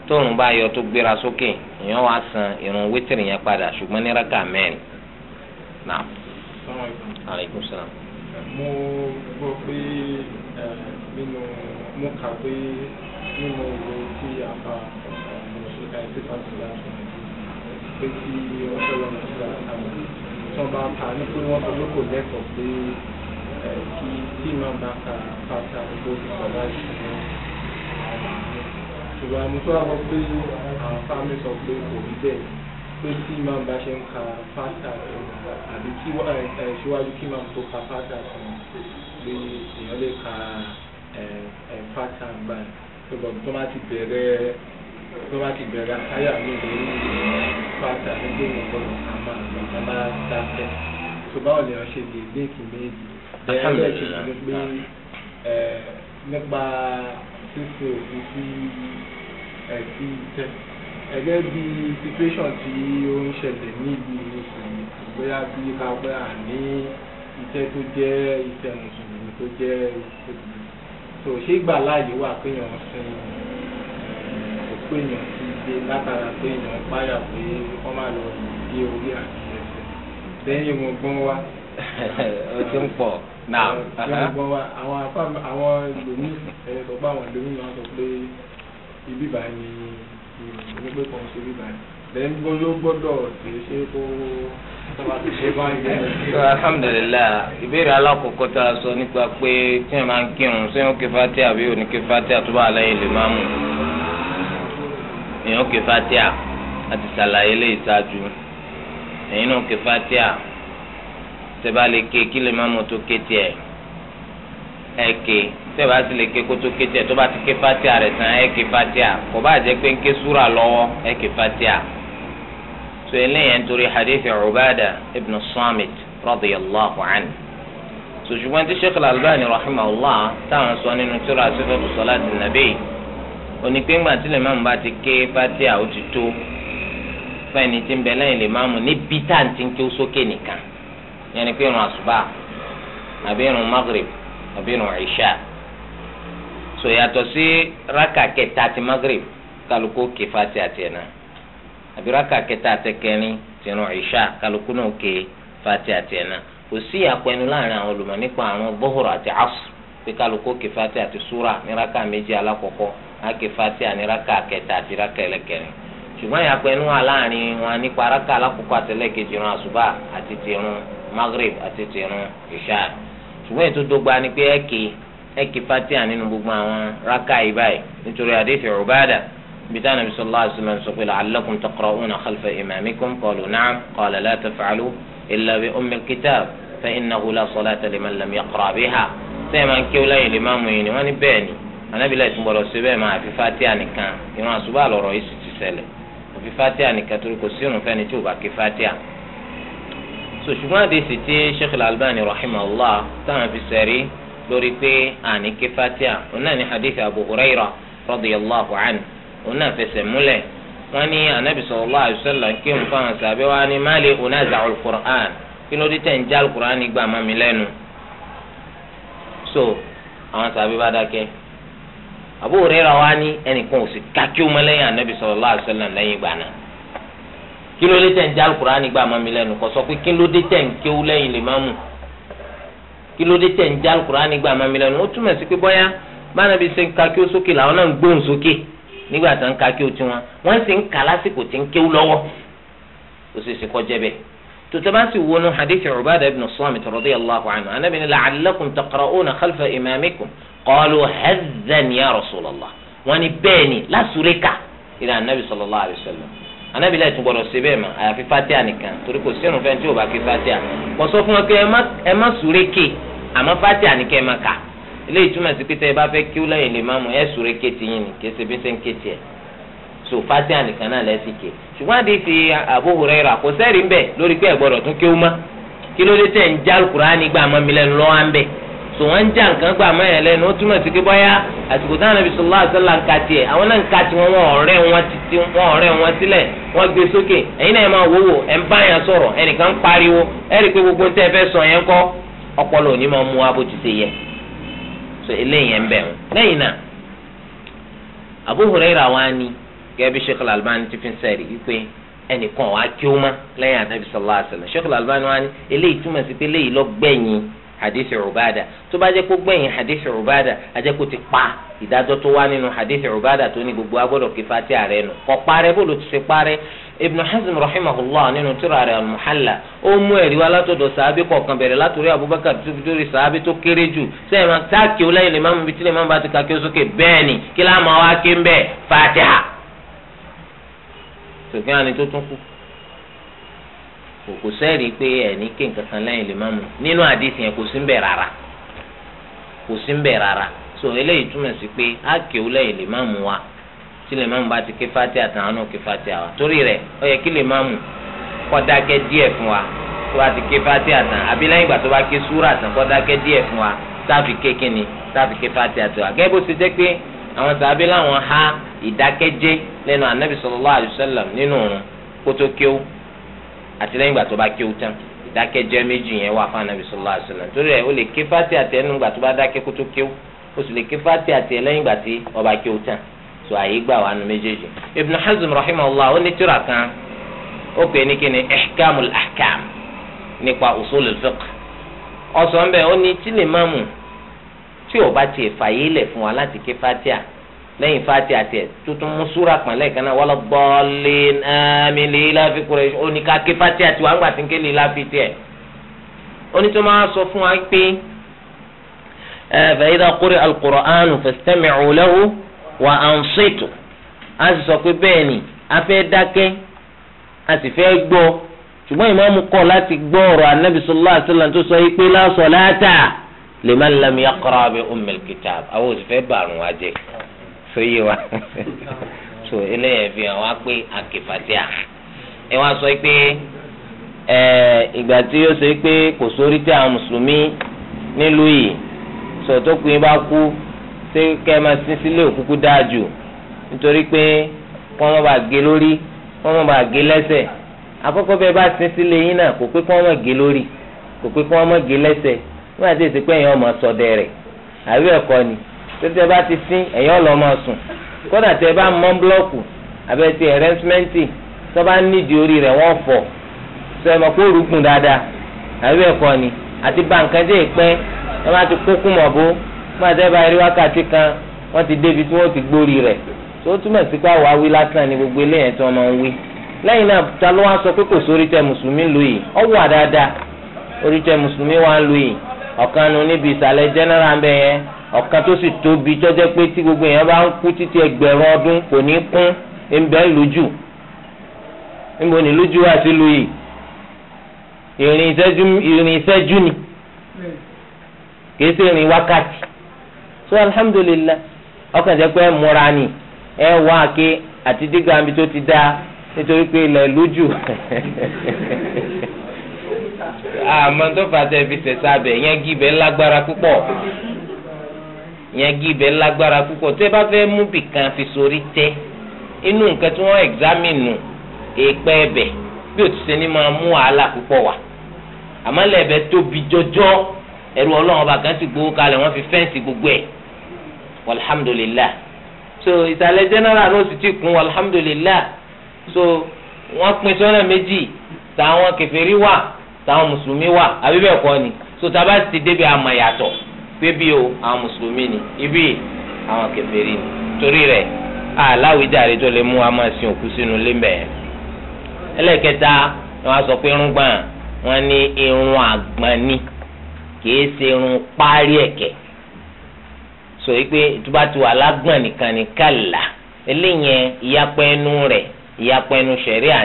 tóòrùn bá yọ tó gbéra sókè èèyàn wá san irun wítìrì yẹn padà ṣùgbọ́n ní rákà mẹ́rin náà. aleykum salaam. mo gbọ́ pé nínú mo kà pé nínú ìwé tí a bá mo ṣe àìsí fásitì láti pé kí ọjọ́ lọ́nà sí àtàwọn tí wọ́n bá kà ní pé wọ́n sọ pé kò lẹ́kọ̀ọ́ pé kí tí máa bá ka pátá gbogbo ìsọ̀lá ìṣúná ṣùgbọ́n àmì tó àwọn pé àwọn fámi sọ pé kò rí bẹ́ẹ̀ pé tí máa bá ṣe ń ka pátá àbí kí ṣíwájú kí máa tó ka pátá kan pé èèyàn lè ka pátá báyìí tó bá ti bẹ̀rẹ̀ tó bá ti bẹ̀rẹ̀ ayé àgbègbè orí pátá ẹgbẹ́ ìwọ̀n àmà àmà dáfẹ́ tó báwo lè ọ ṣe lè léèkì méjì bẹ́ẹ̀ lè ṣe lè gbé nípa ṣíṣe òfin sí ẹ̀sìn tẹ́ ẹgẹ́ bí situation tí ó ń ṣẹlẹ̀ níbi ìsìn bóyá bí ká pé àní iṣẹ́ tó jẹ́ iṣẹ́ mùsùlùmí tó jẹ́ ìṣèlú tó ṣé ìgbà láàyè wà kéèyàn sin pé èèyàn ti ṣe látara pé èèyàn páyà pé wọ́n máa lọ sí orí àti ẹsẹ̀ lẹ́yìn mo gbọ́n wá. ó ti ń pọ̀ náà. lẹ́yìn uh-huh. gbọ́n wá àwọn apá àwọn lòmí ẹ̀ àwọn lòmí náà sọ pé ibi báyìí ni onígbé kan ṣe ibi báyìí lẹ́yìn gbọ́n yóò gbọ́dọ̀ ṣe é ṣe kó alhamdulilayi ìbéèrè alákòókò tá a sọ nípa pé tí wọn máa ń kírun sí òkè fatia àbí òní kè fatia tó bá aláìlè máa mú èèyàn ké fatia àti sàlàyé lè ṣáájú èyí náà ké fatia tẹ́bá lè ké kí lè má mú tó ké tiẹ̀ ẹ ké tẹ́bá sì lè ké kó tó ké tiẹ̀ tó bá ti ké fatia rẹ̀ tán ẹ ké fatia kò bá jẹ́ pé ń ké súra lọ́wọ́ ẹ ké fatia tó eléyẹn nítorí hadith Ubada ibn Samit radiyallahu anhu sòṣùgbọ́n tí Sheikh Al-Albani rahimahullah táwọn sọ nínú tíra sífẹ́ bùsọ̀lá ti nàbẹ́yì. onípe ńgbà tí lèmáàmù bá ti ké fati àwọn ti tó fẹ́ni tí ń bẹ lẹ́yìn lèmáàmù níbi tá à ń ti ń sókè nìkan yẹn ni pé irun àṣùbà àbí irun magrib àbí so yàtọ̀ sí raka kẹta ti magrib kálukú ké fati àti ẹ̀ náà àbí raka kẹta àti kẹrin ti irun ìṣá kálukú fati àti ẹ̀ náà kò sí àpẹnu láàrin àwọn olùmọ̀ nípa bọ́hùrù àti pé fati àti ní raka méjì alákọ̀ọ́kọ́. àáké fati àníraka kẹta àti raka ẹlẹ́kẹrin ṣùgbọ́n ìyàpọ̀ ẹnu wà láàrin wọn nípa raka alákòókò àtẹlẹ́kejì irun àṣùbà àti tìrun magreb àti tìrun ìṣá ṣùgbọ́n ètò dọ́gba ni pé ẹ̀kì ẹ̀kì fati ànínú gbogbo àwọn raka yìí báyìí nítorí àdéhìí Ubada bìtá nàbí sallallahu alaihi wasallam sọ pé la taf'alu illa bi ummil kitab fa innahu la salata liman lam yaqra biha sẹ́yìn máa ń kéwọ́ lẹ́yìn lè anábìlẹ̀ tún gbọdọ̀ sí bẹ́ẹ̀ máa fi fatia nìkan ìran àṣùbà lọ̀rọ̀ yìí sì ti ṣẹlẹ̀ àfi fatia nìkan torí kò sí irun fẹ́ni tí ò bá ké fatia. so ṣùgbọ́n àdéhìsì tí sheikh al-albani rahimahullah táwọn fi sẹ́rí lórí pé àní ké fatia òun náà ní hadith abu huraira radiyallahu anhu òun náà fẹsẹ̀ múlẹ̀ wọ́n ní anabi sallallahu alaihi wasallam ń kírun fáwọn sàbẹ̀ wá ní máàlì onáza alukur'an kí Abu Hurairah wa ní ẹnìkan ò sì ká kí ó mọ lẹ́yìn anabi sallallahu alaihi wasallam lẹ́yìn ìgbà náà kí ló dé tẹ̀ ń já alukur'ani gbà mọ́ mi lẹ́nu kọ́ sọ pé kí ló dé tẹ̀ ń kéwú lẹ́yìn lè má mú kí ló dé tẹ̀ ń já alukur'ani gbà mọ́ mi lẹ́nu ó túmọ̀ sí pé bọ́yá bánabi ṣe ń ka sókè làwọn náà ń gbóhùn sókè nígbà tó ń ka kí ó wọ́n sì ń kà lásìkò tí ń kéwú lọ́wọ́ ó sì ṣe kọjá bẹ́ẹ̀ تتباسي ونو حديث عبادة بن الصامت رضي الله عنه أنا من لعلكم تقرؤون خلف إمامكم qalu hazan ya rasulallah wọ́n ni lásùrẹ́kà ìlànà anabi sallallahu alayhi wa sallam anabi lẹ́yìn tún gbọ́dọ̀ ṣe bẹ́ẹ̀ mà àyàfi fatia o fatia kò sọ ẹ má sùrẹ́kè àmọ́ fatia nìkan ẹ má ẹ so fatia ti Abu Hurairah so wọn ń já nǹkan gbà mọ́ yẹn lẹ́nu ó túmọ̀ sí pé bọ́yá àsìkò táwọn ẹbí sọlá àṣọlá ń tiẹ̀ àwọn náà ń tiwọn wọn ọ̀rẹ́ wọn títí wọn ọ̀rẹ́ wọn sílẹ̀ wọn gbé sókè ẹ̀yin náà máa pariwo ẹ̀ i pé gbogbo tẹ́ ẹ fẹ́ sọ yẹn kọ́ ọpọlọ òní máa mú wa so eléyìí ihe bẹ̀ lẹ́yìn náà Abu hadithi Ubada tó bá jẹ́ kó gbẹ̀yìn hadithi Ubada ajẹ́ kó ti pa ìdájọ́ tó wá nínú hadithi Ubada tó ní gbogbo agbọ́dọ̀ kí fati ààrẹ nù kọ́ parẹ́ bó ló ti ṣe parẹ́ Ibn Hazm rahimahullah nínú al-Muhalla ó mú ẹ̀rí wá látọ̀dọ̀ sàábì kọ̀ọ̀kan Abubakar tó fi dórí sàábì tó kéré jù máa o mú Fatiha. kò sẹ́ẹ̀rí pé ẹ̀ní kí nǹkan lẹ́yìn lè má mu nínú àdìsí yẹn kò sí ń bẹ̀ rárá kò sí ń bẹ̀ rárá so eléyìí túmọ̀ sí pé á kéwú lẹ́yìn lè wa tí lè má mu bá ti ké fati àtàwọn náà ké fati àwa torí rẹ ó yẹ kí lè má mu kó wa tó bá ti ké fati àtàn àbí lẹ́yìn ìgbà tó bá ké súrà àtàn wa ni, ké fati àtàn bó ti ha àti lẹ́yìn ìgbà tó bá kéwú tán ìdákẹ́jẹ́ méjì yẹn wà fún anabi sallallahu alaihi wasallam torí ẹ̀ o lè ké fati àti ẹnu ìgbà tó bá dákẹ́ kó tó kéwú o sì lè ké fati àti lẹ́yìn ìgbà tí ó bá kéwú tán so àyè gbà wà nù méjèèjì ibn hazm rahimahullah ó ní tírà kan ó pè ní kíni ihkamul ahkam nípa usulul fiqh ọ̀sán bẹ́ẹ̀ ó ní tí lè máàmù tí ò bá tiẹ̀ fàyè lẹ̀ fún wa láti ké fati àti lẹ́yìn fati àti ẹ̀ tuntun musura pàlẹ́ kan náà wala ḍallin àmín lílá fi Quraysh oníka ké fati àti wàá ń gbà tí ń ké lílá fi tiẹ̀. onítọ́ máa sọ fún wa pé fa idha quri'a al-Qur'an fastami'u lahu wa ansitu a sì sọ pé bẹ́ẹ̀ ni a fẹ́ dákẹ́ a sì fẹ́ gbọ́ ṣùgbọ́n ìmáàmù kọ̀ láti gbọ́ ọ̀rọ̀ anabi sallallahu alaihi tó sọ pé la salata liman lam yaqra bi ummil àwọn òsì fẹ́ bàrùn wa so wa so eléyìí fi hàn wá pé àkèfàtíà ẹ wá sọ pé ẹ ìgbà tí ó ṣe pé kò sórí tí àwọn mùsùlùmí nílùú yìí sọ tó kùn yín bá kú ṣé kẹ́ ẹ máa sin sílé òkúkú dáa jù nítorí pé wọ́n máa bá gé lórí wọ́n máa bá gé lẹ́sẹ̀ àkọ́kọ́ bẹ́ẹ̀ bá sin sílé yín náà kò pé kí wọ́n lórí kò pé kí wọ́n lẹ́sẹ̀ wọ́n àti èsì pé èèyàn tètè bá ti sín ẹ̀yàn lọ́ máa sùn kódà tẹ bá mọ búlọ́ọ̀kù àbẹ̀tẹ̀ ẹ̀rẹ́símẹ́ǹtì tó bá nídìí orí rẹ̀ wọ́n fọ̀ sọ ẹ̀ mọ̀ kó rúgùn dáadáa àbí ni àti bàǹkan ti kókú mọ̀ bó má tẹ́ wákàtí kan wọ́n ti débi tí ti gbórí rẹ̀ tó túmọ̀ sí pé àwa wí lásán ni gbogbo eléyẹn tí wọ́n máa ń wí lẹ́yìn náà ta ló wá sọ pé kò sórí tẹ mùsùlùmí lu yìí general ń bẹ ọ̀kan tó sì tóbi jẹ́jẹ́ pé tí gbogbo èèyàn bá ń kú títí ẹgbẹ̀rún ọdún kò ní kún ẹ̀ńbẹ́ lójú níbo ni lójú wà sí lu yìí ìrìn ìṣẹ́jú ìrìn ìṣẹ́jú ni kì í ṣe ìrìn wákàtí so alhamdulilah ọkàn jẹ́ pé ẹ múra ni ẹ wá ké àti dígbà mi tó ti dá nítorí pé ilẹ̀ lójú àmọ́ tó fà á tẹ̀ fi tẹ̀ sábẹ̀ yẹn gíbẹ̀ lágbára púpọ̀ ìyẹn gí ibẹ̀ lágbára púpọ̀ tó ẹ bá fẹ́ mú bìkan fi sórí tẹ́ inú nǹkan tí wọ́n ẹ̀gzámìnù èèpẹ̀ ẹ̀bẹ̀ bí o ti ṣe ni máa mú wàhálà púpọ̀ wá àmọ́ lẹ́ẹ̀bẹ̀ tóbi jọjọ́ ẹ̀rù ọlọ́run ọba kan ti gbowó kalẹ̀ wọ́n fi fẹ́ǹsì gbogbo ẹ̀ alhamdulillah so ìsàlẹ̀ general náà sì ti kún alhamdulillah so wọ́n pín sọ́nà méjì táwọn kèfèrí wà táwọn mùsùlùmí wà àbí kọ́ ni so tá a bá ti débi àmọ̀ yàtọ̀ pé bí o àwọn mùsùlùmí ni ibi àwọn kèfèrí ni torí rẹ̀ aláwìjàre tó lè mú wa máa sin òkú sínú lébẹ̀ ẹlẹ́kẹta ni wọ́n sọ pé irùngbọ̀n wọ́n ní irun àgbọ̀n ni kìí ṣe irun párí ẹ̀kẹ́ sọ wípé tó bá wà lágbọ̀n nìkan ní kàlà eléyẹn ìyapẹ́ ẹnu rẹ̀ ìyapẹ́ ẹnu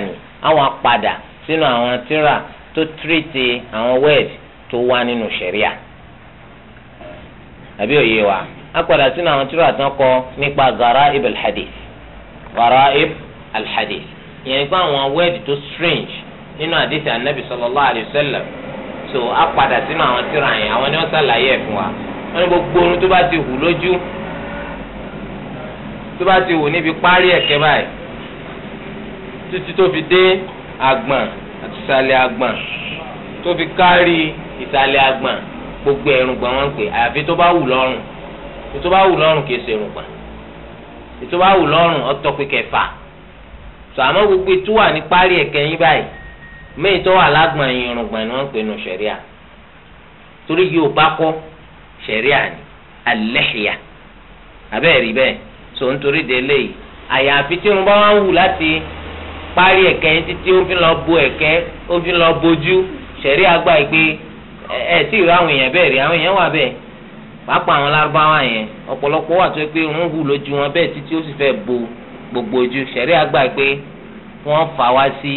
ni àwọn apadà sínú àwọn tíra tó tírètè àwọn wẹ́ẹ̀dì tó wà nínú ṣẹ̀ríà. No àbí òye wa a padà sínú àwọn tíra àtàn kọ nípa garaib alhadith garaib alhadith ìyẹn nípa àwọn wẹ́ẹ̀dì tó strange nínú àdìsí anabi sallallahu alayhi wa sallam so a padà sínú àwọn tíra yẹn àwọn ni wọ́n ṣàlàyé ẹ̀ fún wa wọ́n ní gbogbo orun tó bá ti hù lójú tó bá ti hù níbi parí ẹ̀kẹ́ báyìí títí tó fi dé àgbọ̀n àti ìsàlẹ̀ àgbọ̀n tó fi kárí ìsàlẹ̀ àgbọ̀n gbogbo ẹrùngbọ̀n wọn pè àyàfi tó bá wù lọ́rùn tó bá wù lọ́rùn kìí ṣe ẹrùngbọ̀n tó bá wù lọ́rùn ọtọ́ pé kẹfà tó àmọ́ gbogbo ètò wà ní parí ẹ̀kẹ́ yín báyìí mẹ́yìn tó wà lágbọ̀n yín ẹrùngbọ̀n ni wọ́n pè nù ṣẹ̀ríà torí yóò bá kọ́ ṣẹ̀ríà ni alẹ́hìá abẹ́ẹ̀ rí bẹ́ẹ̀ tó ń torí de eléyìí àyàfi tí wọn bá wá wù láti parí ẹ̀kẹ́ yín títí ó fi lọ bo ẹ̀kẹ́ ó fi lọ bojú ṣẹ̀ríà gbà pé ẹ tí ìrọ àwọn èèyàn bẹ́ẹ̀ rí àwọn èèyàn wà bẹ́ẹ̀ pàápàá àwọn lárúbáwá yẹn ọ̀pọ̀lọpọ̀ wà tó pé wọ́n hù lójú wọn bẹ́ẹ̀ títí ó sì fẹ́ bo gbogbo ojú sẹ̀rí àgbà pé wọ́n fà wá sí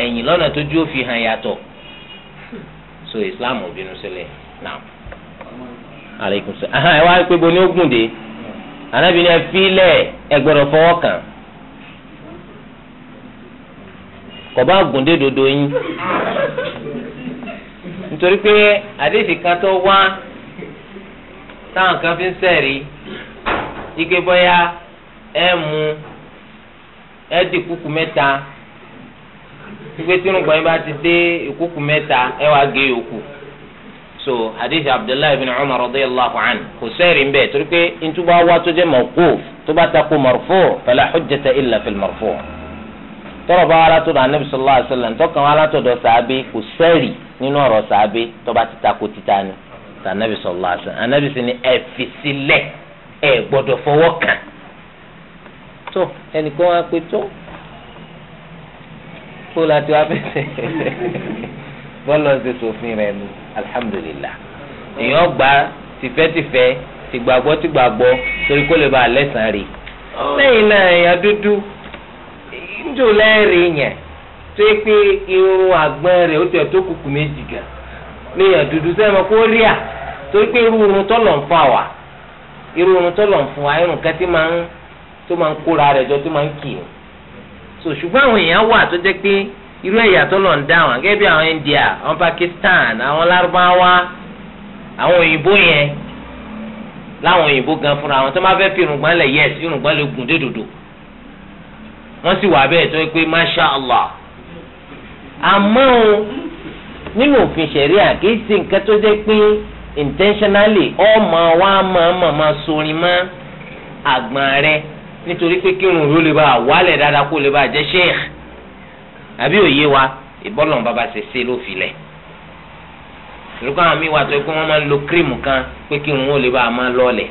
ẹ̀yìn lọ́nà tójú ó fi hàn so Islam ò bínú sílẹ̀ náà sọ ni ó gùn ẹ ẹ gbọ́dọ̀ fọwọ́ kàn dodo yín nítorí pé àdéhìí kan tó wá táwọn kan fi ń ike bọ́yá ẹ mú ẹ di kúkú mẹ́ta pípé tí irùngbọ̀n yín bá ti dé ìkúkú mẹ́ta ẹ so àdéhìí abdullahi bin umar radiyallahu anhu kò sẹ́ẹ̀rì ń bẹ̀ torí pé ntúbọ̀ wá tó jẹ́ tó bá ta kó tọrọ bá wàhálà tó do anabi sallallahu alaihi wasallam ntọ́kàn wàhálà tó do sàábé kò sẹ́rì nínú ọ̀rọ̀ sàábé tọ́ba ti ta ko títa ni anabi sallallahu alaihi wasallam anabi sì ni ẹ fi sílẹ̀ ẹ gbọ́dọ̀ fọwọ́ kàn tó ẹnìkan wá pé tó kó láti wá fẹsẹ̀ bọ́ọ̀lù ọ̀sẹ̀ sòfin rẹ̀ nu alhamdulillah èèyàn gbà tìfẹ́tìfẹ́ tìgbàgbọ́ tìgbàgbọ́ torí kó lè ba àlẹ́ sàn rè oh. lẹ́yìn náà èèyàn dúdú. ńjò lẹ́rìn yẹn tó yẹ pé irun àgbọ̀n rẹ̀ ó tẹ̀ tó kùkù méjì gan léèyàn dúdú sẹ́mi kó rí à torí pé irú irun tọ́lọ̀ ń fa wà ń fún wa irun kan tí máa ń tó máa ń kóra rẹ̀ jọ tó máa ń kì í so ṣùgbọ́n àwọn èèyàn wà tó jẹ́ pé irú ẹ̀yà ń dá wọn gẹ́gẹ́ bí àwọn India àwọn Pakistan àwọn Lárúbáwá àwọn òyìnbó yẹn láwọn òyìnbó gan fúnra wọn tó máa fẹ́ fi irùngbọ̀n lẹ̀ yẹ́sì gùn dé dòdò. wọ́n sì wà bẹ́ẹ̀ tó yẹ pé masha allah àmọ́ o nínú òfin ṣẹ̀ríà kìí ṣe nǹkan tó jẹ́ pé intentionally ọmọ wa máa máa máa sorin mọ́ àgbọ̀n rẹ nítorí pé kírun ló lè bá wálẹ̀ dáadáa kó lè bá jẹ́ sheikh àbí òye wa ìbọ́lọ̀ bàbá ṣe ṣe ló filẹ̀ lókọ́ àwọn míì wà tó pé wọ́n máa ń lo kírìmù kan pé kírun ó lè bá a máa lọ́ọ̀lẹ̀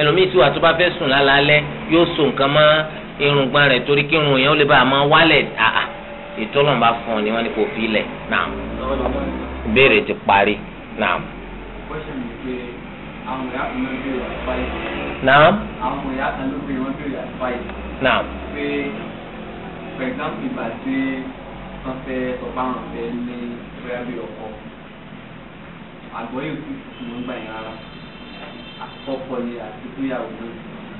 ẹlòmíì tí wà tó bá fẹ́ sùn lálálẹ́ yóò so nǹkan máa irùngbọ̀n rẹ̀ torí kí irun yẹn ó lè bá a máa wálẹ̀ àà ètò ọlọ́run bá fún ọ ni wọ́n ní kò fi ilẹ̀ náà ìbéèrè ti parí náà. náà. náà. for example ìgbà tí wọ́n fẹ́ sọ̀pá àwọn ọ̀fẹ́ ní bóyá bí ọkọ̀ àgbọ̀yé òkú tuntun ló ń gbà yín rárá àkọ́kọ́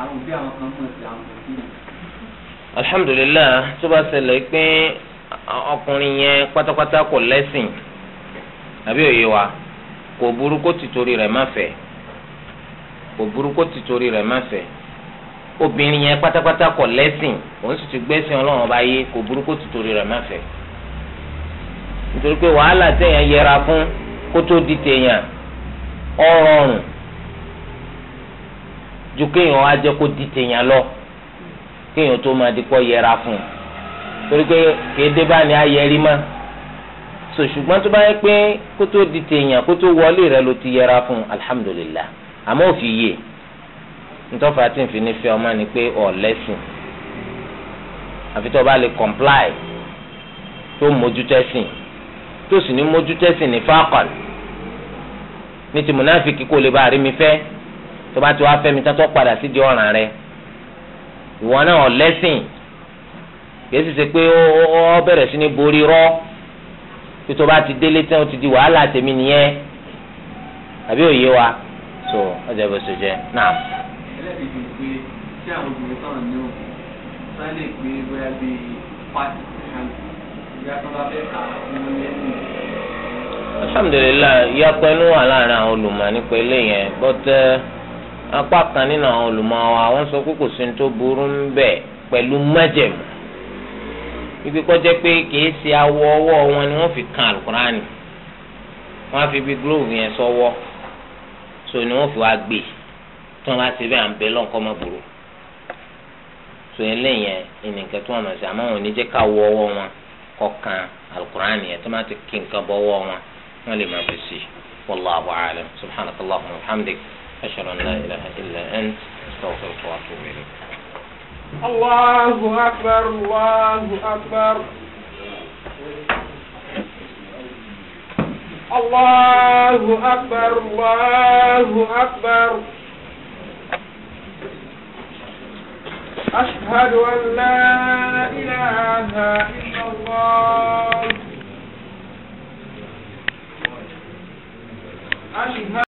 àwọn òbí àwọn kan mọ̀ sí àwọn òbí mi. alhamdulilayi tó bá ṣẹlẹ̀ pé ọkùnrin yẹn pátápátá kò lẹ́sìn àbí òye wa kò burú kó tìtorí rẹ̀ má fẹ́ kò burú kó tìtorí rẹ̀ má fẹ́ obìnrin yẹn pátápátá kò lẹ́sìn òun sì ti gbẹ́sìn ọlọ́run ọba yé kò burú kó tìtorí rẹ̀ má fẹ́ nítorí pé wàhálà téèyàn yẹra fún kó tó di téèyàn ọrọrùn ju kéèyàn á jẹ́ kó di tèèyàn lọ kéèyàn tó máa di pọ̀ yẹra fún un torí pé kéde bá ní ayẹri mọ́ so ṣùgbọ́n tó bá yẹ pé kó tó di tèèyàn kó tó wọlé rẹ ló ti yẹra fún un alhamdulillah àmọ́ ò fi yé ntọ́fà tí n fi ní fẹ́ ọmọ ni pé ọ̀ lẹ́sìn àfi tó bá lè comply tó mójútó ẹ̀sìn tó sì ní mójútó ẹ̀sìn ní fáàkàn ní ti múnáfíkì kó lè bá rí mi fẹ́ tó bá ti wá tó padà sí di ọ̀ràn rẹ ìwọ náà lẹ́sìn kìí sì ṣe pé ó bẹ̀rẹ̀ sí ní borí rọ́ tó bá ti délé tán ti di wàhálà tèmi nìyẹn àbí òye wa so ọjà bó ṣe jẹ náà. ẹlẹ́dìí pé ṣé àwọn obìnrin táwọn ní òkú sá lè gbé bóyá apá kan nínú àwọn olùmọ̀ wa wọ́n sọ pé kò sí ní tó burú ń bẹ̀ pẹ̀lú májẹ̀mú ibi kọ́ jẹ́ pé kìí ṣe awọ fi kan alukurani wọ́n fi ibi glove yẹn so ni wọ́n fi wá gbé tí wọ́n bá ṣe bẹ́ẹ̀ à so eléyẹn ìnìkan tí wọ́n mọ̀ sí àmọ́ wọn ò ní jẹ́ ká kan alukurani yẹn tí ti kí nǹkan bọ́ ọwọ́ wọn wọ́n lè má fi wa أشهد أن لا إله إلا أنت أستغفرك وأتوب إليك الله أكبر الله أكبر الله أكبر الله أكبر أشهد أن لا إله إلا الله أشهد